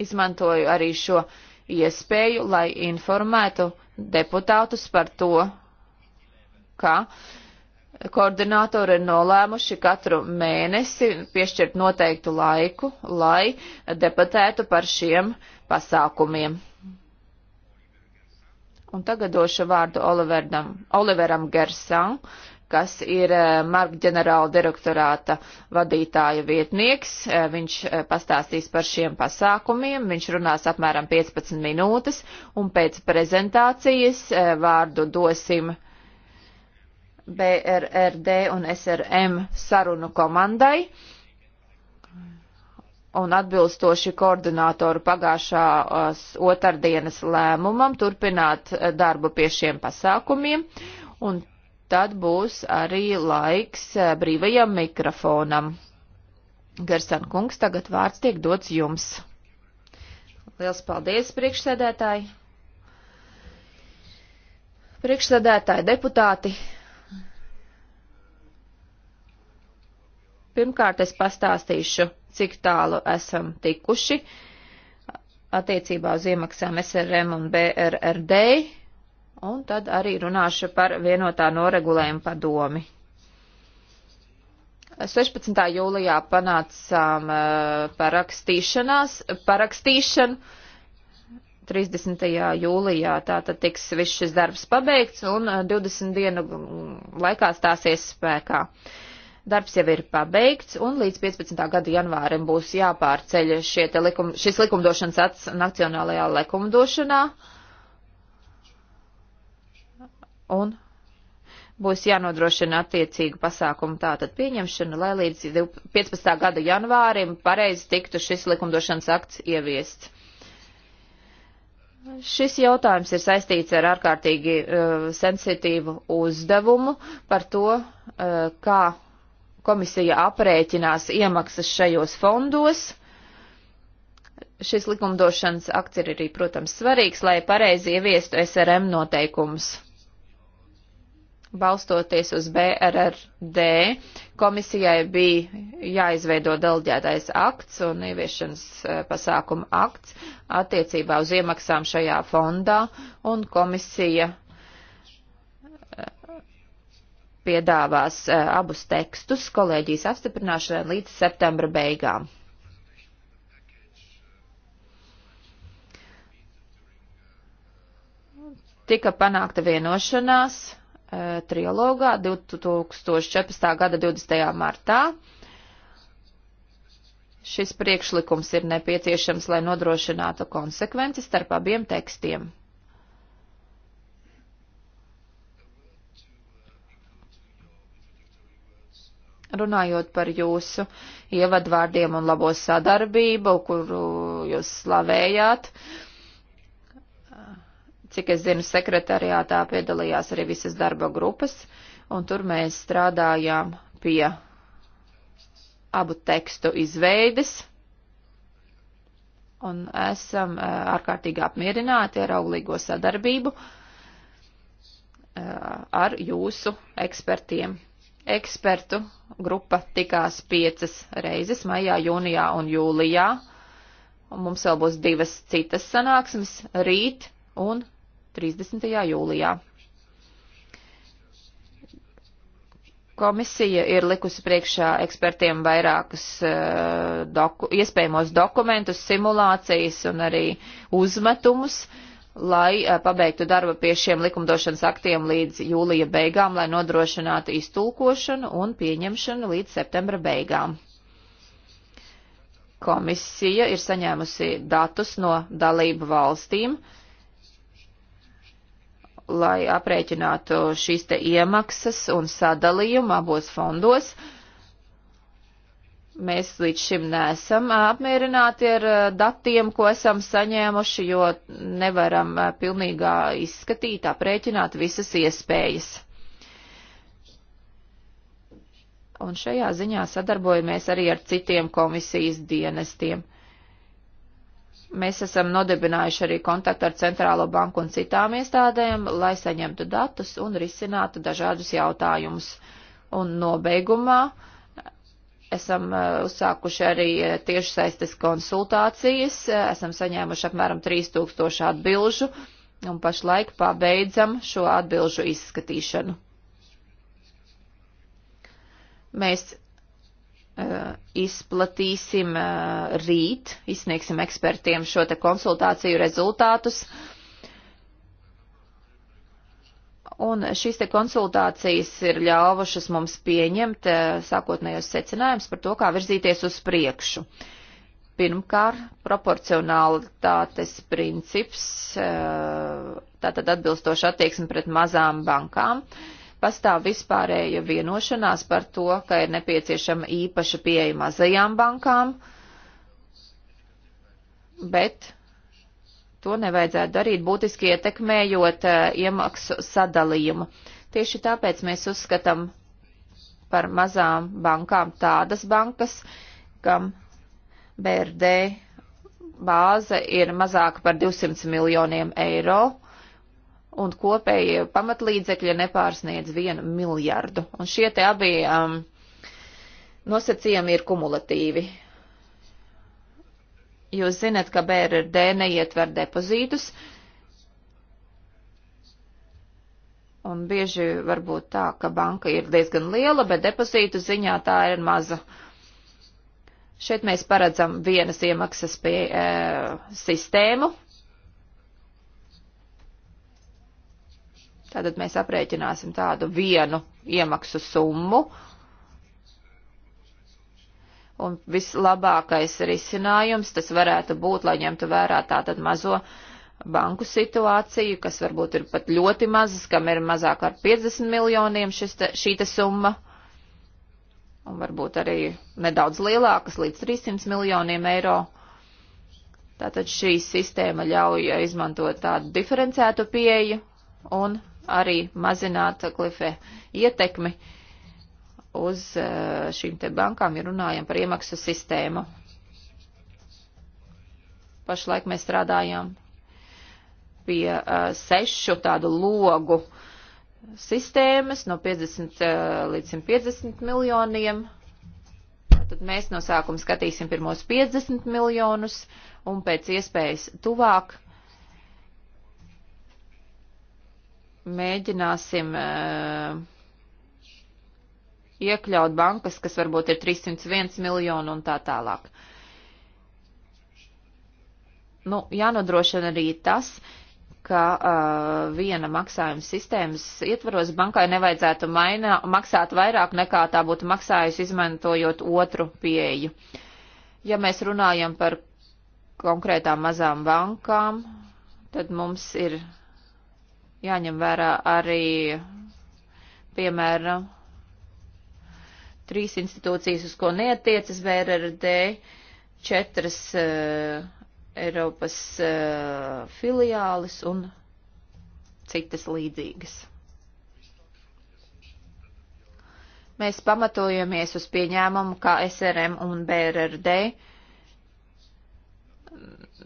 Izmantoju arī šo iespēju, lai informētu deputātus par to, ka koordinātori ir nolēmuši katru mēnesi piešķirt noteiktu laiku, lai debatētu par šiem pasākumiem. Un tagad došu vārdu Oliveram, Oliveram Gersan, kas ir eh, Marka ģenerāla direktorāta vadītāja vietnieks. Eh, viņš eh, pastāstīs par šiem pasākumiem, viņš runās apmēram 15 minūtes, un pēc prezentācijas vārdu dosim BRRD un SRM sarunu komandai. Un atbilstoši koordinātoru pagājušās otrdienas lēmumam turpināt darbu pie šiem pasākumiem. Un tad būs arī laiks eh, brīvajam mikrofonam. Garsan kungs, tagad vārds tiek dots jums. Liels paldies, priekšsēdētāji! Priekšsēdētāji, deputāti! Pirmkārt, es pastāstīšu, cik tālu esam tikuši attiecībā uz iemaksām SRM un BRRD un tad arī runāšu par vienotā noregulējuma padomi. 16. jūlijā panācām parakstīšanās, parakstīšanu. 30. jūlijā tātad tiks viss šis darbs pabeigts un 20 dienu laikā stāsies spēkā. Darbs jau ir pabeigts un līdz 15. gada janvārim būs jāpārceļ likum, šis likumdošanas ats nacionālajā likumdošanā. Uh, un būs jānodrošina attiecīgu pasākumu tātad pieņemšanu, lai līdz 15. gada janvārim pareizi tiktu šis likumdošanas akts ieviests. Šis jautājums ir saistīts ar ārkārtīgi uh, sensitīvu uzdevumu par to, uh, kā komisija aprēķinās iemaksas šajos fondos. Šis likumdošanas akts ir arī, protams, svarīgs, lai pareizi ieviestu SRM noteikumus balstoties uz BRRD, komisijai bija jāizveido delģētais akts un ieviešanas eh, pasākuma akts attiecībā uz iemaksām šajā fondā, un komisija eh, piedāvās eh, abus tekstus kolēģijas apstiprināšanai līdz septembra beigām. Tika panākta vienošanās Eh, trilogā 2014. gada 20. martā. Šis priekšlikums ir nepieciešams, lai nodrošinātu konsekvenci starp abiem tekstiem. Runājot par jūsu ievadvārdiem un labo sadarbību, kuru jūs slavējāt, uh, Cik es zinu, sekretariātā piedalījās arī visas darba grupas, un tur mēs strādājām pie abu tekstu izveides, un esam eh, ārkārtīgi apmierināti ar auglīgo sadarbību eh, ar jūsu ekspertiem. Ekspertu grupa tikās piecas reizes - maijā, jūnijā un jūlijā. Un mums vēl būs divas citas sanāksmes - rīt un 30. jūlijā. Komisija ir likusi priekšā ekspertiem vairākus eh, doku, iespējamos dokumentus, simulācijas un arī uzmetumus, lai eh, pabeigtu darbu pie šiem likumdošanas aktiem līdz jūlija beigām, lai nodrošinātu iztulkošanu un pieņemšanu līdz septembra beigām. Komisija ir saņēmusi datus no dalību valstīm, uh, lai aprēķinātu šīs te iemaksas un sadalījumu abos fondos. Mēs līdz šim neesam apmierināti ar eh, datiem, ko esam saņēmuši, jo nevaram eh, pilnīgā izskatīt, aprēķināt visas iespējas. Un šajā ziņā sadarbojamies arī ar citiem komisijas dienestiem. Mēs esam nodibinājuši arī kontaktu ar Centrālo banku un citām iestādēm, lai saņemtu datus un risinātu dažādus jautājumus. Un nobeigumā eh, esam eh, uzsākuši arī eh, tiešsaistes konsultācijas, esam saņēmuši apmēram 3000 atbilžu un pašlaik pabeidzam šo atbilžu izskatīšanu. Mēs Eh, izplatīsim eh, rīt, izsniegsim ekspertiem šo te konsultāciju rezultātus. Un šīs te konsultācijas ir ļāvušas mums pieņemt eh, sākotnējos secinājumus par to, kā virzīties uz priekšu. Pirmkārt, proporcionalitātes princips, tātad atbilstoši attieksmi pret mazām bankām. Uh, pastāv vispārēja vienošanās par to, ka ir nepieciešama īpaša pieeja mazajām bankām, bet to nevajadzētu darīt būtiski ietekmējot eh, iemaksu sadalījumu. Tieši tāpēc mēs uzskatām par mazām bankām tādas bankas, kam BRD bāze ir mazāka par 200 miljoniem eiro, un kopējie pamatlīdzekļi nepārsniedz vienu miljardu. Un šie te abi um, nosacījumi ir kumulatīvi. Jūs zinat, ka BRD neietver depozītus, un bieži varbūt tā, ka banka ir diezgan liela, bet depozītu ziņā tā ir maza. Šeit mēs paredzam vienas iemaksas pie, e, sistēmu, Tātad mēs aprēķināsim tādu vienu iemaksu summu. Un vislabākais risinājums tas varētu būt, lai ņemtu vērā tātad mazo banku situāciju, kas varbūt ir pat ļoti mazas, kam ir mazāk ar 50 miljoniem šis, te, šī te summa, un varbūt arī nedaudz lielākas līdz 300 miljoniem eiro. Tātad šī sistēma ļauj izmantot tādu diferencētu pieeju un arī mazināt klife ietekmi uz eh, šīm te bankām, ja runājam par iemaksu sistēmu. Pašlaik mēs strādājam pie eh, sešu tādu logu sistēmas no 50 eh, līdz 150 miljoniem. Tad mēs no sākuma skatīsim pirmos 50 miljonus un pēc iespējas tuvāk mēģināsim eh, iekļaut bankas, kas varbūt ir 301 miljonu un tā tālāk. Nu, jānodrošina arī tas, ka uh, viena maksājuma sistēmas ietvaros bankai nevajadzētu mainā, maksāt vairāk nekā tā būtu maksājusi izmantojot otru pieeju. Ja mēs runājam par konkrētām mazām bankām, tad mums ir jāņem vērā arī, piemēram, trīs institūcijas, uz ko neatiecas BRRD, četras uh, Eiropas uh, filiālis un citas līdzīgas. Mēs pamatojamies uz pieņēmumu, kā SRM un BRRD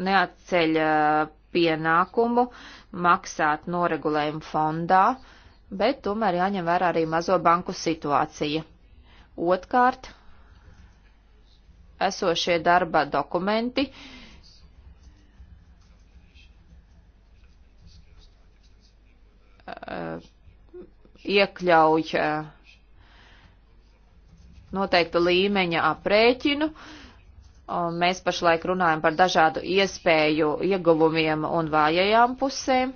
neatceļ uh, pienākumu maksāt noregulējumu fondā, bet tomēr jāņem vērā arī mazo banku situācija. Otkārt, esošie darba dokumenti. Eh, iekļauj eh, noteikta līmeņa aprēķinu, uh, Um, mēs pašlaik runājam par dažādu iespēju ieguvumiem un vājajām pusēm,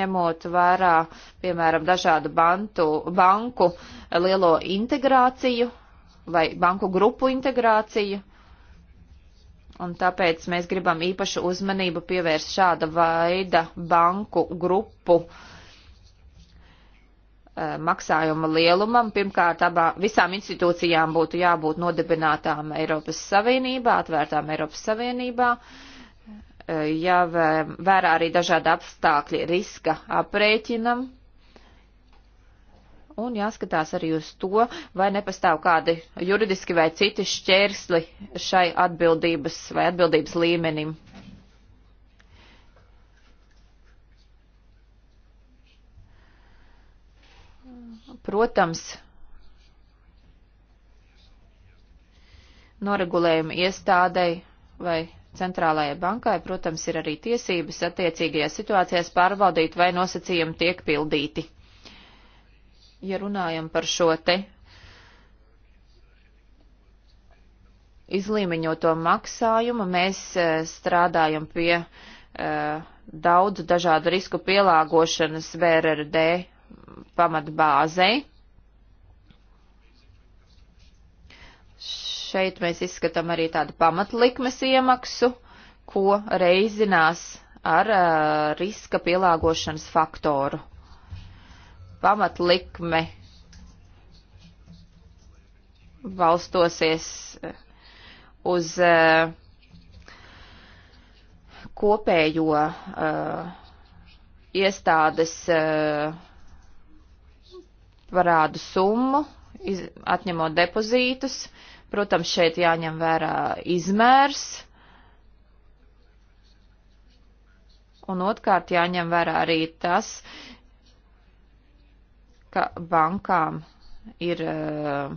ņemot vērā, piemēram, dažādu bantu, banku lielo integrāciju vai banku grupu integrāciju. Un tāpēc mēs gribam īpašu uzmanību pievērst šāda vaida banku grupu uh, Eh, maksājuma lielumam. Pirmkārt, abā, visām institūcijām būtu jābūt nodibinātām Eiropas Savienībā, atvērtām Eiropas Savienībā, eh, jāvērā arī dažādi apstākļi riska aprēķinam. Un jāskatās arī uz to, vai nepastāv kādi juridiski vai citi šķērsli šai atbildības vai atbildības līmenim. Protams, noregulējuma iestādei vai centrālajai bankai, protams, ir arī tiesības attiecīgajās situācijās pārbaudīt, vai nosacījumi tiek pildīti. Ja runājam par šo te izlīmeņoto maksājumu, mēs e, strādājam pie uh, daudzu dažādu risku pielāgošanas BRRD pamatbāzei. Šeit mēs izskatām arī tādu pamatlikmes iemaksu, ko reizinās ar uh, riska pielāgošanas faktoru. Pamatlikme balstosies uz uh, kopējo uh, iestādes uh, parādu summu, iz, atņemot depozītus. Protams, šeit jāņem vērā izmērs. Un otrkārt jāņem vērā arī tas, ka bankām ir eh,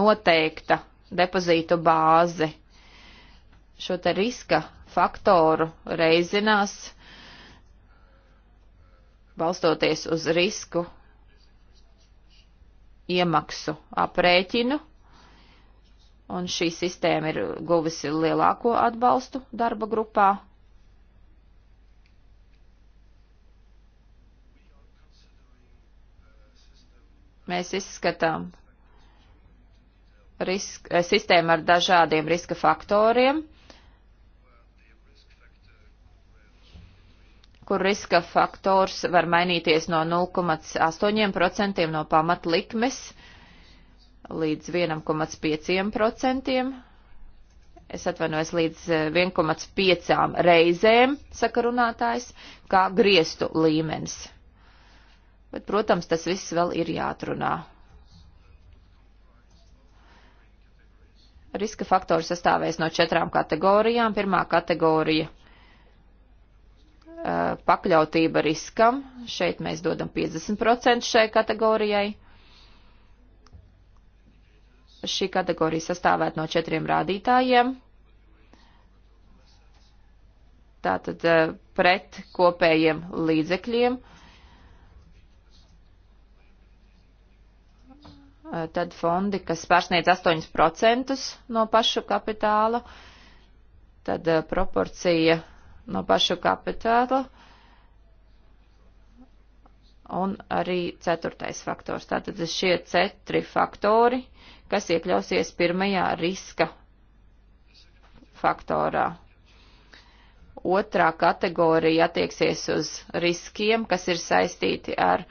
noteikta depozītu bāze. Šo te riska faktoru reizinās balstoties uz risku iemaksu aprēķinu, un šī sistēma ir guvusi lielāko atbalstu darba grupā. Mēs izskatām risk, eh, sistēmu ar dažādiem riska faktoriem kur riska faktors var mainīties no 0,8% no pamatlikmes līdz 1,5%. Es atvainojos līdz 1,5 eh, reizēm, saka runātājs, kā griestu līmenis. Bet, protams, tas viss vēl ir jāatrunā. Riska faktori sastāvēs no četrām kategorijām. Pirmā kategorija Eh, pakļautība riskam. Šeit mēs dodam 50% šai kategorijai. Šī kategorija sastāvēt no četriem rādītājiem. Tātad eh, pret kopējiem līdzekļiem. Eh, tad fondi, kas pārsniedz 8% no pašu kapitāla, tad proporcija no paša kapitāla. Un arī ceturtais faktors. Tātad šie četri faktori, kas iekļausies pirmajā riska faktorā. Otrā kategorija attieksies uz riskiem, kas ir saistīti ar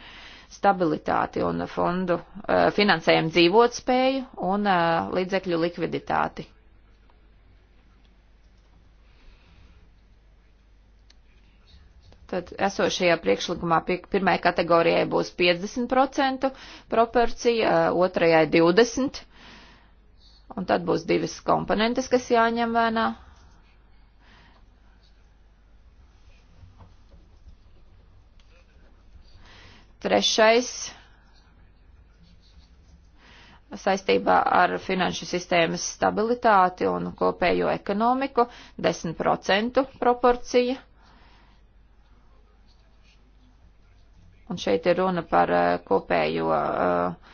stabilitāti un fondu eh, finansējumu dzīvotspēju un eh, līdzekļu likviditāti. Tad esošajā priekšlikumā pirmajai kategorijai būs 50% proporcija, otrajai 20%, un tad būs divas komponentes, kas jāņem vērā. Trešais saistībā ar finanšu sistēmas stabilitāti un kopējo ekonomiku 10% proporcija. Un šeit ir runa par eh, kopējo eh,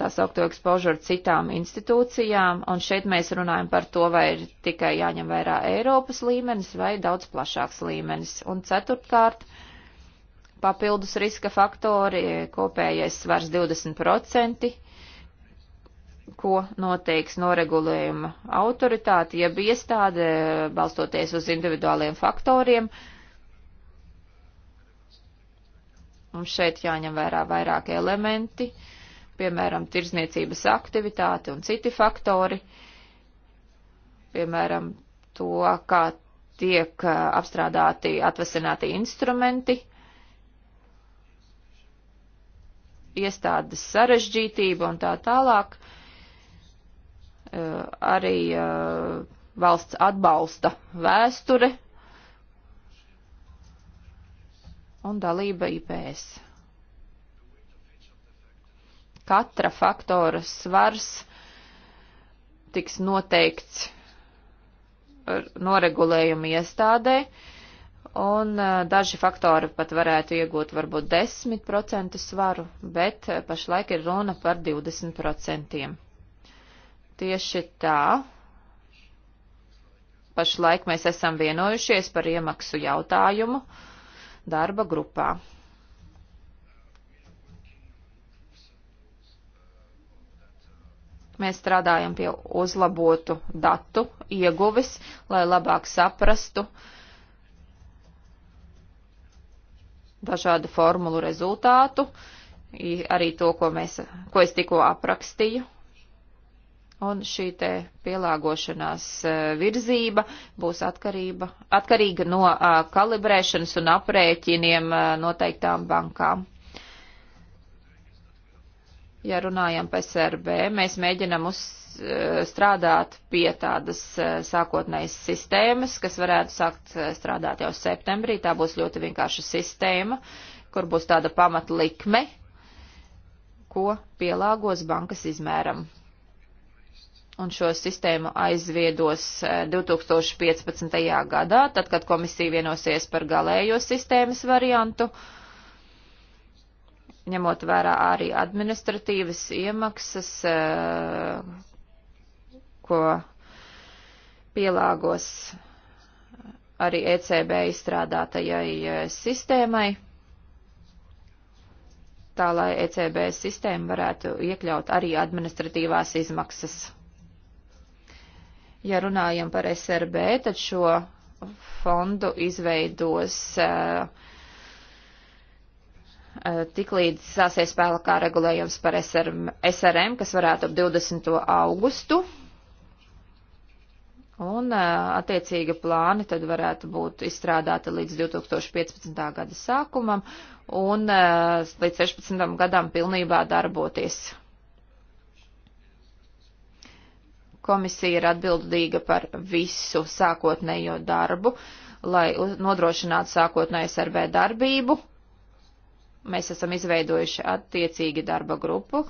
tā saukto ekspožu ar citām institūcijām, un šeit mēs runājam par to, vai ir tikai jāņem vērā Eiropas līmenis vai daudz plašāks līmenis. Un ceturtkārt, papildus riska faktori, kopējais svars 20%, ko noteiks noregulējuma autoritāte, jeb iestāde, balstoties uz individuāliem faktoriem. Uh, Mums šeit jāņem vērā vairāk elementi, piemēram, tirzniecības aktivitāte un citi faktori, piemēram, to, kā tiek eh, apstrādāti atvasināti instrumenti, iestādes sarežģītība un tā tālāk, eh, arī eh, valsts atbalsta vēsture un dalība IPS. Katra faktora svars tiks noteikts noregulējuma iestādē, un e, daži faktori pat varētu iegūt varbūt 10% svaru, bet e, pašlaik ir runa par 20%. Tieši tā, pašlaik mēs esam vienojušies par iemaksu jautājumu. Uh, darba grupā. Mēs strādājam pie uzlabotu datu ieguvis, lai labāk saprastu dažādu formulu rezultātu, arī to, ko, mēs, ko es tikko aprakstīju, Un šī te pielāgošanās eh, virzība būs atkarība, atkarīga no eh, kalibrēšanas un aprēķiniem eh, noteiktām bankām. Ja runājam par SRB, mēs mēģinam uz, strādāt pie tādas sākotnējas sistēmas, kas varētu sākt strādāt jau septembrī. Tā būs ļoti vienkārša sistēma, kur būs tāda pamatlikme, ko pielāgos bankas izmēram un šo sistēmu aizviedos 2015. E, gadā, tad, kad komisija vienosies par galējo sistēmas variantu, ņemot vērā arī administratīvas iemaksas, e, ko pielāgos arī ECB izstrādātajai e, sistēmai tā lai ECB sistēma varētu iekļaut arī administratīvās izmaksas. Ja runājam par SRB, tad šo fondu izveidos uh, tiklīdz sāsies spēlēkā regulējums par SRM, SRM, kas varētu ap 20. augustu. Un eh, attiecīga plāni tad varētu būt izstrādāti līdz 2015. gada sākumam un līdz 16. gadam pilnībā darboties. Komisija ir atbildīga par visu sākotnējo darbu, lai nodrošinātu sākotnēju SRB darbību. Mēs esam izveidojuši attiecīgi darba grupu,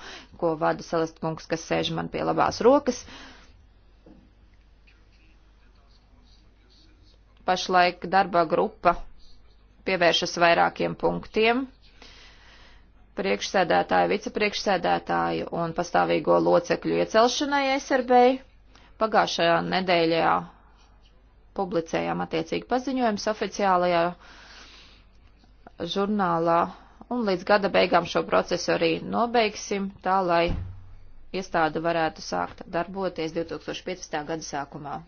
ko vada Celestkungs, kas sēž man pie labās rokas. Pašlaik darba grupa pievēršas vairākiem punktiem, priekšsēdētāju, vicepriekšsēdētāju un pastāvīgo locekļu iecelšanai SRB. Pagājušajā nedēļā publicējām attiecīgi paziņojums oficiālajā žurnālā un līdz gada beigām šo procesu arī nobeigsim, tā lai iestāde varētu sākt darboties 2015. gada sākumā.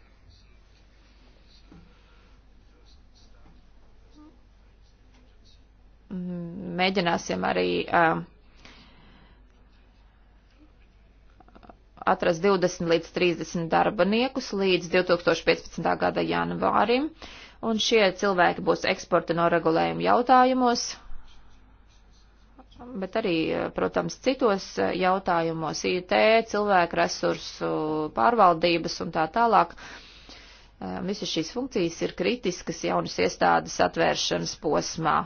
mēģināsim arī uh, atrast 20 līdz 30 darbaniekus līdz 2015. gada janvārim, un šie cilvēki būs eksporta noregulējuma jautājumos, bet arī, protams, citos uh, jautājumos - IT, cilvēku resursu pārvaldības un tā tālāk. Uh, visas šīs funkcijas ir kritiskas jaunas iestādes atvēršanas posmā.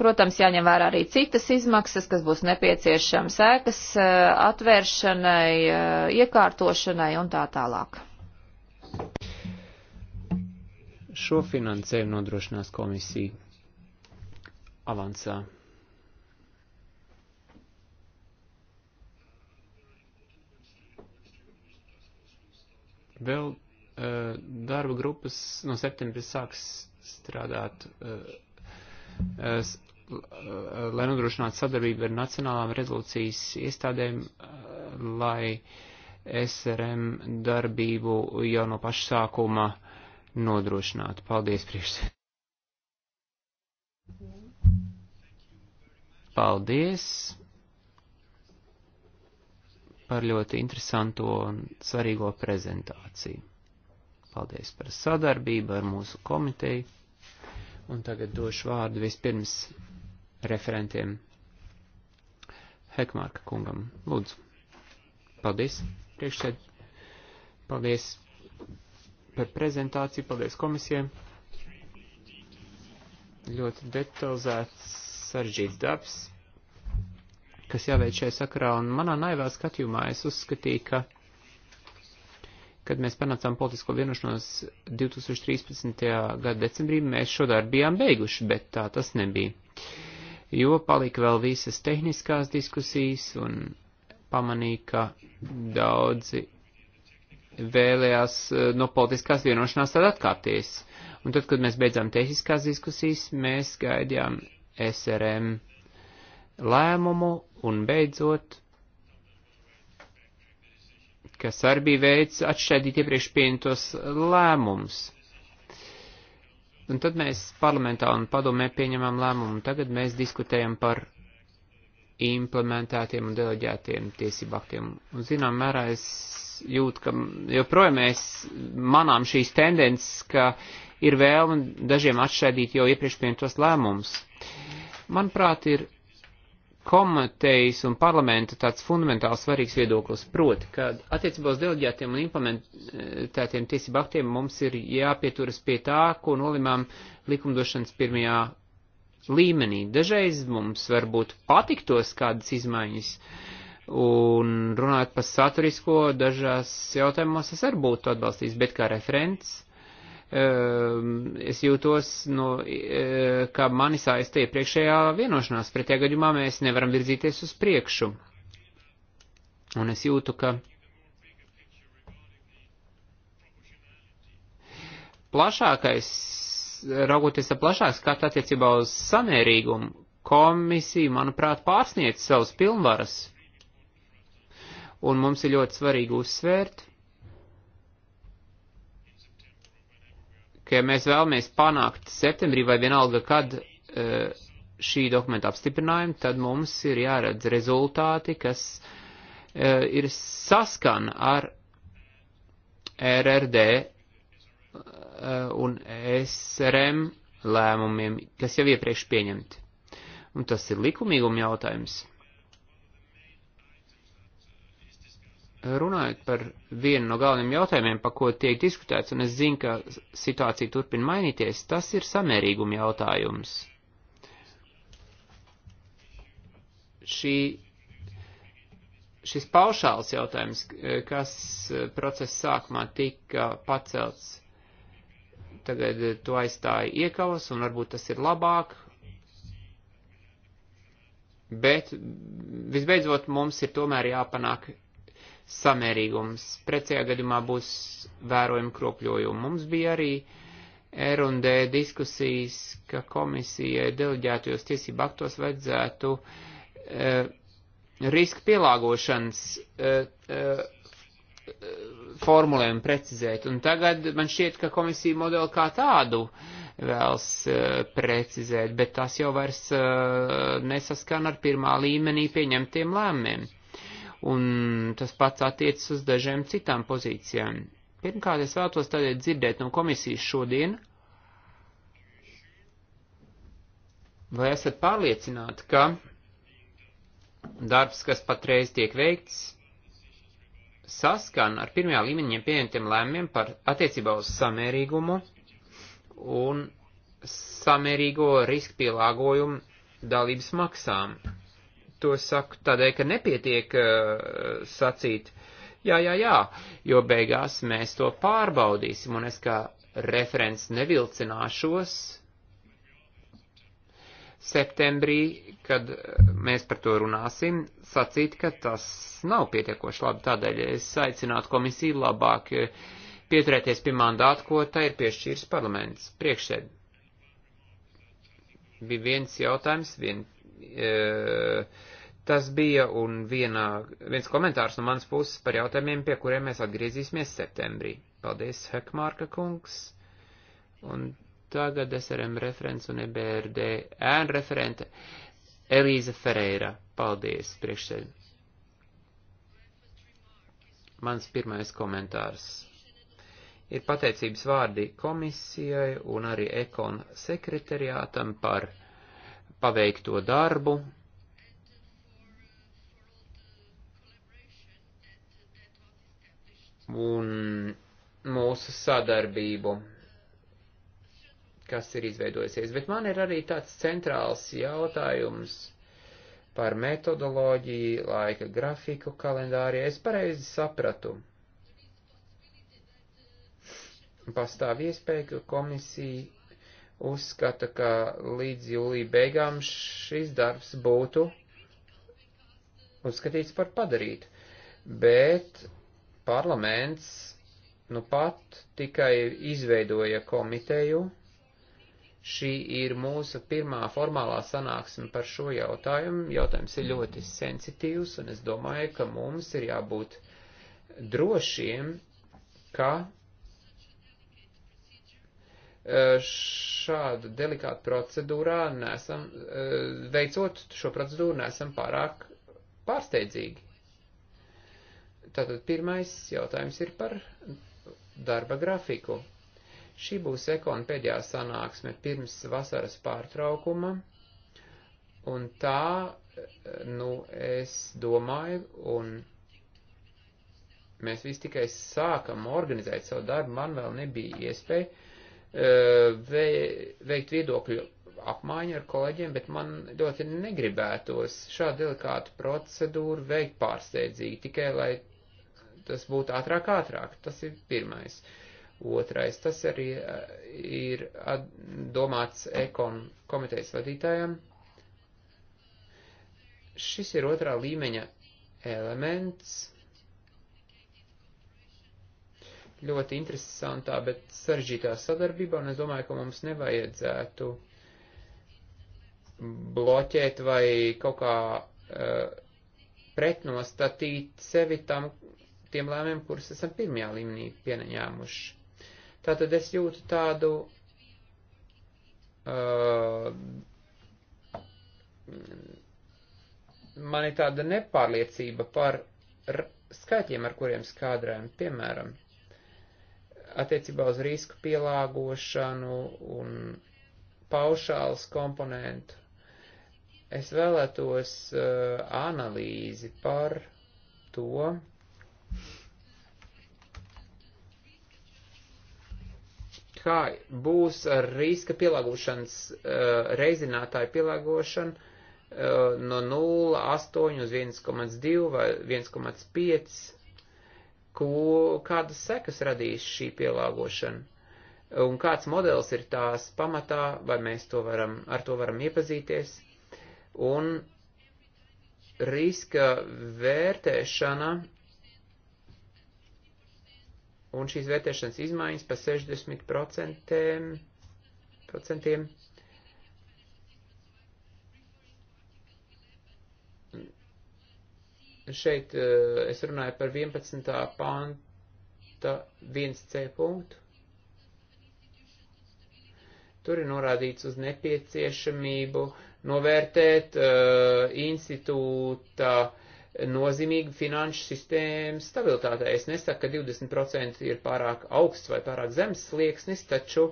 Protams, jāņem vērā arī citas izmaksas, kas būs nepieciešams ēkas eh, atvēršanai, eh, iekārtošanai un tā tālāk. Šo finansējumu nodrošinās komisija avansā. Vēl uh, darba grupas no septembris sāks strādāt uh, lai nodrošinātu sadarbību ar nacionālām rezolūcijas iestādēm, lai SRM darbību jau no paša sākuma nodrošinātu. Paldies, priekšsēdētāj! Paldies par ļoti interesanto un svarīgo prezentāciju. Paldies par sadarbību ar mūsu komiteju. Un tagad došu vārdu vispirms referentiem. Hekmārka kungam, lūdzu. Paldies, priekšsēd. Paldies par prezentāciju, paldies komisijai. Ļoti detalizēts, saržģīts darbs, kas jāveic šajā sakarā, un manā naivā skatījumā es uzskatīju, ka, kad mēs panācām politisko vienošanos 2013. gada decembrī, mēs šo darbu bijām beiguši, bet tā tas nebija. Uh, jo palika vēl visas tehniskās diskusijas un pamanīja, ka daudzi vēlējās eh, no politiskās vienošanās tad atkāpties. Un tad, kad mēs beidzām tehniskās diskusijas, mēs gaidījām SRM lēmumu un beidzot, kas arī bija veids atšķaidīt iepriekš pieņemtos lēmumus. Un tad mēs parlamentā un padomē pieņemam lēmumu. Tagad mēs diskutējam par implementētiem un deleģētiem tiesību aktiem. Un zinām mērā es jūtu, ka joprojām mēs manām šīs tendences, ka ir vēlme dažiem atšķaidīt jau iepriekš pieņemtos lēmumus. Manuprāt, ir komitejas un parlamenta tāds fundamentāls svarīgs viedoklis, proti, ka attiecībā uz deleģētiem un implementētiem tiesību aktiem mums ir jāpieturas pie tā, ko nolimām likumdošanas pirmajā līmenī. Dažreiz mums varbūt patiktos kādas izmaiņas, un runāt par saturisko dažās jautājumos es arī būtu atbalstījis, bet kā referents Ehm, es jūtos, no, eh, ka mani saistīja priekšējā vienošanās, pretējā gadījumā mēs nevaram virzīties uz priekšu. Un es jūtu, ka plašākais, raugoties ar plašāk skatu attiecībā uz samērīgumu, komisija, manuprāt, pārsniedz savas pilnvaras. Un mums ir ļoti svarīgi uzsvērt, ka ja mēs vēlamies panākt septembrī vai vienalga, kad e, šī dokumenta apstiprinājumu, tad mums ir jāredz rezultāti, kas e, ir saskan ar RRD e, un SRM lēmumiem, kas jau iepriekš pieņemti. Un tas ir likumīguma jautājums. runājot par vienu no galveniem jautājumiem, pa ko tiek diskutēts, un es zinu, ka situācija turpina mainīties, tas ir samērīguma jautājums. Šī, šis paušāls jautājums, kas eh, procesa sākumā tika pacelts, tagad eh, to aizstāja iekavas, un varbūt tas ir labāk, bet mm, visbeidzot mums ir tomēr jāpanāk samērīgums. Precējā gadījumā būs vērojumi kropļojumi. Mums bija arī R&D diskusijas, ka komisijai deleģētajos tiesību aktos vajadzētu e, riska pielāgošanas e, e, formulējumu precizēt. Un tagad man šķiet, ka komisija modeli kā tādu vēlas uh, precizēt, bet tas jau vairs uh, e, nesaskan ar pirmā līmenī pieņemtiem lēmumiem un tas pats attiecas uz dažiem citām pozīcijām. Pirmkārt, es vēlos tādēļ dzirdēt no komisijas šodien, vai esat pārliecināti, ka darbs, kas patreiz tiek veikts, saskan ar pirmajā līmeņa pieņemtiem lēmumiem par attiecībā uz samērīgumu un samērīgo risku pielāgojumu dalības maksām to saku tādēļ, ka nepietiek uh, sacīt, jā, jā, jā, jo beigās mēs to pārbaudīsim, un es kā referents nevilcināšos septembrī, kad uh, mēs par to runāsim, sacīt, ka tas nav pietiekoši labi, tādēļ es aicinātu komisiju labāk uh, pieturēties pie mandāta, ko tai ir piešķīris parlaments priekšsēd. Bija viens jautājums, viens. Uh, Tas bija un viena, viens komentārs no manas puses par jautājumiem, pie kuriem mēs atgriezīsimies septembrī. Paldies, Hekmārka kungs. Un tagad SRM referents un EBRD ēn referente Elīza Ferreira. Paldies, priekšsēd. Mans pirmais komentārs ir pateicības vārdi komisijai un arī ekon sekretariātam par paveikto darbu, un mūsu sadarbību, kas ir izveidojusies. Bet man ir arī tāds centrāls jautājums par metodoloģiju, laika grafiku, kalendāri. Es pareizi sapratu. Pastāv iespēja, ka komisija uzskata, ka līdz jūlija beigām šis darbs būtu uzskatīts par padarītu. Bet parlaments nu pat tikai izveidoja komiteju. Šī ir mūsu pirmā formālā sanāksme par šo jautājumu. Jautājums ir ļoti sensitīvs, un es domāju, ka mums ir jābūt drošiem, ka e, šādu delikātu procedūrā nesam, e, veicot šo procedūru, nesam pārāk pārsteidzīgi. Tātad pirmais jautājums ir par darba grafiku. Šī būs ekona pēdējā sanāksme pirms vasaras pārtraukuma, un tā, nu, es domāju, un mēs visi tikai sākam organizēt savu darbu, man vēl nebija iespēja e, veikt viedokļu apmaiņu ar kolēģiem, bet man ļoti negribētos šādu delikātu procedūru veikt pārsteidzīgi, tikai lai tas būtu ātrāk, ātrāk. Tas ir pirmais. Otrais, tas arī eh, ir domāts ekon komitejas vadītājiem. Šis ir otrā līmeņa elements. Ļoti interesantā, bet saržģītā sadarbībā, un es domāju, ka mums nevajadzētu bloķēt vai kaut kā uh, pretnostatīt sevi tam, tiem lēmiem, kurus esam pirmajā līmenī pieņēmuši. Tātad es jūtu tādu uh, man ir tāda nepārliecība par skaitļiem, ar kuriem skādrējam, piemēram, attiecībā uz risku pielāgošanu un paušāls komponentu. Es vēlētos uh, analīzi par to, Kā būs ar riska pielāgošanas, uh, reizinātāju pielāgošanu uh, no 0,8 uz 1,2 vai 1,5? Ko, kādas sekas radīs šī pielāgošana? un kāds modelis ir tās pamatā, vai mēs to varam, ar to varam iepazīties. Un riska vērtēšana un šīs vērtēšanas izmaiņas pa 60% procentiem, šeit eh, es runāju par 11. panta 1c punktu. Tur ir norādīts uz nepieciešamību novērtēt uh, institūta nozīmīga finanšu sistēma stabilitātē. Es nesaku, ka 20% ir pārāk augsts vai pārāk zems slieksnis, taču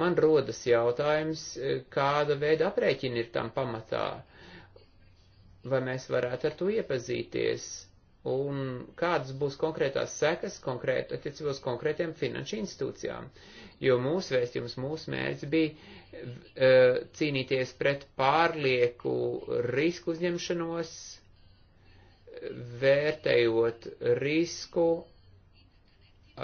man rodas jautājums, kāda veida aprēķina ir tam pamatā. Vai mēs varētu ar to iepazīties? Un kādas būs konkrētās sekas konkrēt, attiecībos konkrētiem finanšu institūcijām? Jo mūsu vēstījums, mūsu mērķis bija eh, cīnīties pret pārlieku risku uzņemšanos, vērtējot risku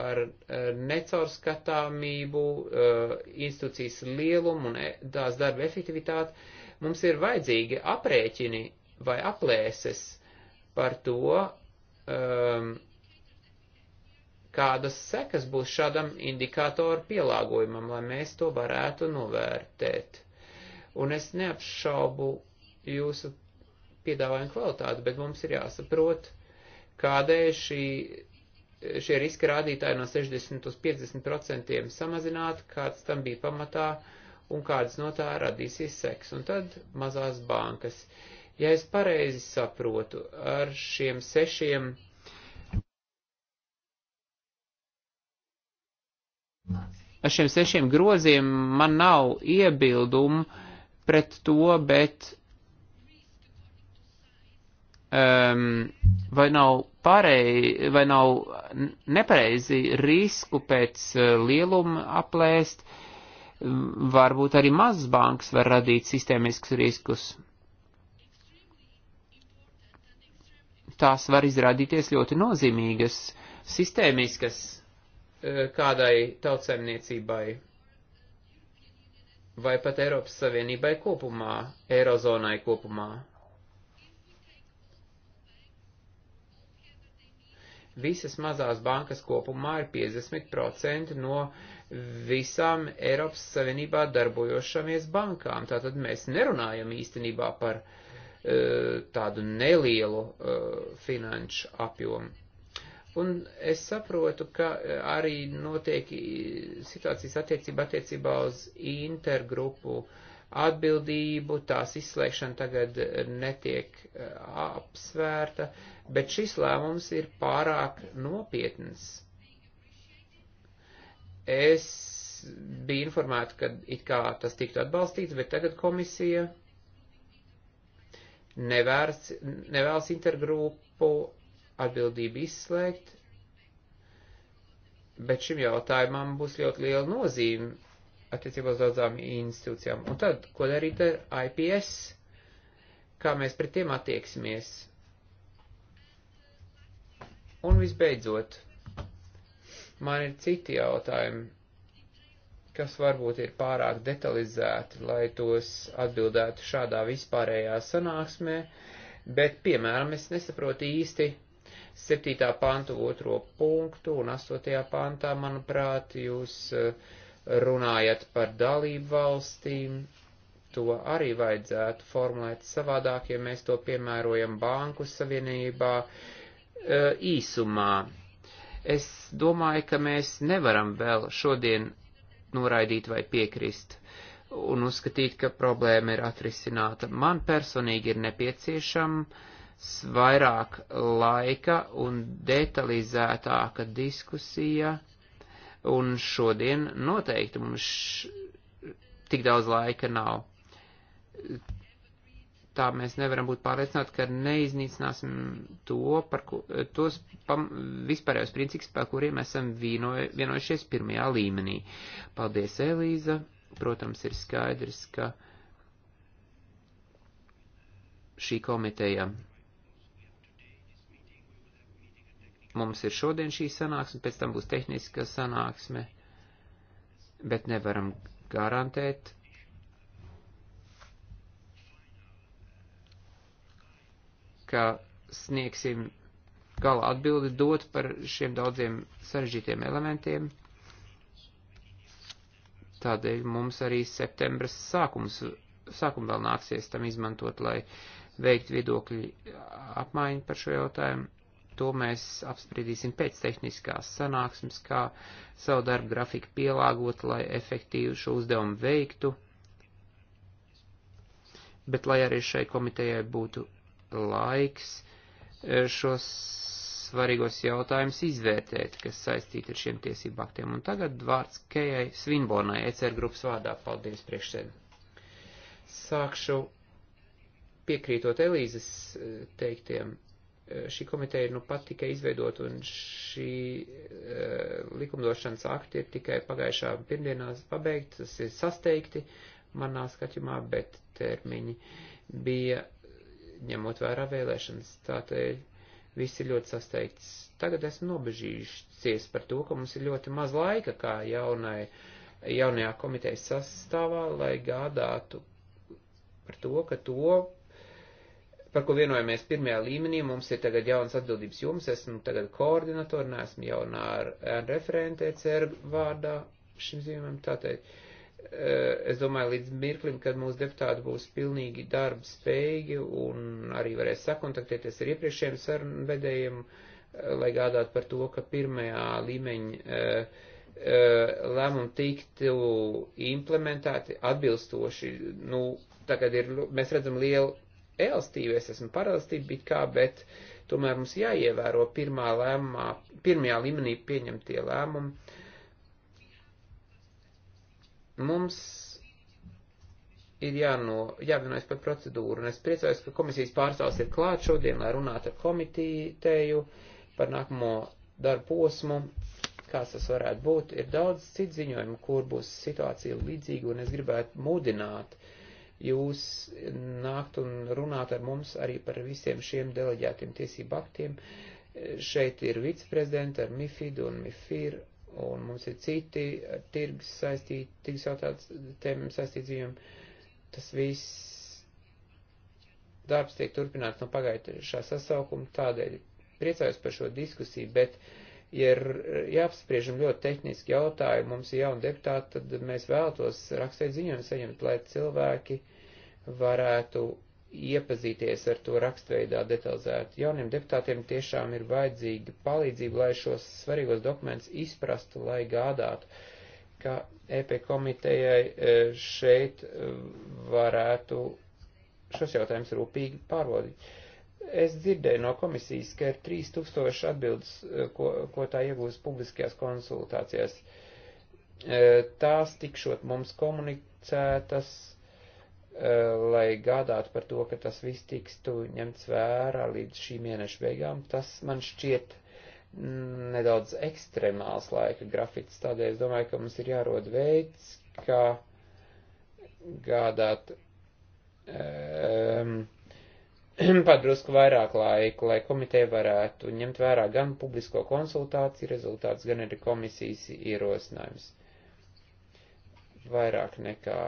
ar, ar necaurskatāmību, eh, institūcijas lielumu un eh, tās darba efektivitāti, mums ir vajadzīgi aprēķini vai aplēses par to, um, kādas sekas būs šādam indikātoru pielāgojumam, lai mēs to varētu novērtēt. Un es neapšaubu jūsu piedāvājuma kvalitāti, bet mums ir jāsaprot, kādēļ šī, šie riska rādītāji no 60 uz 50 procentiem samazināt, kāds tam bija pamatā un kādas no tā radīsies seks. Un tad mazās bankas. Ja es pareizi saprotu, ar šiem sešiem. Ar šiem sešiem groziem man nav iebildumu pret to, bet um, vai nav pareizi, vai nav nepareizi risku pēc eh, lieluma aplēst, varbūt arī mazas bankas var radīt sistēmiskus riskus. Tās var izrādīties ļoti nozīmīgas, sistēmiskas eh, kādai tautsēmniecībai vai pat Eiropas Savienībai kopumā, Eirozonai kopumā. Visas mazās bankas kopumā ir 50% no visām Eiropas Savienībā darbojošamies bankām. Tātad mēs nerunājam īstenībā par uh, tādu nelielu uh, finanšu apjomu. Un es saprotu, ka e, arī notiek situācijas attiecība attiecībā uz intergrupu uh, atbildību, tās izslēgšana tagad netiek eh, apsvērta, bet šis lēmums ir pārāk nopietns. Es biju informēta, ka it kā tas tiktu atbalstīts, bet tagad komisija nevērs, nevēlas intergrupu atbildību izslēgt, bet šim jautājumam būs ļoti liela nozīme attiecībā uz daudzām institūcijām. Un tad, ko darīt ar IPS, kā mēs pret tiem attieksimies. Un visbeidzot, man ir citi jautājumi, kas varbūt ir pārāk detalizēti, lai tos atbildētu šādā vispārējā sanāksmē, bet, piemēram, es nesaprotu īsti 7. pantu otro punktu un 8. pantā, manuprāt, jūs uh, Runājot par dalību valstīm, to arī vajadzētu formulēt savādāk, ja mēs to piemērojam banku savienībā e, īsumā. Es domāju, ka mēs nevaram vēl šodien noraidīt vai piekrist un uzskatīt, ka problēma ir atrisināta. Man personīgi ir nepieciešams vairāk laika un detalizētāka diskusija un šodien noteikti mums š... tik daudz laika nav. Tā mēs nevaram būt pārliecināti, ka neiznīcināsim to, par ko, tos pam, vispārējos principus, par kuriem esam vienoju, vienojušies pirmajā līmenī. Paldies, Elīza. Protams, ir skaidrs, ka šī komiteja Mums ir šodien šī sanāksme, pēc tam būs tehniska sanāksme, bet nevaram garantēt. ka sniegsim gala atbildi dot par šiem daudziem sarežģītiem elementiem. Tādēļ mums arī septembras sākums, sākuma vēl nāksies tam izmantot, lai veikt viedokļu apmaiņu par šo jautājumu to mēs apspriedīsim pēc tehniskās sanāksmes, kā savu darbu grafiku pielāgot, lai efektīvi šo uzdevumu veiktu, bet lai arī šai komitejai būtu laiks e, šos svarīgos jautājumus izvērtēt, kas saistīti ar šiem tiesību aktiem. Un tagad vārds Kejai Svinbornai, ECR grupas vārdā. Paldies, priekšsēd. Sākšu piekrītot Elīzes e, teiktiem Šī komiteja nu pat tika izveidot, un šī uh, likumdošanas akti ir tikai pagājušā pirmdienās pabeigti, tas ir sasteigti manā skatījumā, bet termiņi bija ņemot vērā vēlēšanas. Tātad viss ir ļoti sasteigts. Tagad esmu nobežījušies par to, ka mums ir ļoti maz laika kā jaunai, jaunajā komitejas sastāvā, lai gādātu par to, ka to par ko vienojamies pirmajā līmenī, mums ir tagad jaunas atbildības jums, esmu tagad koordinatori, neesmu jaunā referente ECR vārdā šim zīmēm, tātad eh, es domāju līdz mirklim, kad mūsu deputāti būs pilnīgi darba spējīgi un arī varēs sakontaktēties ar iepriekšējiem sarunvedējiem, eh, lai gādātu par to, ka pirmajā līmeņa eh, lēmumu tiktu implementēti atbilstoši, nu, tagad ir, mēs redzam lielu elastību, es esmu par elastību it kā, bet tomēr mums jāievēro pirmā lēmumā, pirmajā līmenī pieņemtie lēmumi. Mums ir jāno, jāvienojas par procedūru, un es priecājos, ka komisijas pārstāvs ir klāt šodien, lai runātu ar komitīteju par nākamo darbu posmu, kāds tas varētu būt. Ir daudz citu ziņojumu, kur būs situācija līdzīga, un es gribētu mudināt uh, jūs nākt un runāt ar mums arī par visiem šiem deleģētiem tiesību aktiem. Šeit ir viceprezidenti ar MIFID un MIFIR, un mums ir citi ar tirgus saistīti, tirgus jautājumiem saistīti dzīvumi. Tas viss darbs tiek turpināts no pagājušā sasaukuma, tādēļ priecājos par šo diskusiju, bet uh, ja ir jāapspriežam ļoti tehniski jautājumi, mums ir jauni deputāti, tad mēs vēlētos rakstīt ziņojumu saņemt, lai cilvēki varētu iepazīties ar to rakstveidā detalizēti. Jauniem deputātiem tiešām ir vajadzīga palīdzība, lai šos svarīgos dokumentus izprastu, lai gādātu, ka EP komitejai e, šeit e, varētu šos jautājumus rūpīgi pārbaudīt. Es dzirdēju no komisijas, ka ir 3000 atbildes, eh, ko, ko tā iegūs publiskajās konsultācijās. Eh, tās tikšot mums komunicētas, eh, lai gādātu par to, ka tas viss tikstu ņemts vērā līdz šī mēneša beigām. Tas man šķiet mm, nedaudz ekstremāls laika grafiks, tādēļ es domāju, ka mums ir jārod veids, kā gādāt. Um, padrusku vairāk laika, lai komiteja varētu ņemt vērā gan publisko konsultāciju rezultāts, gan arī komisijas ierosinājums. Vairāk nekā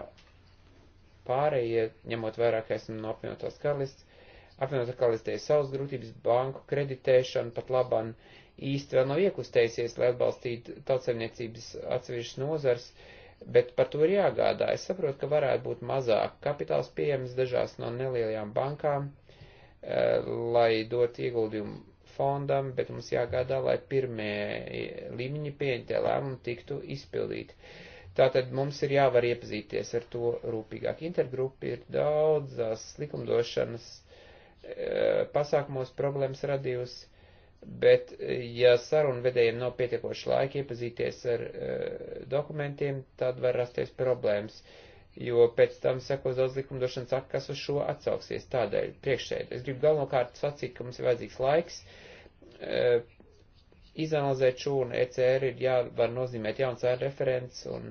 pārējie, ņemot vairāk, esmu no apvienotās karalists, apvienotā karalistē savas grūtības banku kreditēšana pat laban īsti vēl nav iekustējusies, lai atbalstītu tautsaimniecības atsevišķas nozars, bet par to ir jāgādā. Es saprotu, ka varētu būt mazāk kapitāls pieejams dažās no nelielajām bankām Eh, lai dot ieguldījumu fondam, bet mums jāgādā, lai pirmie līmeņi pieņemtie lēmumi tiktu izpildīti. Tātad mums ir jāvar iepazīties ar to rūpīgāk. Intergrupa ir daudzās likumdošanas eh, pasākumos problēmas radījusi, bet eh, ja sarunu vedējiem nav pietiekoši laika iepazīties ar dokumentiem, tad var rasties problēmas. Uh, jo pēc tam sekos daudz likumdošanas aktu, kas uz šo atsauksies. Tādēļ priekšēji es gribu galvenokārt sacīt, ka mums ir vajadzīgs laiks. E, izanalizēt šo un ECR ir jā, var nozīmēt jauns R referents un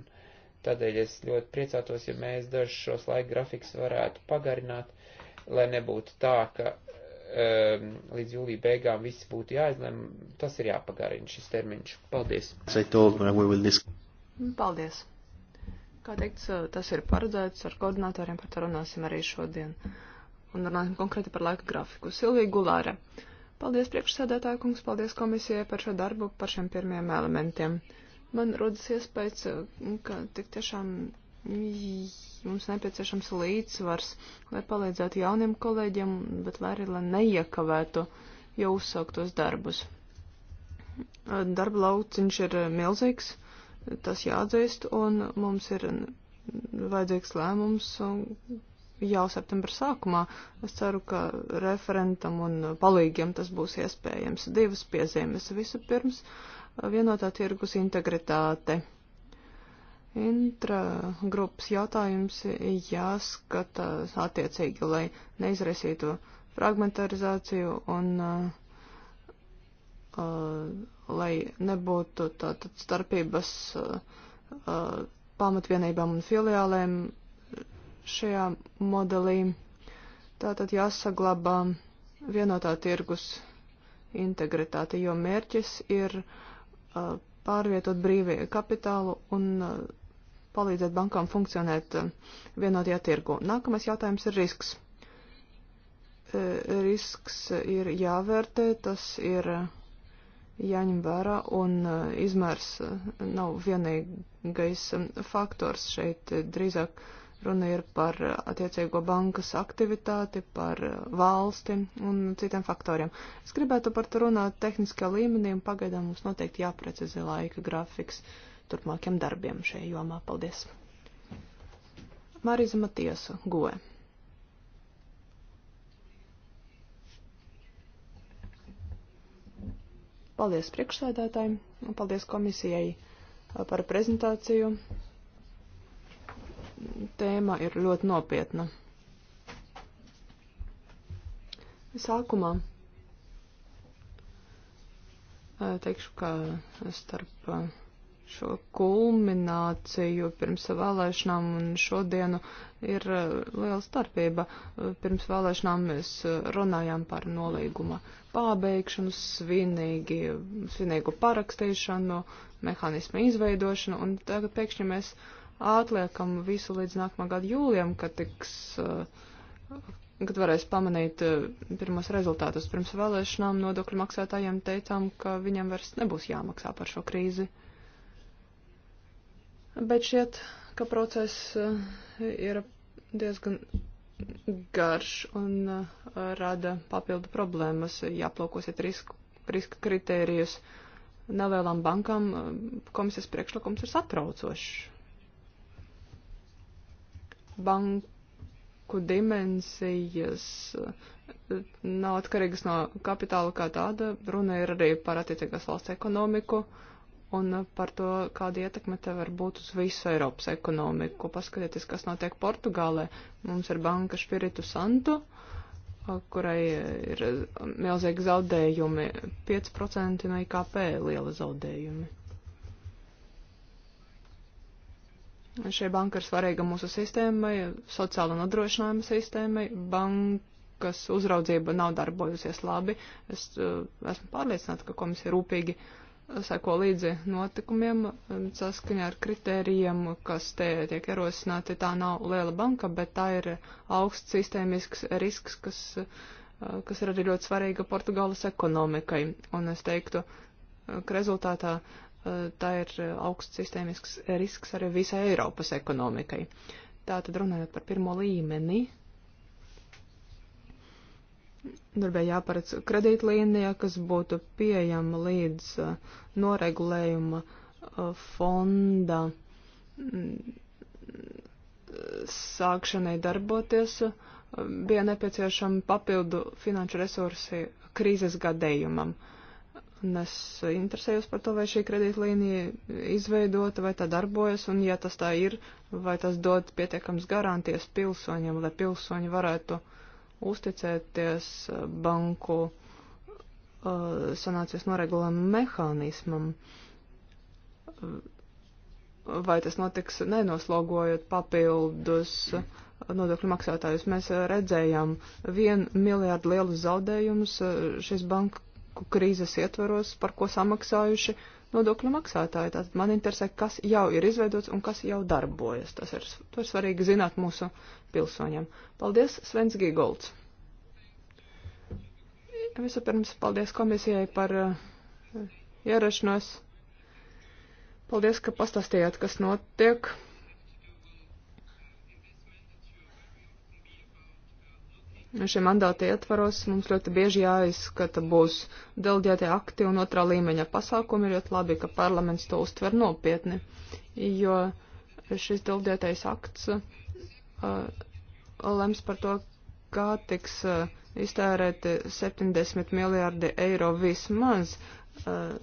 tādēļ es ļoti priecātos, ja mēs dažus šos laika grafikus varētu pagarināt, lai nebūtu tā, ka um, līdz jūlija beigām viss būtu jāizlem, tas ir jāpagarina šis termiņš. Paldies! Paldies! Kā teikts, eh, tas ir paredzēts ar koordinatoriem, par to runāsim arī šodien. Un runāsim konkrēti par laika grafiku. Silvija Gulāra. Paldies priekšsēdētāju kungs, paldies komisijai par šo darbu, par šiem pirmiem elementiem. Man rodas iespējas, eh, ka tik tiešām mums nepieciešams līdzsvars, lai palīdzētu jauniem kolēģiem, bet lai arī, lai neiekavētu jau uzsāktos darbus. Eh, darba lauciņš ir milzīgs tas jāatzīst, un mums ir vajadzīgs lēmums jau septembra sākumā. Es ceru, ka referentam un palīgiem tas būs iespējams. Divas piezīmes. Vispirms vienotā tirgus integritāte. Intra grupas jautājums jāskata attiecīgi, lai neizraisītu fragmentarizāciju un uh, Uh, lai nebūtu tātad starpības uh, uh, pamatvienībām un filiālēm šajā modelī. Tātad jāsaglabā vienotā tirgus integritāte, jo mērķis ir pārvietot brīvi kapitālu un palīdzēt bankām funkcionēt vienotajā tirgu. Nākamais jautājums ir risks. Risks ir jāvērtē, tas ir jāņem vērā, un eh, izmērs eh, nav vienīgais eh, faktors šeit. Drīzāk runa ir par attiecīgo bankas aktivitāti, par valsti un citiem faktoriem. Es gribētu par to runāt tehniskā līmenī, un pagaidām mums noteikti jāprecizē laika grafiks turpmākiem darbiem šajā jomā. Paldies! Marīza Matiesu, Goe. Paldies priekšsēdētājiem un paldies komisijai uh, par prezentāciju. Tēma ir ļoti nopietna. Sākumā uh, teikšu, ka starp uh, šo kulmināciju pirms vēlēšanām un šodienu ir eh, liela starpība. Eh, pirms vēlēšanām mēs eh, runājām par nolīguma pabeigšanu, svinīgi, svinīgu parakstīšanu, mehānismu izveidošanu, un tagad pēkšņi mēs atliekam visu līdz nākamā gada jūlijam, kad tiks kad varēs pamanīt pirmos rezultātus pirms vēlēšanām, nodokļu maksātājiem teicām, ka viņam vairs nebūs jāmaksā par šo krīzi bet šķiet, ka process eh, ir diezgan garš un eh, rada papildu problēmas, jāplūkosiet risku, riska kritērijus. Nelielām bankām komisijas priekšlikums ir satraucošs. Banku dimensijas eh, nav atkarīgas no kapitāla kā tāda, runa ir arī par attiecīgās valsts ekonomiku. Uh, un par to, kāda ietekme te var būt uz visu Eiropas ekonomiku. Paskatieties, kas notiek Portugālē. Mums ir banka Spiritu Santu, kurai ir milzīgi zaudējumi, 5% no IKP liela zaudējumi. Šie banka ir svarīga mūsu sistēmai, sociāla nodrošinājuma sistēmai, bankas uzraudzība nav darbojusies labi. Es esmu pārliecināta, ka komisija rūpīgi uh, seko līdzi notikumiem um, saskaņā ar kritērijiem, kas te tiek ierosināti. Tā nav liela banka, bet tā ir augsts sistēmisks risks, kas, uh, kas ir arī ļoti svarīga Portugāles ekonomikai. Un es teiktu, uh, ka rezultātā uh, tā ir augsts sistēmisks risks arī visai Eiropas ekonomikai. Tātad runājot par pirmo līmeni, Tur bija jāparedz kredītlīnija, kas būtu pieejama līdz uh, noregulējuma uh, fonda mm, sākšanai darboties. Uh, bija nepieciešama papildu finanšu resursi krīzes gadējumam. Un es interesējos par to, vai šī kredītlīnija izveidota, vai tā darbojas, un ja tas tā ir, vai tas dod pietiekams garantijas pilsoņiem, lai pilsoņi varētu uh, uzticēties eh, banku uh, eh, sanācijas noregulējuma mehānismam. Eh, vai tas notiks nenoslogojot papildus nodokļu maksātājus? Mēs redzējām vienu miljārdu lielus zaudējumus šīs banku krīzes ietvaros, par ko samaksājuši uh, nodokļu maksātāji. Tātad man interesē, kas jau ir izveidots un kas jau darbojas. Tas ir, to ir svarīgi zināt mūsu pilsoņiem. Paldies, Svens Gigolds. Vispirms paldies komisijai par uh, ierašanos. Paldies, ka pastāstījāt, kas notiek. Šie mandāti ietvaros mums ļoti bieži jāizskata būs delģētie akti un otrā līmeņa pasākumi. Ir ļoti labi, ka parlaments to uztver nopietni, jo šis delģētais akts uh, lems par to, kā tiks uh, iztērēti 70 miljārdi eiro vismaz uh,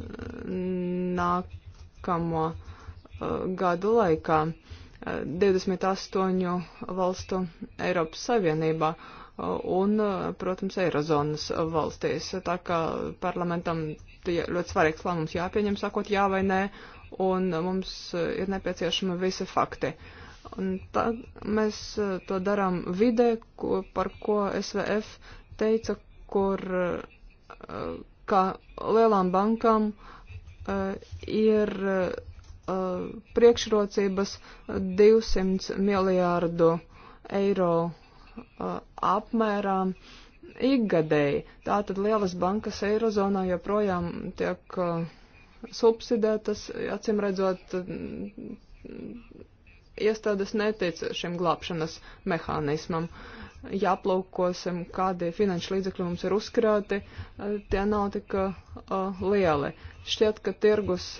nākamo uh, gadu laikā uh, 28 valstu Eiropas Savienībā. Uh, un, protams, Eirozonas valstīs. Tā kā parlamentam ļoti svarīgs lēmums jāpieņem, sakot jā vai nē, un mums ir nepieciešami visi fakti. Un tā, mēs to darām vidē, ko, par ko SVF teica, kur kā lielām bankām eh, ir eh, priekšrocības 200 miljārdu eiro Uh, apmērā ikgadēji. Tātad lielas bankas Eirozonā joprojām tiek uh, subsidētas, acīm redzot, mm, iestādes netic šim glābšanas mehānismam. Jāplaukosim, kādi finanšu līdzekļi mums ir uzkrāti, uh, tie nav tik uh, lieli. Šķiet, ka tirgus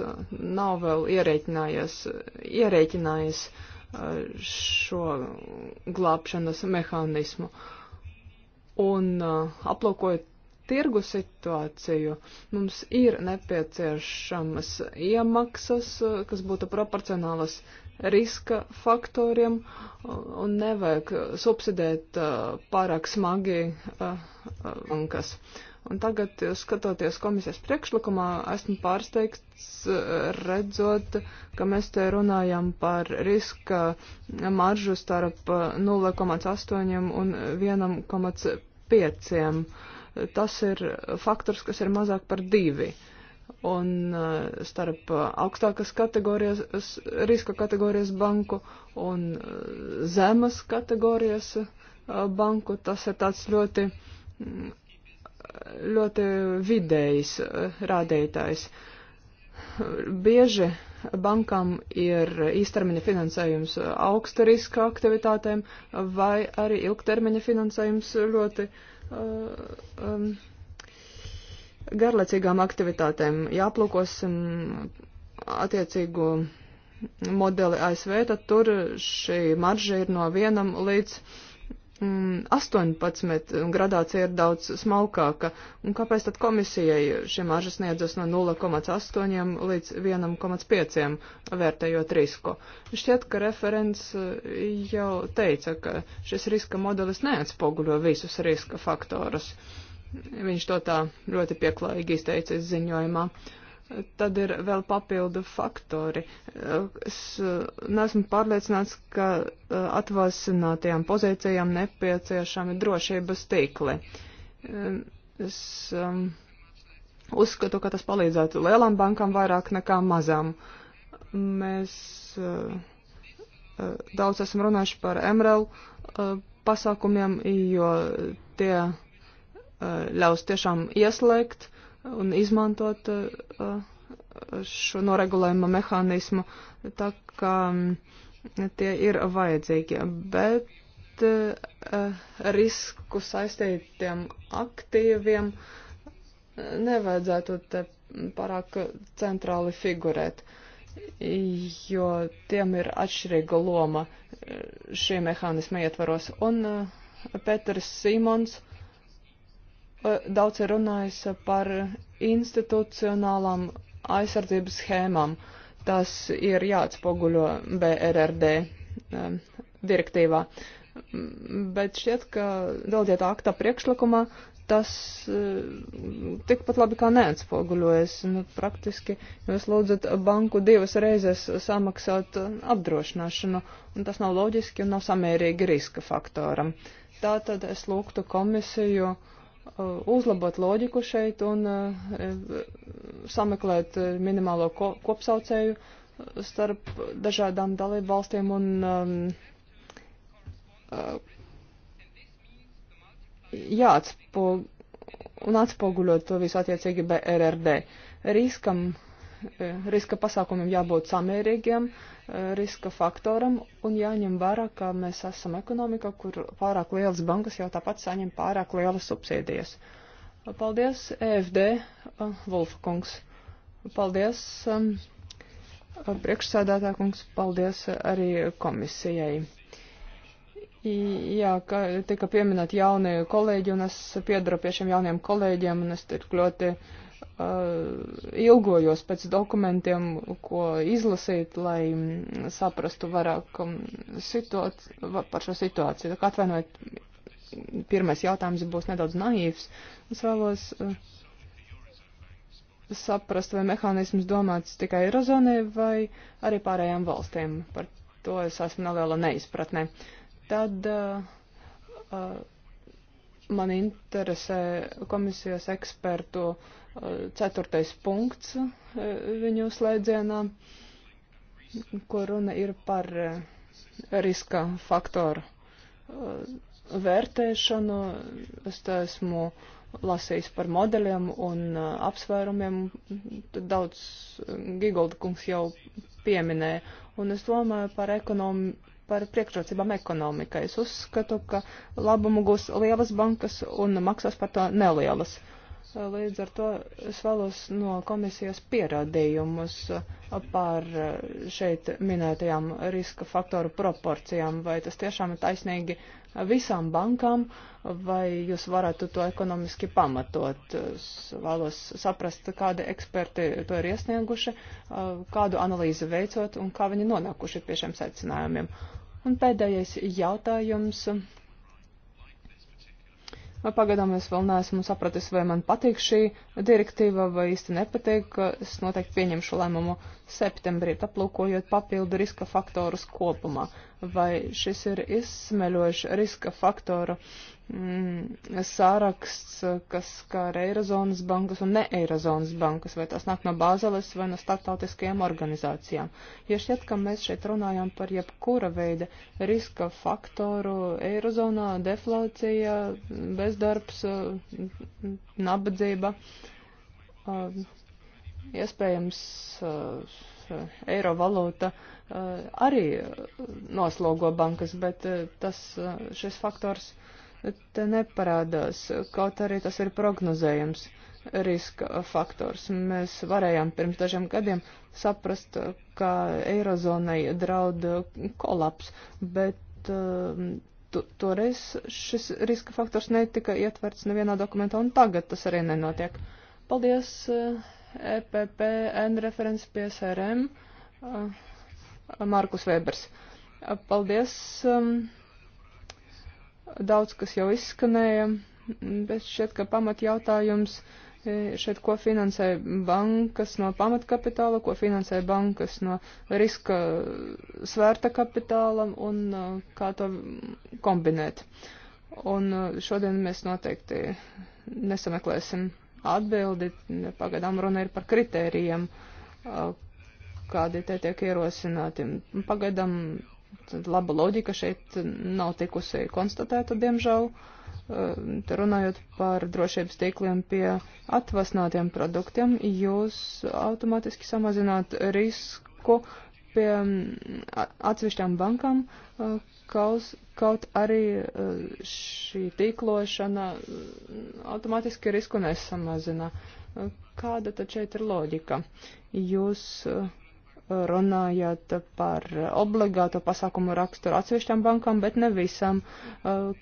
nav vēl ierēķinājies, ierēķinājies uh, šo glābšanas mehānismu. Un uh, aplūkojot tirgu situāciju, mums ir nepieciešamas iemaksas, uh, kas būtu proporcionālas riska faktoriem, uh, un nevajag subsidēt pārāk smagi bankas. Uh, uh, Un tagad, skatoties komisijas priekšlikumā, esmu pārsteigts redzot, ka mēs te runājam par riska maržu starp 0,8 un 1,5. Tas ir faktors, kas ir mazāk par divi. Un eh, starp augstākas kategorijas, riska kategorijas banku un eh, zemas kategorijas eh, banku tas ir tāds ļoti mm, ļoti vidējs eh, rādītājs. Bieži bankām ir īstermiņa finansējums augsta riska aktivitātēm vai arī ilgtermiņa finansējums ļoti uh, um, garlaicīgām aktivitātēm. Ja aplūkosim attiecīgo modeli ASV, tad tur šī marža ir no vienam līdz uh, 18 mm, gradācija ir daudz smalkāka, un kāpēc tad komisijai šie maržas sniedzas no 0,8 līdz 1,5 vērtējot risku? Šķiet, ka referents eh, jau teica, ka šis riska modelis neatspoguļo visus riska faktorus. Viņš to tā ļoti pieklājīgi izteicis ziņojumā. Uh, Tad ir vēl papildu faktori. Es eh, neesmu pārliecināts, ka eh, atvasinātajām pozīcijām nepieciešami drošības tīkli. Eh, es um, uzskatu, ka tas palīdzētu lielām bankām vairāk nekā mazām. Mēs uh, daudz esam runājuši par MRL uh, pasākumiem, jo tie uh, ļaus tiešām ieslēgt uh, un izmantot uh, uh, šo noregulējuma mehānismu tā, kā um, tie ir vajadzīgi. Bet uh, risku saistītiem aktīviem nevajadzētu te pārāk centrāli figurēt, jo tiem ir atšķirīga loma šī mehānisma ietvaros. Un Pēters Simons daudz ir runājis par institucionālām aizsardzības schēmām. Tas ir jāatspoguļo BRRD um, direktīvā. Mm, bet šķiet, ka daudzietā aktā priekšlikumā tas uh, tikpat labi kā neatspoguļojas. Nu, praktiski jūs lūdzat banku divas reizes samaksāt uh, apdrošināšanu, un tas nav loģiski un nav samērīgi riska faktoram. Tātad es lūgtu komisiju uh, Uh, uzlabot loģiku šeit un uh, sameklēt uh, minimālo kopsaucēju starp dažādām dalību valstīm un um, jāatspoguļot to visu attiecīgi BRRD. Riskam Eh, riska pasākumiem jābūt samērīgiem, eh, riska faktoram un jāņem vērā, ka mēs esam ekonomika, kur pārāk lielas bankas jau tāpat saņem pārāk lielas subsīdijas. Eh, paldies, EFD, Volfa kungs. Paldies, priekšsādātā kungs, paldies arī komisijai. Jā, ka tika pieminēt jaunie kolēģi, un es piedaru pie šiem jauniem kolēģiem, un es tik ļoti. Uh, Uh, ilgojos pēc dokumentiem, ko izlasīt, lai mm, saprastu vairāk um, par šo situāciju. Tā kā atvainojiet, pirmais jautājums būs nedaudz naīvs. Es vēlos uh, saprast, vai mehānisms domāts tikai Eirozonai vai arī pārējām valstīm. Par to es esmu neliela neizpratnē. Tad uh, uh, man interesē komisijas ekspertu uh, ceturtais punkts e, viņu slēdzienā, kur runa ir par e, riska faktoru e, vērtēšanu. Es tā esmu lasījis par modeļiem un apsvērumiem. Daudz Gigolda kungs jau pieminēja. Un es domāju par ekonomiju par priekšrocībām ekonomikai. Es uzskatu, ka labumu gūs lielas bankas un maksās par to nelielas. Uh, Līdz ar to es vēlos no komisijas pierādījumus par šeit minētajām riska faktoru proporcijām, vai tas tiešām ir taisnīgi visām bankām, vai jūs varētu to ekonomiski pamatot. Es vēlos saprast, kādi eksperti to ir iesnieguši, kādu analīzi veicot un kā viņi nonākuši pie šiem secinājumiem. Un pēdējais jautājums Pagaidām es vēl neesmu sapratis, vai man patīk šī direktīva, vai īsti nepatīk. Es noteikti pieņemšu lēmumu septembrī, aplūkojot papildu riska faktorus kopumā vai šis ir izsmeļošs riska faktoru mm, sāraksts, kas skar Eirozonas bankas un ne Eirozonas bankas, vai tas nāk no Bāzeles vai no starptautiskajām organizācijām. Ja šķiet, ka mēs šeit runājam par jebkura veida riska faktoru Eirozonā, deflācija, bezdarbs, nabadzība, um, iespējams uh, Eh, eiro valūta eh, arī noslogo bankas, bet eh, tas, šis faktors te neparādās, kaut arī tas ir prognozējams riska faktors. Mēs varējām pirms dažiem gadiem saprast, ka eirozonai draud kolaps, bet toreiz šis riska faktors netika ietverts nevienā dokumentā, un tagad tas arī nenotiek. Paldies! EPPN referents pie SRM uh, Markus Vēbers. Uh, paldies. Um, daudz, kas jau izskanēja, bet šķiet, ka pamat jautājums e, šeit, ko finansē bankas no pamatkapitāla, ko finansē bankas no riska svērta kapitāla un uh, kā to kombinēt. Un šodien mēs noteikti nesameklēsim atbildi. Pagaidām runa ir par kritērijiem, kādi te tiek ierosināti. Pagaidām laba loģika šeit nav tikusi konstatēta, diemžēl. Runājot par drošības tīkliem pie atvasinātiem produktiem, jūs automātiski samazināt risku pie mm, atsevišķām bankām, kaus, kaut arī šī tīklošana mm, automātiski risku nesamazina. Kāda tad šeit ir loģika? Jūs runājāt par obligāto pasākumu raksturu atsevišķām bankām, bet ne visam,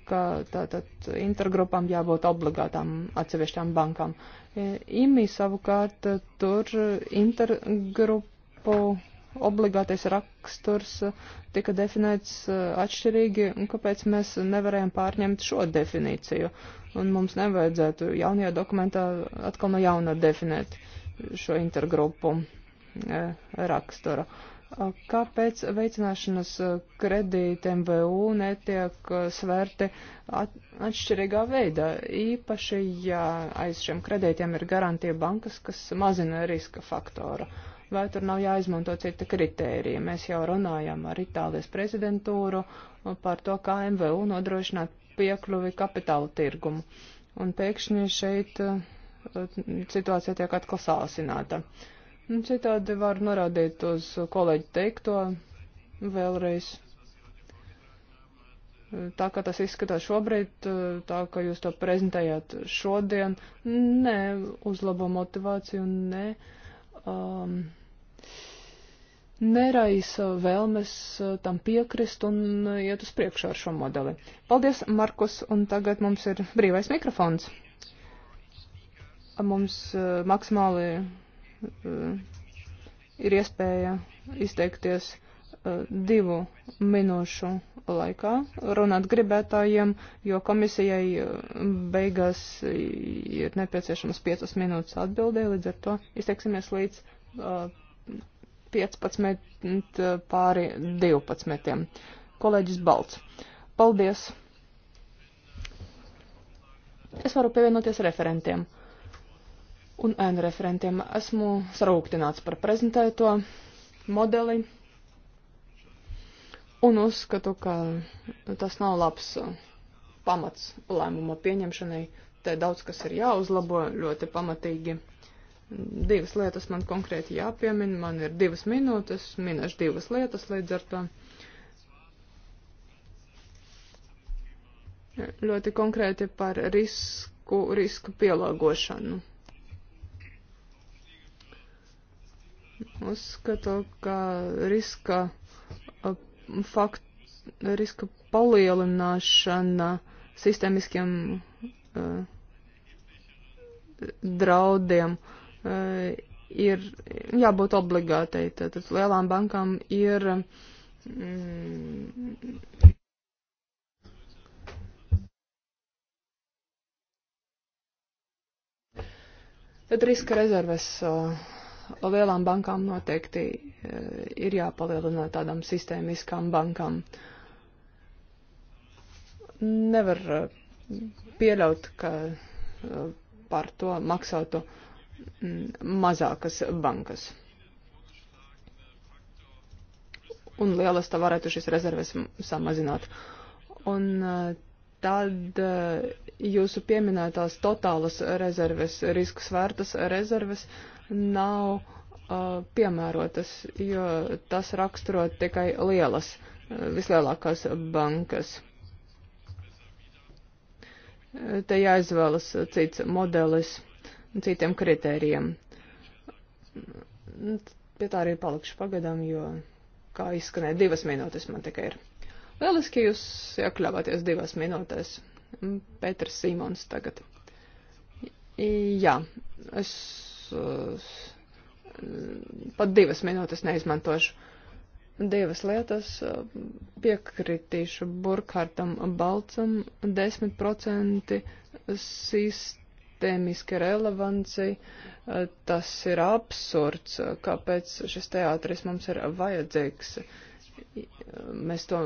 ka tātad intergrupām jābūt obligātām atsevišķām bankām. E, IMI savukārt tur intergrupu obligātais raksturs eh, tika definēts eh, atšķirīgi, un kāpēc mēs nevarējām pārņemt šo definīciju, un mums nevajadzētu jaunajā dokumentā atkal no jauna definēt šo intergrupu eh, rakstura. Kāpēc veicināšanas kredīti MVU netiek svērti atšķirīgā veidā? Īpaši, ja aiz šiem kredītiem ir garantija bankas, kas mazina riska faktoru. Uh, vai tur nav jāizmanto cita kritērija. Mēs jau runājam ar Itālijas prezidentūru par to, kā MVU nodrošināt piekļuvi kapitāla tirgumu. Un pēkšņi šeit eh, situācija tiek atkal sāsināta. Un citādi var norādīt uz kolēģi teikto vēlreiz. Tā kā tas izskatās šobrīd, eh, tā kā jūs to prezentējāt šodien, ne uzlabo motivāciju, ne. Uh, um, neraisa vēlmes uh, tam piekrist un uh, iet uz priekšu ar šo modeli. Paldies, Markus, un tagad mums ir brīvais mikrofons. Mums uh, maksimāli uh, ir iespēja izteikties divu minūšu laikā runāt gribētājiem, jo komisijai beigās ir nepieciešams piecas minūtes atbildē, līdz ar to izteiksimies līdz uh, 15 pāri 12. Kolēģis Balts. Paldies! Es varu pievienoties referentiem un N referentiem. Esmu sarūktināts par prezentēto modeli un uzskatu, ka tas nav labs uh, pamats lēmuma pieņemšanai. Te daudz kas ir jāuzlabo ļoti pamatīgi. Divas lietas man konkrēti jāpiemina, man ir divas minūtes, minēšu divas lietas līdz ar to. Ļoti konkrēti par risku, risku pielāgošanu. Uzskatu, ka riska fakt, riska palielināšana sistemiskiem uh, draudiem uh, ir jābūt obligātai. Tātad lielām bankām ir. Mm, Tad riska rezerves uh, lielām bankām noteikti eh, ir jāpalielina tādām sistēmiskām bankām. Nevar eh, pieļaut, ka eh, par to maksātu mm, mazākas bankas. Un lielas tā varētu šis rezerves samazināt. Un tad jūsu pieminētās totālas rezerves, risku svērtas rezerves, uh, nav uh, piemērotas, jo tas raksturo tikai lielas, uh, vislielākās bankas. Uh, te jāizvēlas cits modelis citiem kritērijiem. Mm, pie tā arī palikšu pagadām, jo, kā izskanēja, divas minūtes man tikai ir. Lieliski jūs iekļāvāties divās minūtēs. Mm, Pēters Simons tagad. Jā, es Uh, pat divas minūtes neizmantošu. Divas lietas uh, piekritīšu Burkhartam Balcam - 10% sistēmiski relevanci. Uh, tas ir absurds, kāpēc šis teātris mums ir vajadzīgs. Mēs to,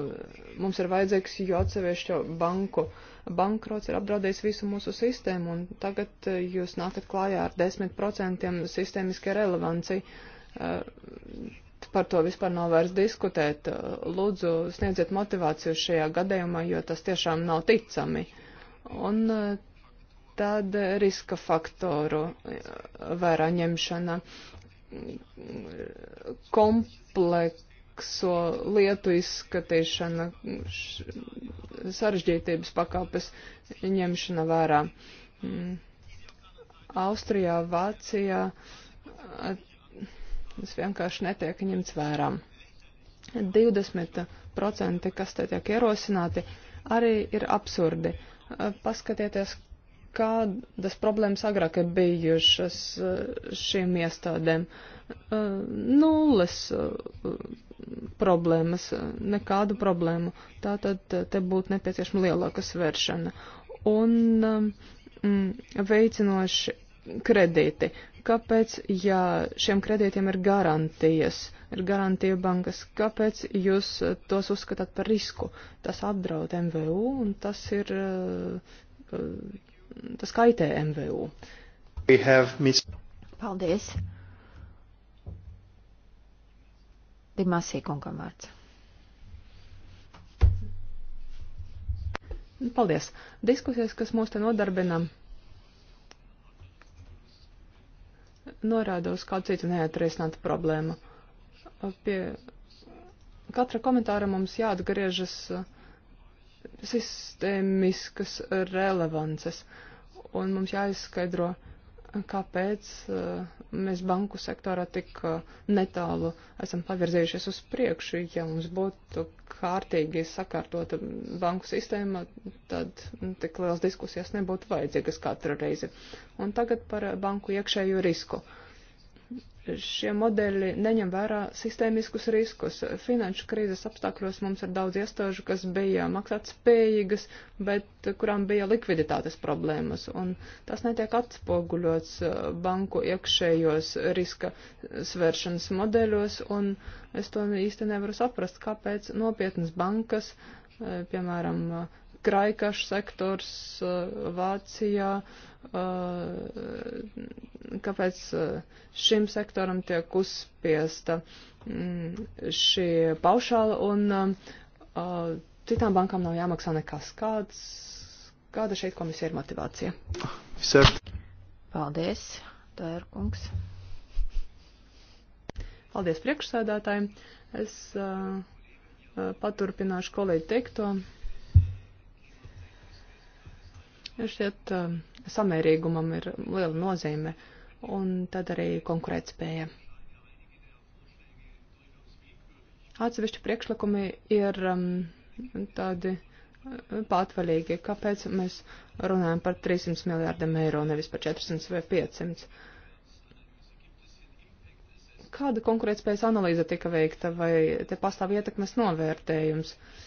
mums ir vajadzīgs, jo atsevišķo banku uh, bankrots ir apdraudējis visu mūsu sistēmu, un tagad eh, jūs nākat klājā ar 10% sistēmiskai relevanci. Eh, par to vispār nav vairs diskutēt. Eh, lūdzu, sniedziet motivāciju šajā gadījumā, jo tas tiešām nav ticami. Un tad riska faktoru vērā ņemšana kompleks komplekso lietu izskatīšana, sarežģītības pakāpes ņemšana vērā. Mm. Austrijā, Vācijā tas vienkārši netiek ņemts vērā. 20%, kas te tiek ierosināti, arī ir absurdi. Paskatieties, kādas problēmas agrāk ir bijušas eh, šīm iestādēm. Uh, nulles problēmas, nekādu problēmu. Tātad te būtu nepieciešama lielāka svēršana. Un mm, veicinoši kredīti. Kāpēc, ja šiem kredītiem ir garantijas, ir garantija bankas, kāpēc jūs tos uzskatāt par risku? Tas apdraud MVU un tas ir, tas kaitē MVU. Paldies. Dimasī kungam vārds. Paldies. Diskusijas, kas mūs te nodarbina, norāda uz kādu citu neatrisinātu problēmu. Pie katra komentāra mums jāatgriežas sistēmiskas relevances, un mums jāizskaidro, uh, kāpēc eh, mēs banku sektorā tik eh, netālu esam pavirzējušies uz priekšu. Ja mums būtu kārtīgi sakārtota banku sistēma, tad tik liels diskusijas nebūtu vajadzīgas katru reizi. Un tagad par banku iekšējo risku. Uh, šie modeļi neņem vērā sistēmiskus riskus. Finanšu krīzes apstākļos mums ir daudz iestāžu, kas bija maksāt spējīgas, bet kurām bija likviditātes problēmas, un tas netiek atspoguļots eh, banku iekšējos riska svēršanas modeļos, un es to īsti nevaru saprast, kāpēc nopietnas bankas, eh, piemēram, kraikašu sektors eh, Vācijā, eh, kāpēc eh, šim sektoram tiek uzspiesta mm, šī paušāla un citām bankām nav jāmaksā nekas. Kāds, kāda šeit komisija ir motivācija? Sert. Paldies, Tērkungs. Paldies priekšsēdētājiem. Es uh, paturpināšu kolēģi teikto. Nu, šķiet, samērīgumam ir liela nozīme un tad arī konkurētspēja. Atsevišķi priekšlikumi ir um, tādi uh, patvaļīgi, kāpēc mēs runājam par 300 miljārdiem eiro, nevis par 400 vai 500. Kāda konkurētspējas analīze tika veikta vai te pastāv ietekmes novērtējums? Uh,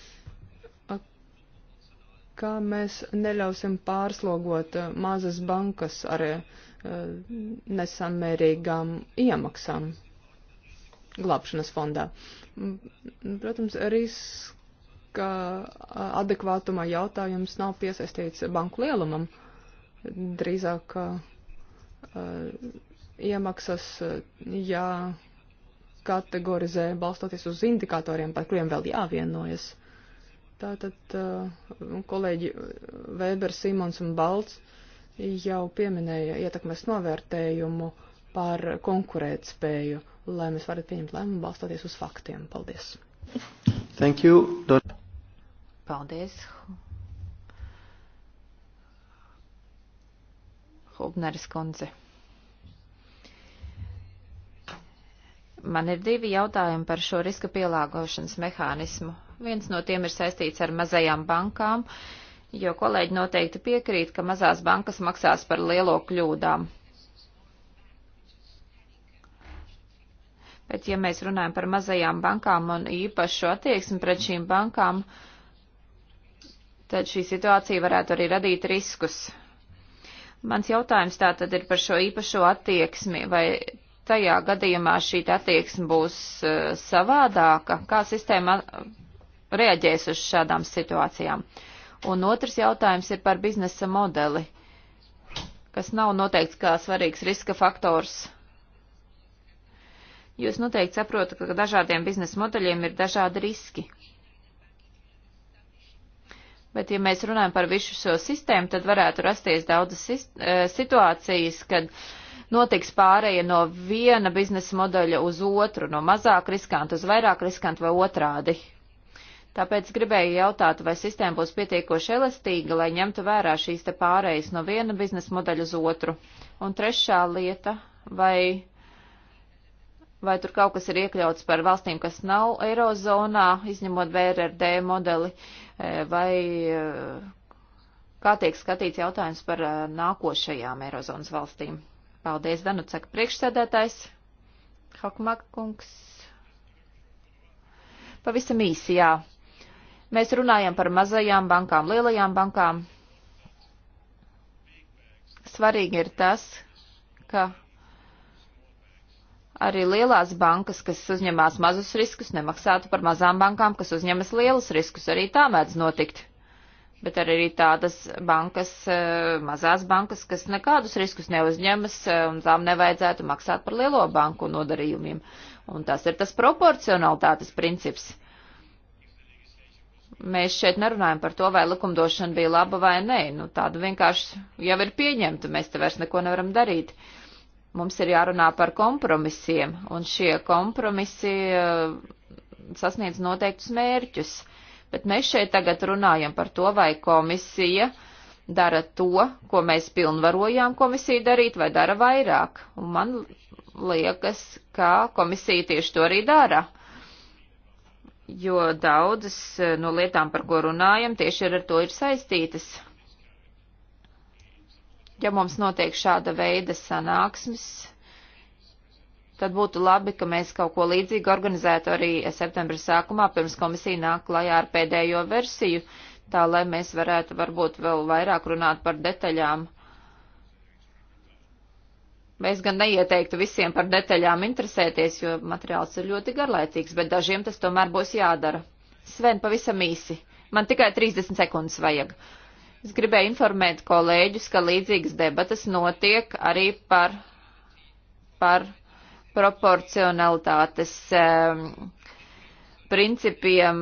kā mēs neļausim pārslogot eh, mazas bankas ar eh, nesamērīgām iemaksām glābšanas fondā. Protams, riska adekvātuma jautājums nav piesaistīts banku lielumam. Drīzāk eh, iemaksas jākategorizē balstoties uz indikatoriem, par kuriem vēl jāvienojas. Tātad uh, kolēģi Vēbers, Simons un Balts jau pieminēja ietekmes novērtējumu par konkurētspēju, lai mēs varētu pieņemt lēmumu balstoties uz faktiem. Paldies! Thank you. Don Paldies! Hubneris kundze. Man ir divi jautājumi par šo riska pielāgošanas mehānismu. Viens no tiem ir saistīts ar mazajām bankām, jo kolēģi noteikti piekrīt, ka mazās bankas maksās par lielo kļūdām. Bet, ja mēs runājam par mazajām bankām un īpašu attieksmi pret šīm bankām, tad šī situācija varētu arī radīt riskus. Mans jautājums tā tad ir par šo īpašo attieksmi, vai tajā gadījumā šī attieksme būs eh, savādāka, kā sistēma reaģēs uz šādām situācijām. Un otrs jautājums ir par biznesa modeli, kas nav noteikts kā svarīgs riska faktors. Jūs noteikti saprotat, ka dažādiem biznesa modeļiem ir dažādi riski. Bet, ja mēs runājam par visu šo sistēmu, tad varētu rasties daudzas e, situācijas, kad notiks pāreja no viena biznesa modeļa uz otru, no mazāk riskanta uz vairāk riskanta vai otrādi. Tāpēc gribēju jautāt, vai sistēma būs pietiekoši elastīga, lai ņemtu vērā šīs te pārējas no viena biznesa modeļa uz otru. Un trešā lieta, vai, vai tur kaut kas ir iekļauts par valstīm, kas nav Eirozonā, izņemot VRRD modeli, e, vai e, kā tiek skatīts jautājums par e, nākošajām Eirozonas valstīm. Paldies, Danucaka priekšsēdētājs. Hakmakungs. Pavisam īsi, jā. Mēs runājam par mazajām bankām, lielajām bankām. Svarīgi ir tas, ka arī lielās bankas, kas uzņemās mazus riskus, nemaksātu par mazām bankām, kas uzņemas lielus riskus. Arī tā mēdz notikt. Bet arī tādas bankas, eh, mazās bankas, kas nekādus riskus neuzņemas, eh, un tām nevajadzētu maksāt par lielo banku nodarījumiem. Un tas ir tas proporcionalitātes princips mēs šeit nerunājam par to, vai likumdošana bija laba vai nē. Nu, tāda vienkārši jau ir pieņemta, mēs te vairs neko nevaram darīt. Mums ir jārunā par kompromisiem, un šie kompromisi eh, sasniedz noteiktus mērķus. Bet mēs šeit tagad runājam par to, vai komisija dara to, ko mēs pilnvarojām komisiju darīt, vai dara vairāk. Un man liekas, ka komisija tieši to arī dara. Uh, jo daudzas eh, no lietām, par ko runājam, tieši ar to ir saistītas. Ja mums notiek šāda veida sanāksmes, tad būtu labi, ka mēs kaut ko līdzīgu organizētu arī septembra sākumā, pirms komisija nāk klajā ar pēdējo versiju, tā lai mēs varētu varbūt vēl vairāk runāt par detaļām. Uh, Es gan neieteiktu visiem par detaļām interesēties, jo materiāls ir ļoti garlaicīgs, bet dažiem tas tomēr būs jādara. Sven, pavisam īsi. Man tikai 30 sekundes vajag. Es gribēju informēt kolēģus, ka līdzīgas debatas notiek arī par, par proporcionalitātes um, principiem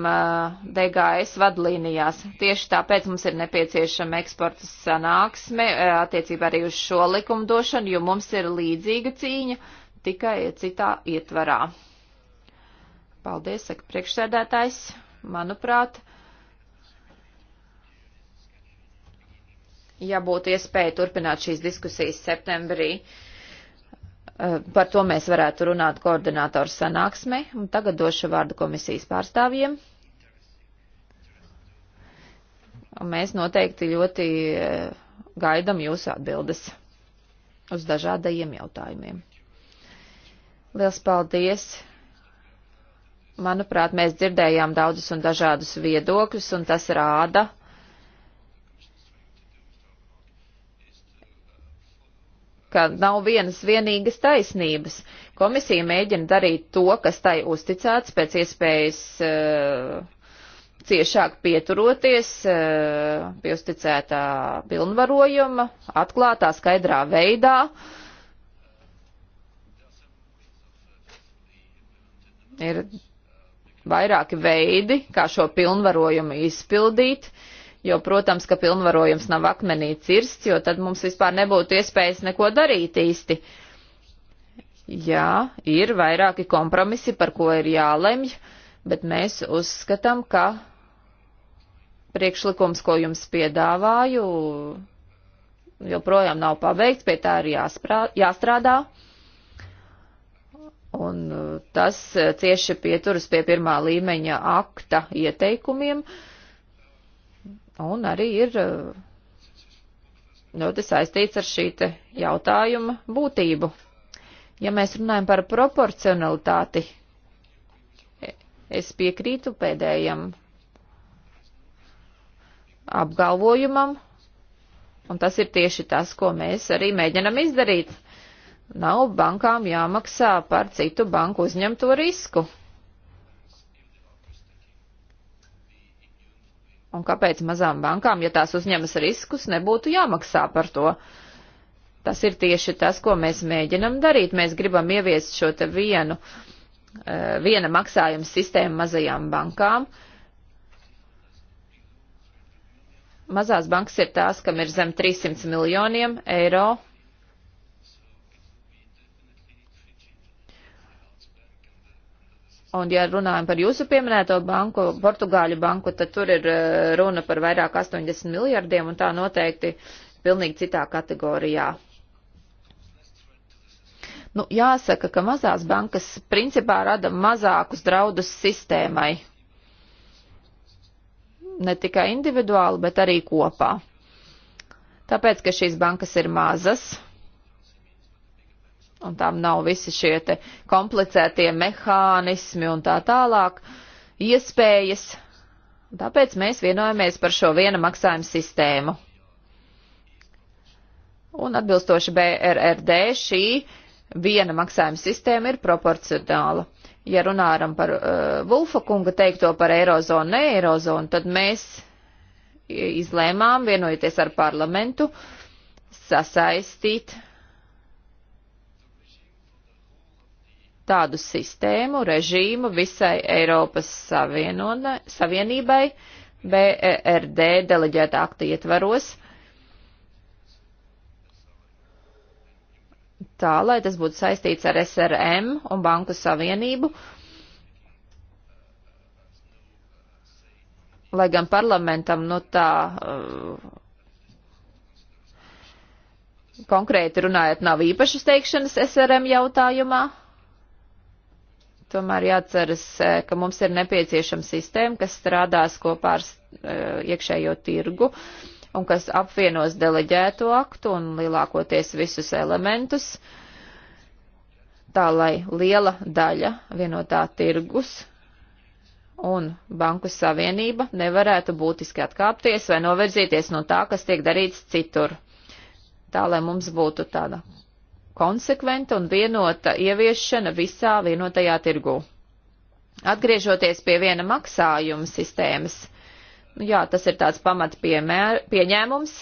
DGS vadlīnijās. Tieši tāpēc mums ir nepieciešama eksporta sanāksme attiecībā arī uz šo likumdošanu, jo mums ir līdzīga cīņa tikai citā ietvarā. Paldies, saka priekšsēdētājs. Manuprāt, ja būtu iespēja turpināt šīs diskusijas septembrī, uh, Eh, par to mēs varētu runāt koordinātoru sanāksmē. Un tagad došu vārdu komisijas pārstāvjiem. Un mēs noteikti ļoti eh, gaidam jūsu atbildes uz dažādajiem jautājumiem. Liels paldies! Manuprāt, mēs dzirdējām daudzus un dažādus viedokļus, un tas rāda, ka nav vienas vienīgas taisnības. Komisija mēģina darīt to, kas tai uzticēts, pēc iespējas uh, ciešāk pieturoties uh, pie uzticētā pilnvarojuma, atklātā, skaidrā veidā. Ir vairāki veidi, kā šo pilnvarojumu izpildīt. Uh, jo, protams, ka pilnvarojums nav akmenī cirsts, jo tad mums vispār nebūtu iespējas neko darīt īsti. Jā, ir vairāki kompromisi, par ko ir jālemj, bet mēs uzskatām, ka priekšlikums, ko jums piedāvāju, joprojām nav pabeigts, pie tā ir jāsprā, jāstrādā. Un uh, tas uh, cieši pieturas pie pirmā līmeņa akta ieteikumiem. Uh, un arī ir eh, ļoti saistīts ar šī te jautājuma būtību. Ja mēs runājam par proporcionalitāti, es piekrītu pēdējam apgalvojumam, un tas ir tieši tas, ko mēs arī mēģinam izdarīt. Nav bankām jāmaksā par citu banku uzņemto risku. Un kāpēc mazām bankām, ja tās uzņemas riskus, nebūtu jāmaksā par to? Tas ir tieši tas, ko mēs mēģinam darīt. Mēs gribam ieviest šo te vienu, eh, viena maksājuma sistēmu mazajām bankām. Mazās bankas ir tās, kam ir zem 300 miljoniem eiro Un ja runājam par jūsu pieminēto banku, Portugāļu banku, tad tur ir eh, runa par vairāk 80 miljardiem un tā noteikti pilnīgi citā kategorijā. Nu, jāsaka, ka mazās bankas principā rada mazākus draudus sistēmai. Ne tikai individuāli, bet arī kopā. Tāpēc, ka šīs bankas ir mazas, un tām nav visi šie te komplicētie mehānismi un tā tālāk, iespējas. Tāpēc mēs vienojamies par šo viena maksājuma sistēmu. Un atbilstoši BRRD šī viena maksājuma sistēma ir proporcionāla. Ja runājam par uh, Vulfa kunga teikto par eirozonu, ne eirozonu, tad mēs izlēmām, vienojoties ar parlamentu, sasaistīt uh, tādu sistēmu, režīmu visai Eiropas Savienībai BRD e deleģēta akta ietvaros, tā, lai tas būtu saistīts ar SRM un Banku Savienību, lai gan parlamentam, nu tā, uh, konkrēti runājot, nav īpašas teikšanas SRM jautājumā, Tomēr jāatceras, e, ka mums ir nepieciešama sistēma, kas strādās kopā ar e, iekšējo tirgu un kas apvienos deleģēto aktu un lielākoties visus elementus, tā lai liela daļa vienotā tirgus un banku savienība nevarētu būtiski atkāpties vai novirzīties no tā, kas tiek darīts citur. Tā, lai mums būtu tāda konsekventa un vienota ieviešana visā vienotajā tirgū. Atgriežoties pie viena maksājuma sistēmas, nu, jā, tas ir tāds pamat piemēr, pieņēmums.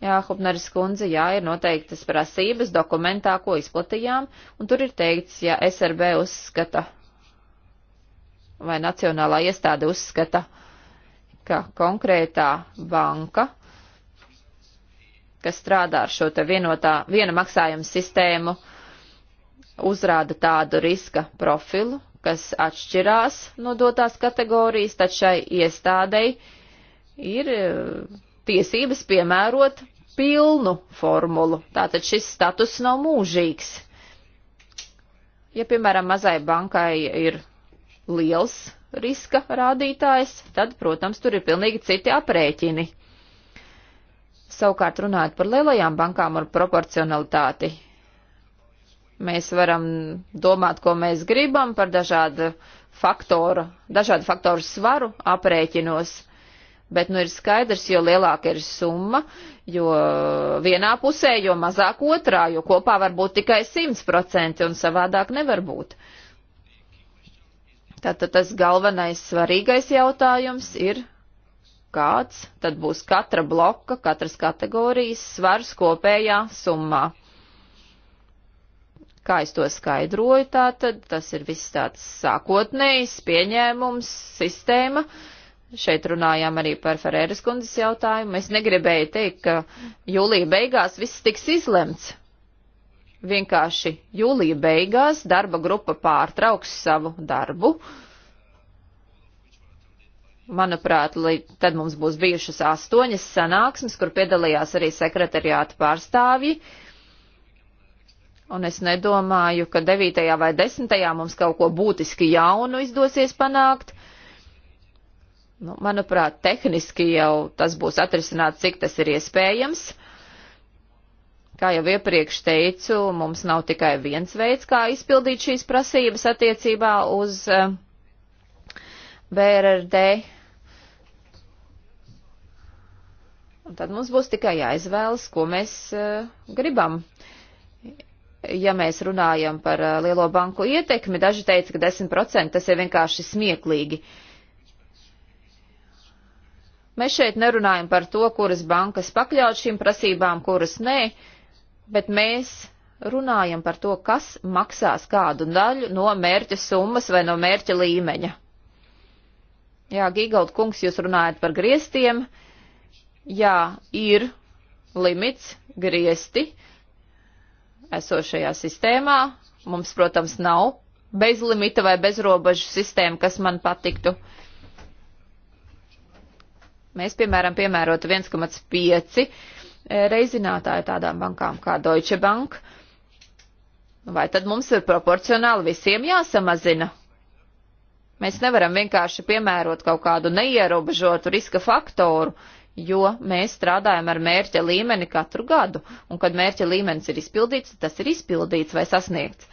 Jā, Hubneris kundze, jā, ir noteiktas prasības dokumentā, ko izplatījām, un tur ir teikts, ja SRB uzskata vai nacionālā iestāde uzskata, ka konkrētā banka kas strādā ar šo te vienotā, viena maksājuma sistēmu, uzrāda tādu riska profilu, kas atšķirās no dotās kategorijas, tad šai iestādei ir eh, tiesības piemērot pilnu formulu. Tātad šis status nav mūžīgs. Ja, piemēram, mazai bankai ir liels riska rādītājs, tad, protams, tur ir pilnīgi citi aprēķini. Savukārt runājot par lielajām bankām ar proporcionalitāti, mēs varam domāt, ko mēs gribam par dažādu faktoru, dažādu faktoru svaru aprēķinos, bet nu ir skaidrs, jo lielāka ir summa, jo vienā pusē, jo mazāk otrā, jo kopā var būt tikai 100% un savādāk nevar būt. Tātad tas galvenais svarīgais jautājums ir kāds, tad būs katra bloka, katras kategorijas svars kopējā summā. Kā es to skaidroju, tā tad tas ir viss tāds sākotnējs pieņēmums, sistēma. Šeit runājām arī par Ferēras kundzes jautājumu. Es negribēju teikt, ka jūlija beigās viss tiks izlemts. Vienkārši jūlija beigās darba grupa pārtrauks savu darbu, uh, Manuprāt, tad mums būs bijušas astoņas sanāksmes, kur piedalījās arī sekretariāta pārstāvji. Un es nedomāju, ka 9. vai 10. mums kaut ko būtiski jaunu izdosies panākt. Nu, manuprāt, tehniski jau tas būs atrisināts, cik tas ir iespējams. Kā jau iepriekš teicu, mums nav tikai viens veids, kā izpildīt šīs prasības attiecībā uz eh, BRD Un tad mums būs tikai jāizvēlas, ko mēs uh, gribam. Ja mēs runājam par uh, lielo banku ietekmi, daži teica, ka 10% tas ir vienkārši smieklīgi. Mēs šeit nerunājam par to, kuras bankas pakļaut šīm prasībām, kuras nē, bet mēs runājam par to, kas maksās kādu daļu no mērķa summas vai no mērķa līmeņa. Jā, Gīgaut kungs, jūs runājat par griestiem. Uh, Jā, ir limits, griesti esošajā sistēmā. Mums, protams, nav bezlimita vai bezrobežu sistēma, kas man patiktu. Mēs, piemēram, piemērotu 1,5 e, reizinātāju tādām bankām kā Deutsche Bank. Vai tad mums ir proporcionāli visiem jāsamazina? Mēs nevaram vienkārši piemērot kaut kādu neierobežotu riska faktoru. Uh, jo mēs strādājam ar mērķa līmeni katru gadu, un kad mērķa līmenis ir izpildīts, tas ir izpildīts vai sasniegts.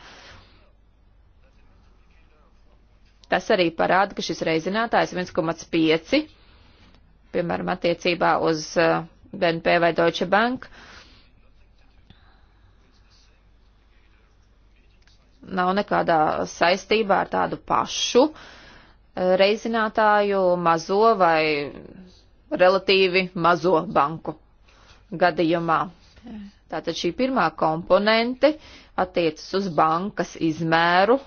Tas arī parāda, ka šis reizinātājs 1,5, piemēram, attiecībā uz BNP eh, vai Deutsche Bank, nav nekādā saistībā ar tādu pašu eh, reizinātāju mazo vai relatīvi mazo banku gadījumā. Tātad šī pirmā komponente attiecas uz bankas izmēru.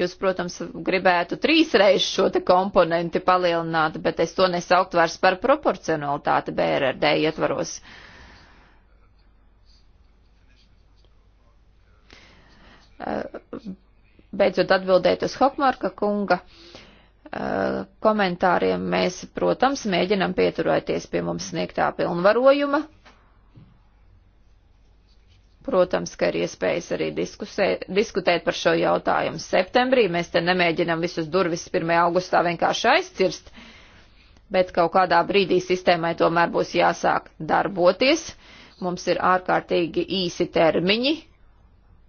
Jūs, protams, gribētu trīsreiz šo te komponenti palielināt, bet es to nesaukt vairs par proporcionalitāti BRRD ietvaros. Beidzot atbildēt uz Hokmarka kunga. Uh, Eh, komentāriem mēs, protams, mēģinam pieturēties pie mums sniegtā pilnvarojuma. Protams, ka ir iespējas arī diskusē, diskutēt par šo jautājumu septembrī. Mēs te nemēģinam visus durvis 1. augustā vienkārši aizcirst, bet kaut kādā brīdī sistēmai tomēr būs jāsāk darboties. Mums ir ārkārtīgi īsi termiņi,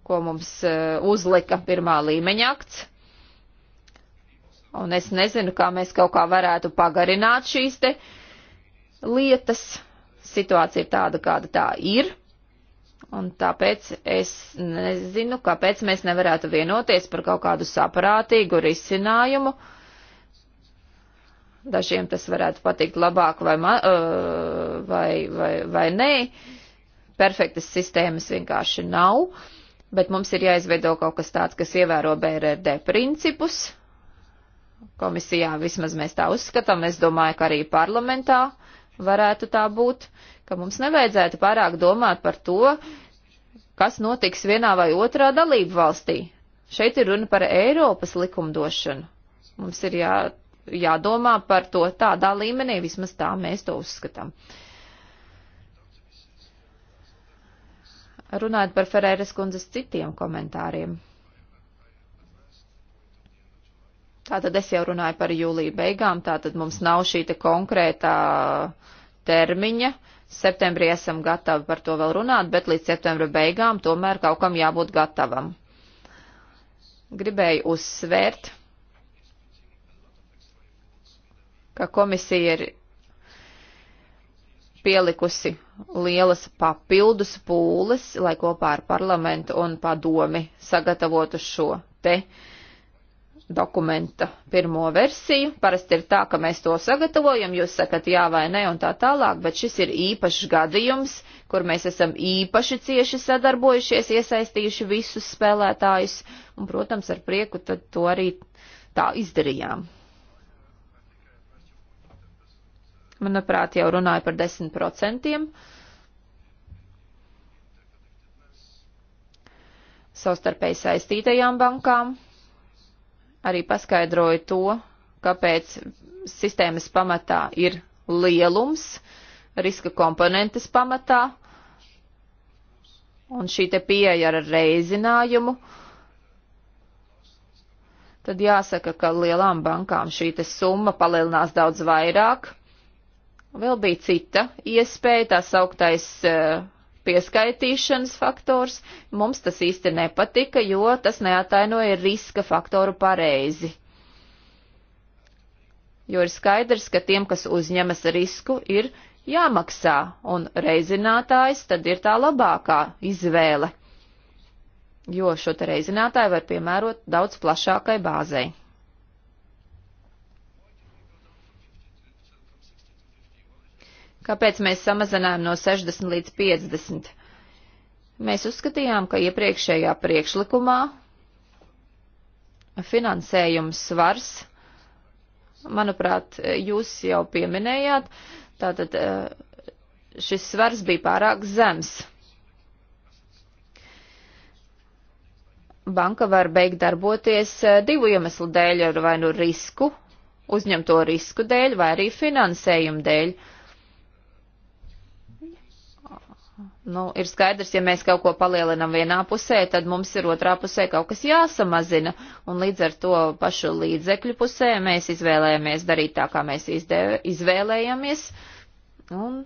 ko mums eh, uzlika pirmā līmeņa akts Un es nezinu, kā mēs kaut kā varētu pagarināt šīs te lietas. Situācija ir tāda, kāda tā ir. Un tāpēc es nezinu, kāpēc mēs nevarētu vienoties par kaut kādu saprātīgu risinājumu. Dažiem tas varētu patikt labāk vai, ma, vai, vai, vai nē. Perfektas sistēmas vienkārši nav, bet mums ir jāizveido kaut kas tāds, kas ievēro BRD principus, komisijā vismaz mēs tā uzskatām, es domāju, ka arī parlamentā varētu tā būt, ka mums nevajadzētu pārāk domāt par to, kas notiks vienā vai otrā dalību valstī. Šeit ir runa par Eiropas likumdošanu. Mums ir jā, jādomā par to tādā līmenī, vismaz tā mēs to uzskatām. Runājot par Ferēras kundzes citiem komentāriem. Tātad es jau runāju par jūliju beigām, tātad mums nav šī konkrētā termiņa. Septembrī esam gatavi par to vēl runāt, bet līdz septembra beigām tomēr kaut kam jābūt gatavam. Gribēju uzsvērt, ka komisija ir pielikusi lielas papildus pūles, lai kopā ar parlamentu un padomi sagatavotu šo te uh, dokumenta pirmo versiju. Parasti ir tā, ka mēs to sagatavojam, jūs sakat jā vai nē un tā tālāk, bet šis ir īpašs gadījums, kur mēs esam īpaši cieši sadarbojušies, iesaistījuši visus spēlētājus un, protams, ar prieku tad to arī tā izdarījām. Manuprāt, jau runāju par 10%. Savstarpēji saistītajām bankām arī paskaidroju to, kāpēc sistēmas pamatā ir lielums, riska komponentes pamatā, un šī te pieeja ar reizinājumu, tad jāsaka, ka lielām bankām šī te summa palielinās daudz vairāk. Vēl bija cita iespēja, tā sauktais uh, pieskaitīšanas faktors. Mums tas īsti nepatika, jo tas neatainoja riska faktoru pareizi. Jo ir skaidrs, ka tiem, kas uzņemas risku, ir jāmaksā, un reizinātājs tad ir tā labākā izvēle, jo šo te reizinātāju var piemērot daudz plašākai bāzei. Kāpēc mēs samazinājām no 60 līdz 50? Mēs uzskatījām, ka iepriekšējā priekšlikumā finansējums svars, manuprāt, jūs jau pieminējāt, tātad eh, šis svars bija pārāk zems. Banka var beigt darboties eh, divu iemeslu dēļ, vai nu risku, uzņemto risku dēļ, vai arī finansējumu dēļ. Uh, Nu, ir skaidrs, ja mēs kaut ko palielinam vienā pusē, tad mums ir otrā pusē kaut kas jāsamazina, un līdz ar to pašu līdzekļu pusē mēs izvēlējamies darīt tā, kā mēs izdev, izvēlējamies. Un...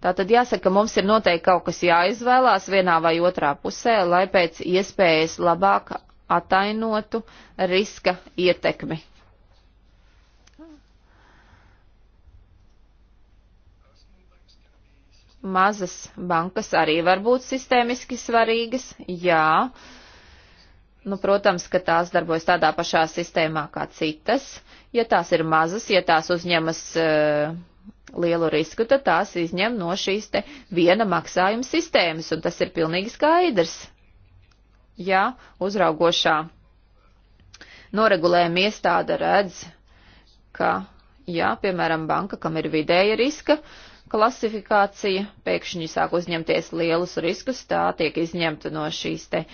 Tā tad jāsaka, ka mums ir noteikti kaut kas jāizvēlās vienā vai otrā pusē, lai pēc iespējas labāk atainotu riska ietekmi Mazas bankas arī var būt sistēmiski svarīgas, jā. Nu, protams, ka tās darbojas tādā pašā sistēmā kā citas. Ja tās ir mazas, ja tās uzņemas uh, lielu risku, tad tās izņem no šīs te viena maksājuma sistēmas, un tas ir pilnīgi skaidrs. Jā, uzraugošā noregulējuma iestāde redz, ka, jā, piemēram, banka, kam ir vidēja riska, uh, klasifikācija pēkšņi sāk uzņemties lielus riskus, tā tiek izņemta no šīs te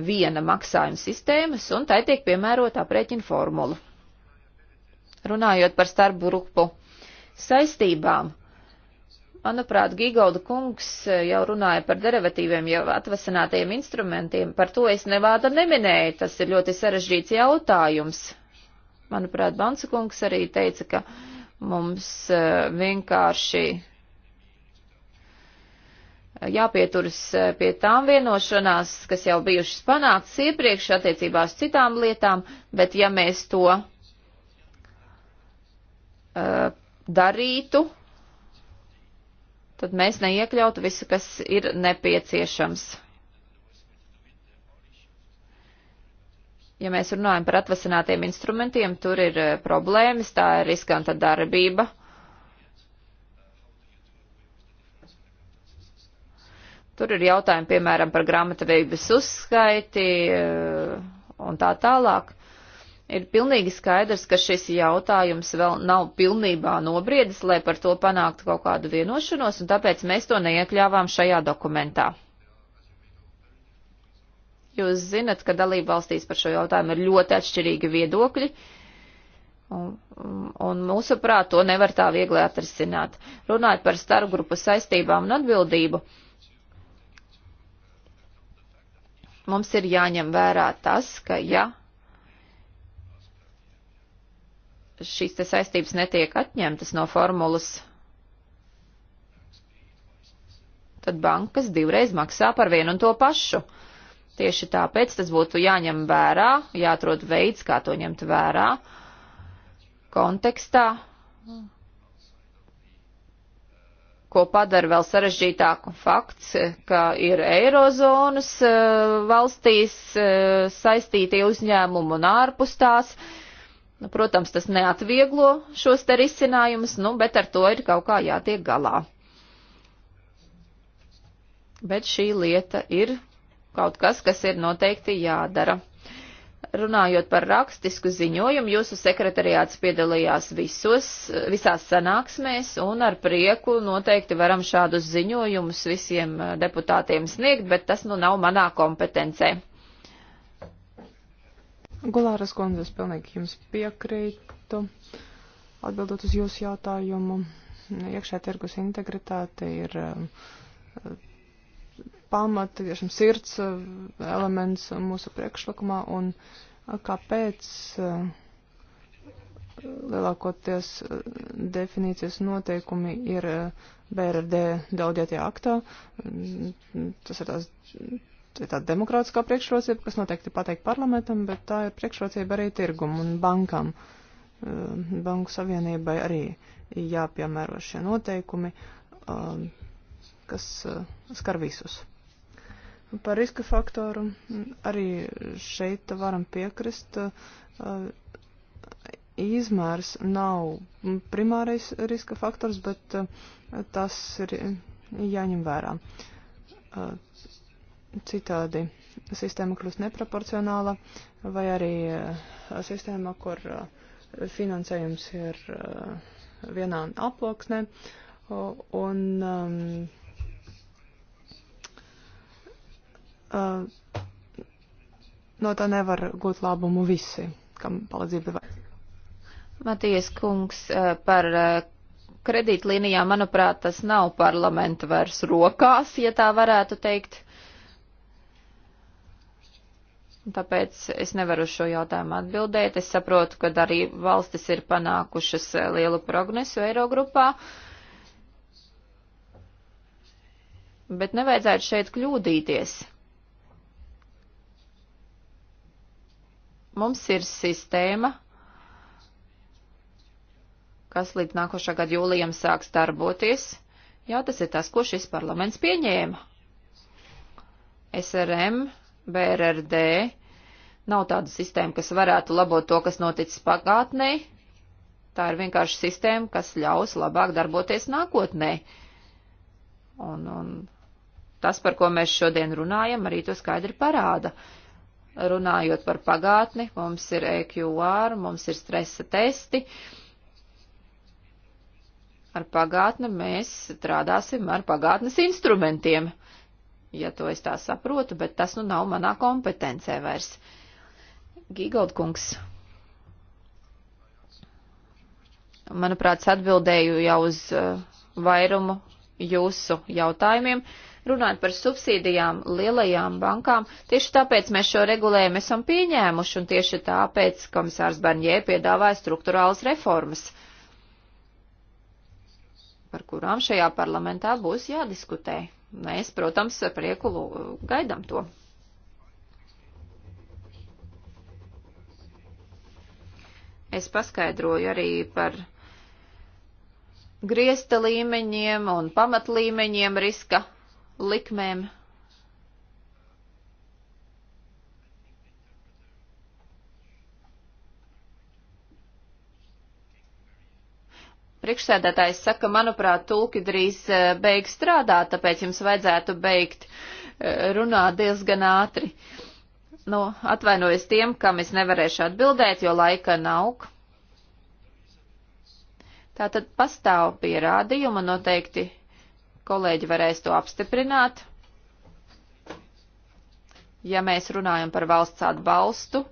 viena maksājuma sistēmas, un tai tiek piemērota aprēķina formula. Runājot par starpgrupu saistībām, manuprāt, Gigolda kungs jau runāja par derivatīviem, jau atvasinātajiem instrumentiem, par to es nevāda neminēju, tas ir ļoti sarežģīts jautājums. Manuprāt, Bansa kungs arī teica, ka mums eh, vienkārši jāpieturas eh, pie tām vienošanās, kas jau bijušas panāktas iepriekš attiecībās citām lietām, bet ja mēs to uh, darītu, tad mēs neiekļautu visu, kas ir nepieciešams. Ja mēs runājam par atvasinātiem instrumentiem, tur ir eh, problēmas, tā ir riskanta darbība Tur ir jautājumi, piemēram, par grāmatavības uzskaiti eh, un tā tālāk. Ir pilnīgi skaidrs, ka šis jautājums vēl nav pilnībā nobriedis, lai par to panāktu kaut kādu vienošanos, un tāpēc mēs to neiekļāvām šajā dokumentā. Jūs zinat, ka dalība valstīs par šo jautājumu ir ļoti atšķirīgi viedokļi, un, un mūsuprāt to nevar tā viegli atrisināt. Runājot par starpgrupu saistībām un atbildību. Uh, Mums ir jāņem vērā tas, ka ja šīs te saistības netiek atņemtas no formulas, tad bankas divreiz maksā par vienu un to pašu. Tieši tāpēc tas būtu jāņem vērā, jāatrod veids, kā to ņemt vērā kontekstā, ko padara vēl sarežģītāku fakts, ka ir eirozonas e, valstīs e, saistītie uzņēmumi un ārpus tās. Nu, protams, tas neatvieglo šos te risinājumus, nu, bet ar to ir kaut kā jātiek galā. Bet šī lieta ir kaut kas, kas ir noteikti jādara runājot par rakstisku ziņojumu, jūsu sekretariāts piedalījās visos, visās sanāksmēs un ar prieku noteikti varam šādus ziņojumus visiem eh, deputātiem sniegt, bet tas nu nav manā kompetencē. Gulāras kundze, es pilnīgi jums piekrītu. Atbildot uz jūsu jautājumu, iekšē tirgus integritāte ir eh, pamata, tiešām sirds eh, elements mūsu priekšlikumā un eh, kāpēc eh, lielākoties definīcijas noteikumi ir BRD daudzietie aktā. Mm, tas ir tās tā ir tāda demokrātiskā priekšrocība, kas noteikti pateikt parlamentam, bet tā ir priekšrocība arī tirgumu un bankam. Banku savienībai arī jāpiemēro šie noteikumi, kas skar visus. Par riska faktoru arī šeit varam piekrist. Izmērs nav primārais riska faktors, bet tas ir jāņem vērā. Citādi sistēma kļūst neproporcionāla vai arī sistēma, kur finansējums ir vienā aploksnē un um, uh, no tā nevar gūt labumu visi, kam palīdzība ir vajadzīga. Matijas kungs uh, par uh, kredītlīnijām, manuprāt, tas nav parlamenta vairs rokās, ja tā varētu teikt. Tāpēc es nevaru uz šo jautājumu atbildēt. Es saprotu, ka arī valstis ir panākušas uh, lielu progresu Eirogrupā. Bet nevajadzētu šeit kļūdīties. Mums ir sistēma, kas līdz nākošā gada jūlijam sāks darboties. Jā, tas ir tas, ko šis parlaments pieņēma. SRM, BRRD nav tāda sistēma, kas varētu labot to, kas noticis pagātnē. Tā ir vienkārši sistēma, kas ļaus labāk darboties nākotnē. Un, un tas, par ko mēs šodien runājam, arī to skaidri parāda. Uh, runājot par pagātni, mums ir EQR, mums ir stresa testi. Ar pagātni mēs strādāsim ar pagātnes instrumentiem, ja to es tā saprotu, bet tas nu nav manā kompetencē vairs. Gigoldkungs. Manuprāt, atbildēju jau uz uh, vairumu jūsu jautājumiem. Uh, Runājot par subsīdijām lielajām bankām, tieši tāpēc mēs šo regulējumu esam pieņēmuši un tieši tāpēc komisārs Barņē piedāvāja struktūrālas reformas, par kurām šajā parlamentā būs jādiskutē. Mēs, protams, ar prieku gaidām to. Es paskaidroju arī par griesta līmeņiem un pamatlīmeņiem riska likmēm. Priekšsēdētājs saka, manuprāt, tulki drīz e, beig strādāt, tāpēc jums vajadzētu beigt e, runāt diezgan ātri. Nu, atvainojos tiem, kam es nevarēšu atbildēt, jo laika nav. Tātad pastāv pierādījuma noteikti kolēģi varēs to apstiprināt. Ja mēs runājam par valsts atbalstu,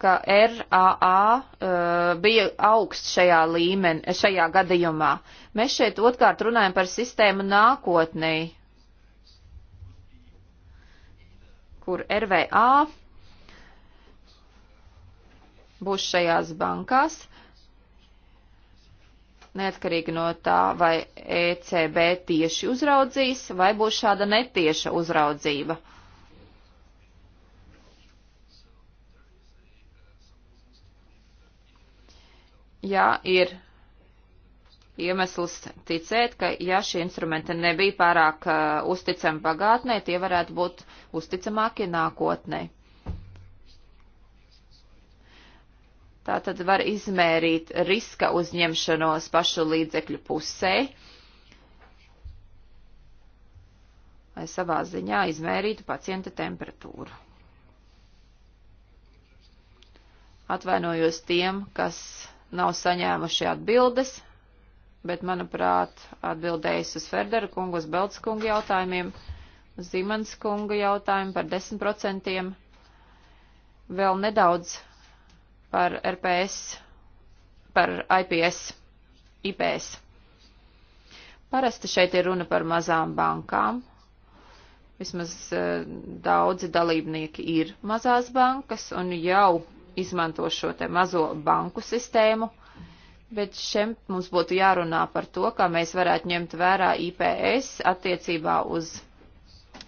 ka RAA uh, bija augsts šajā līmenī, šajā gadījumā. Mēs šeit otrkārt runājam par sistēmu nākotnē, kur RVA būs šajās bankās, neatkarīgi no tā, vai ECB tieši uzraudzīs, vai būs šāda netieša uzraudzība. Jā, ir iemesls ticēt, ka ja šie instrumenti nebija pārāk uh, uzticami pagātnē, tie varētu būt uzticamākie nākotnē. Tā tad var izmērīt riska uzņemšanos pašu līdzekļu pusē, lai savā ziņā izmērītu pacienta temperatūru. Atvainojos tiem, kas nav saņēmuši atbildes, bet, manuprāt, atbildējis uz Ferdera kungu, uz Belts kungu jautājumiem, uz Zimans kungu jautājumu par 10%. Vēl nedaudz par RPS, par IPS, IPS. Parasti šeit ir runa par mazām bankām. Vismaz uh, daudzi dalībnieki ir mazās bankas un jau izmanto šo te mazo banku sistēmu, bet šiem mums būtu jārunā par to, kā mēs varētu ņemt vērā IPS attiecībā uz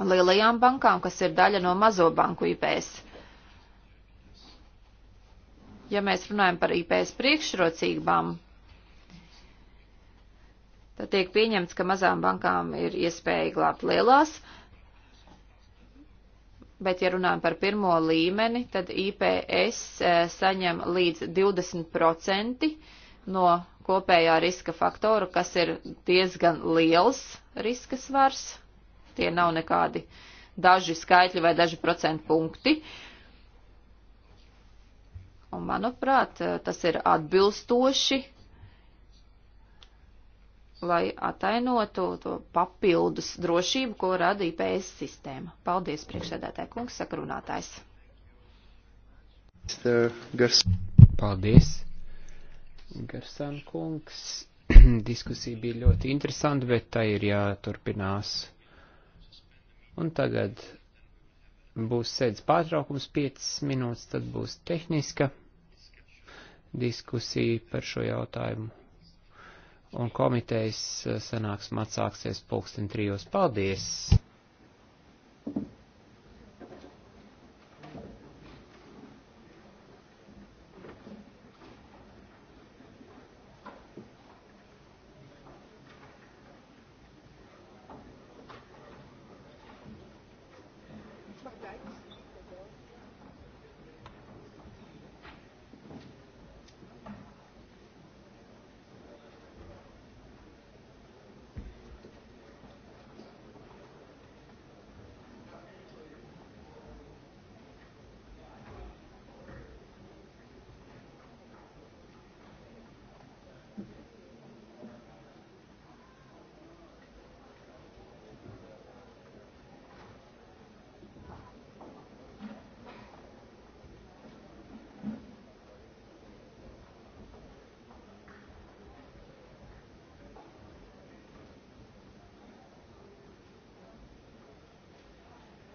lielajām bankām, kas ir daļa no mazo banku IPS ja mēs runājam par IPS priekšrocībām, tad tiek pieņemts, ka mazām bankām ir iespēja glābt lielās, bet ja runājam par pirmo līmeni, tad IPS eh, saņem līdz 20% no kopējā riska faktora, kas ir diezgan liels riska svars. Tie nav nekādi daži skaitļi vai daži procentu punkti. Uh, Un, manuprāt, tas ir atbilstoši, lai atainotu to papildus drošību, ko rada IPS sistēma. Paldies, priekšsēdētāji kungs, sakrunātājs. Paldies, Garsan kungs. Diskusija bija ļoti interesanta, bet tā ir jāturpinās. Un tagad būs sēdz pārtraukums 5 minūtes, tad būs tehniska diskusija par šo jautājumu. Un komitejas eh, sanāksme atsāksies pulksten trijos. Paldies!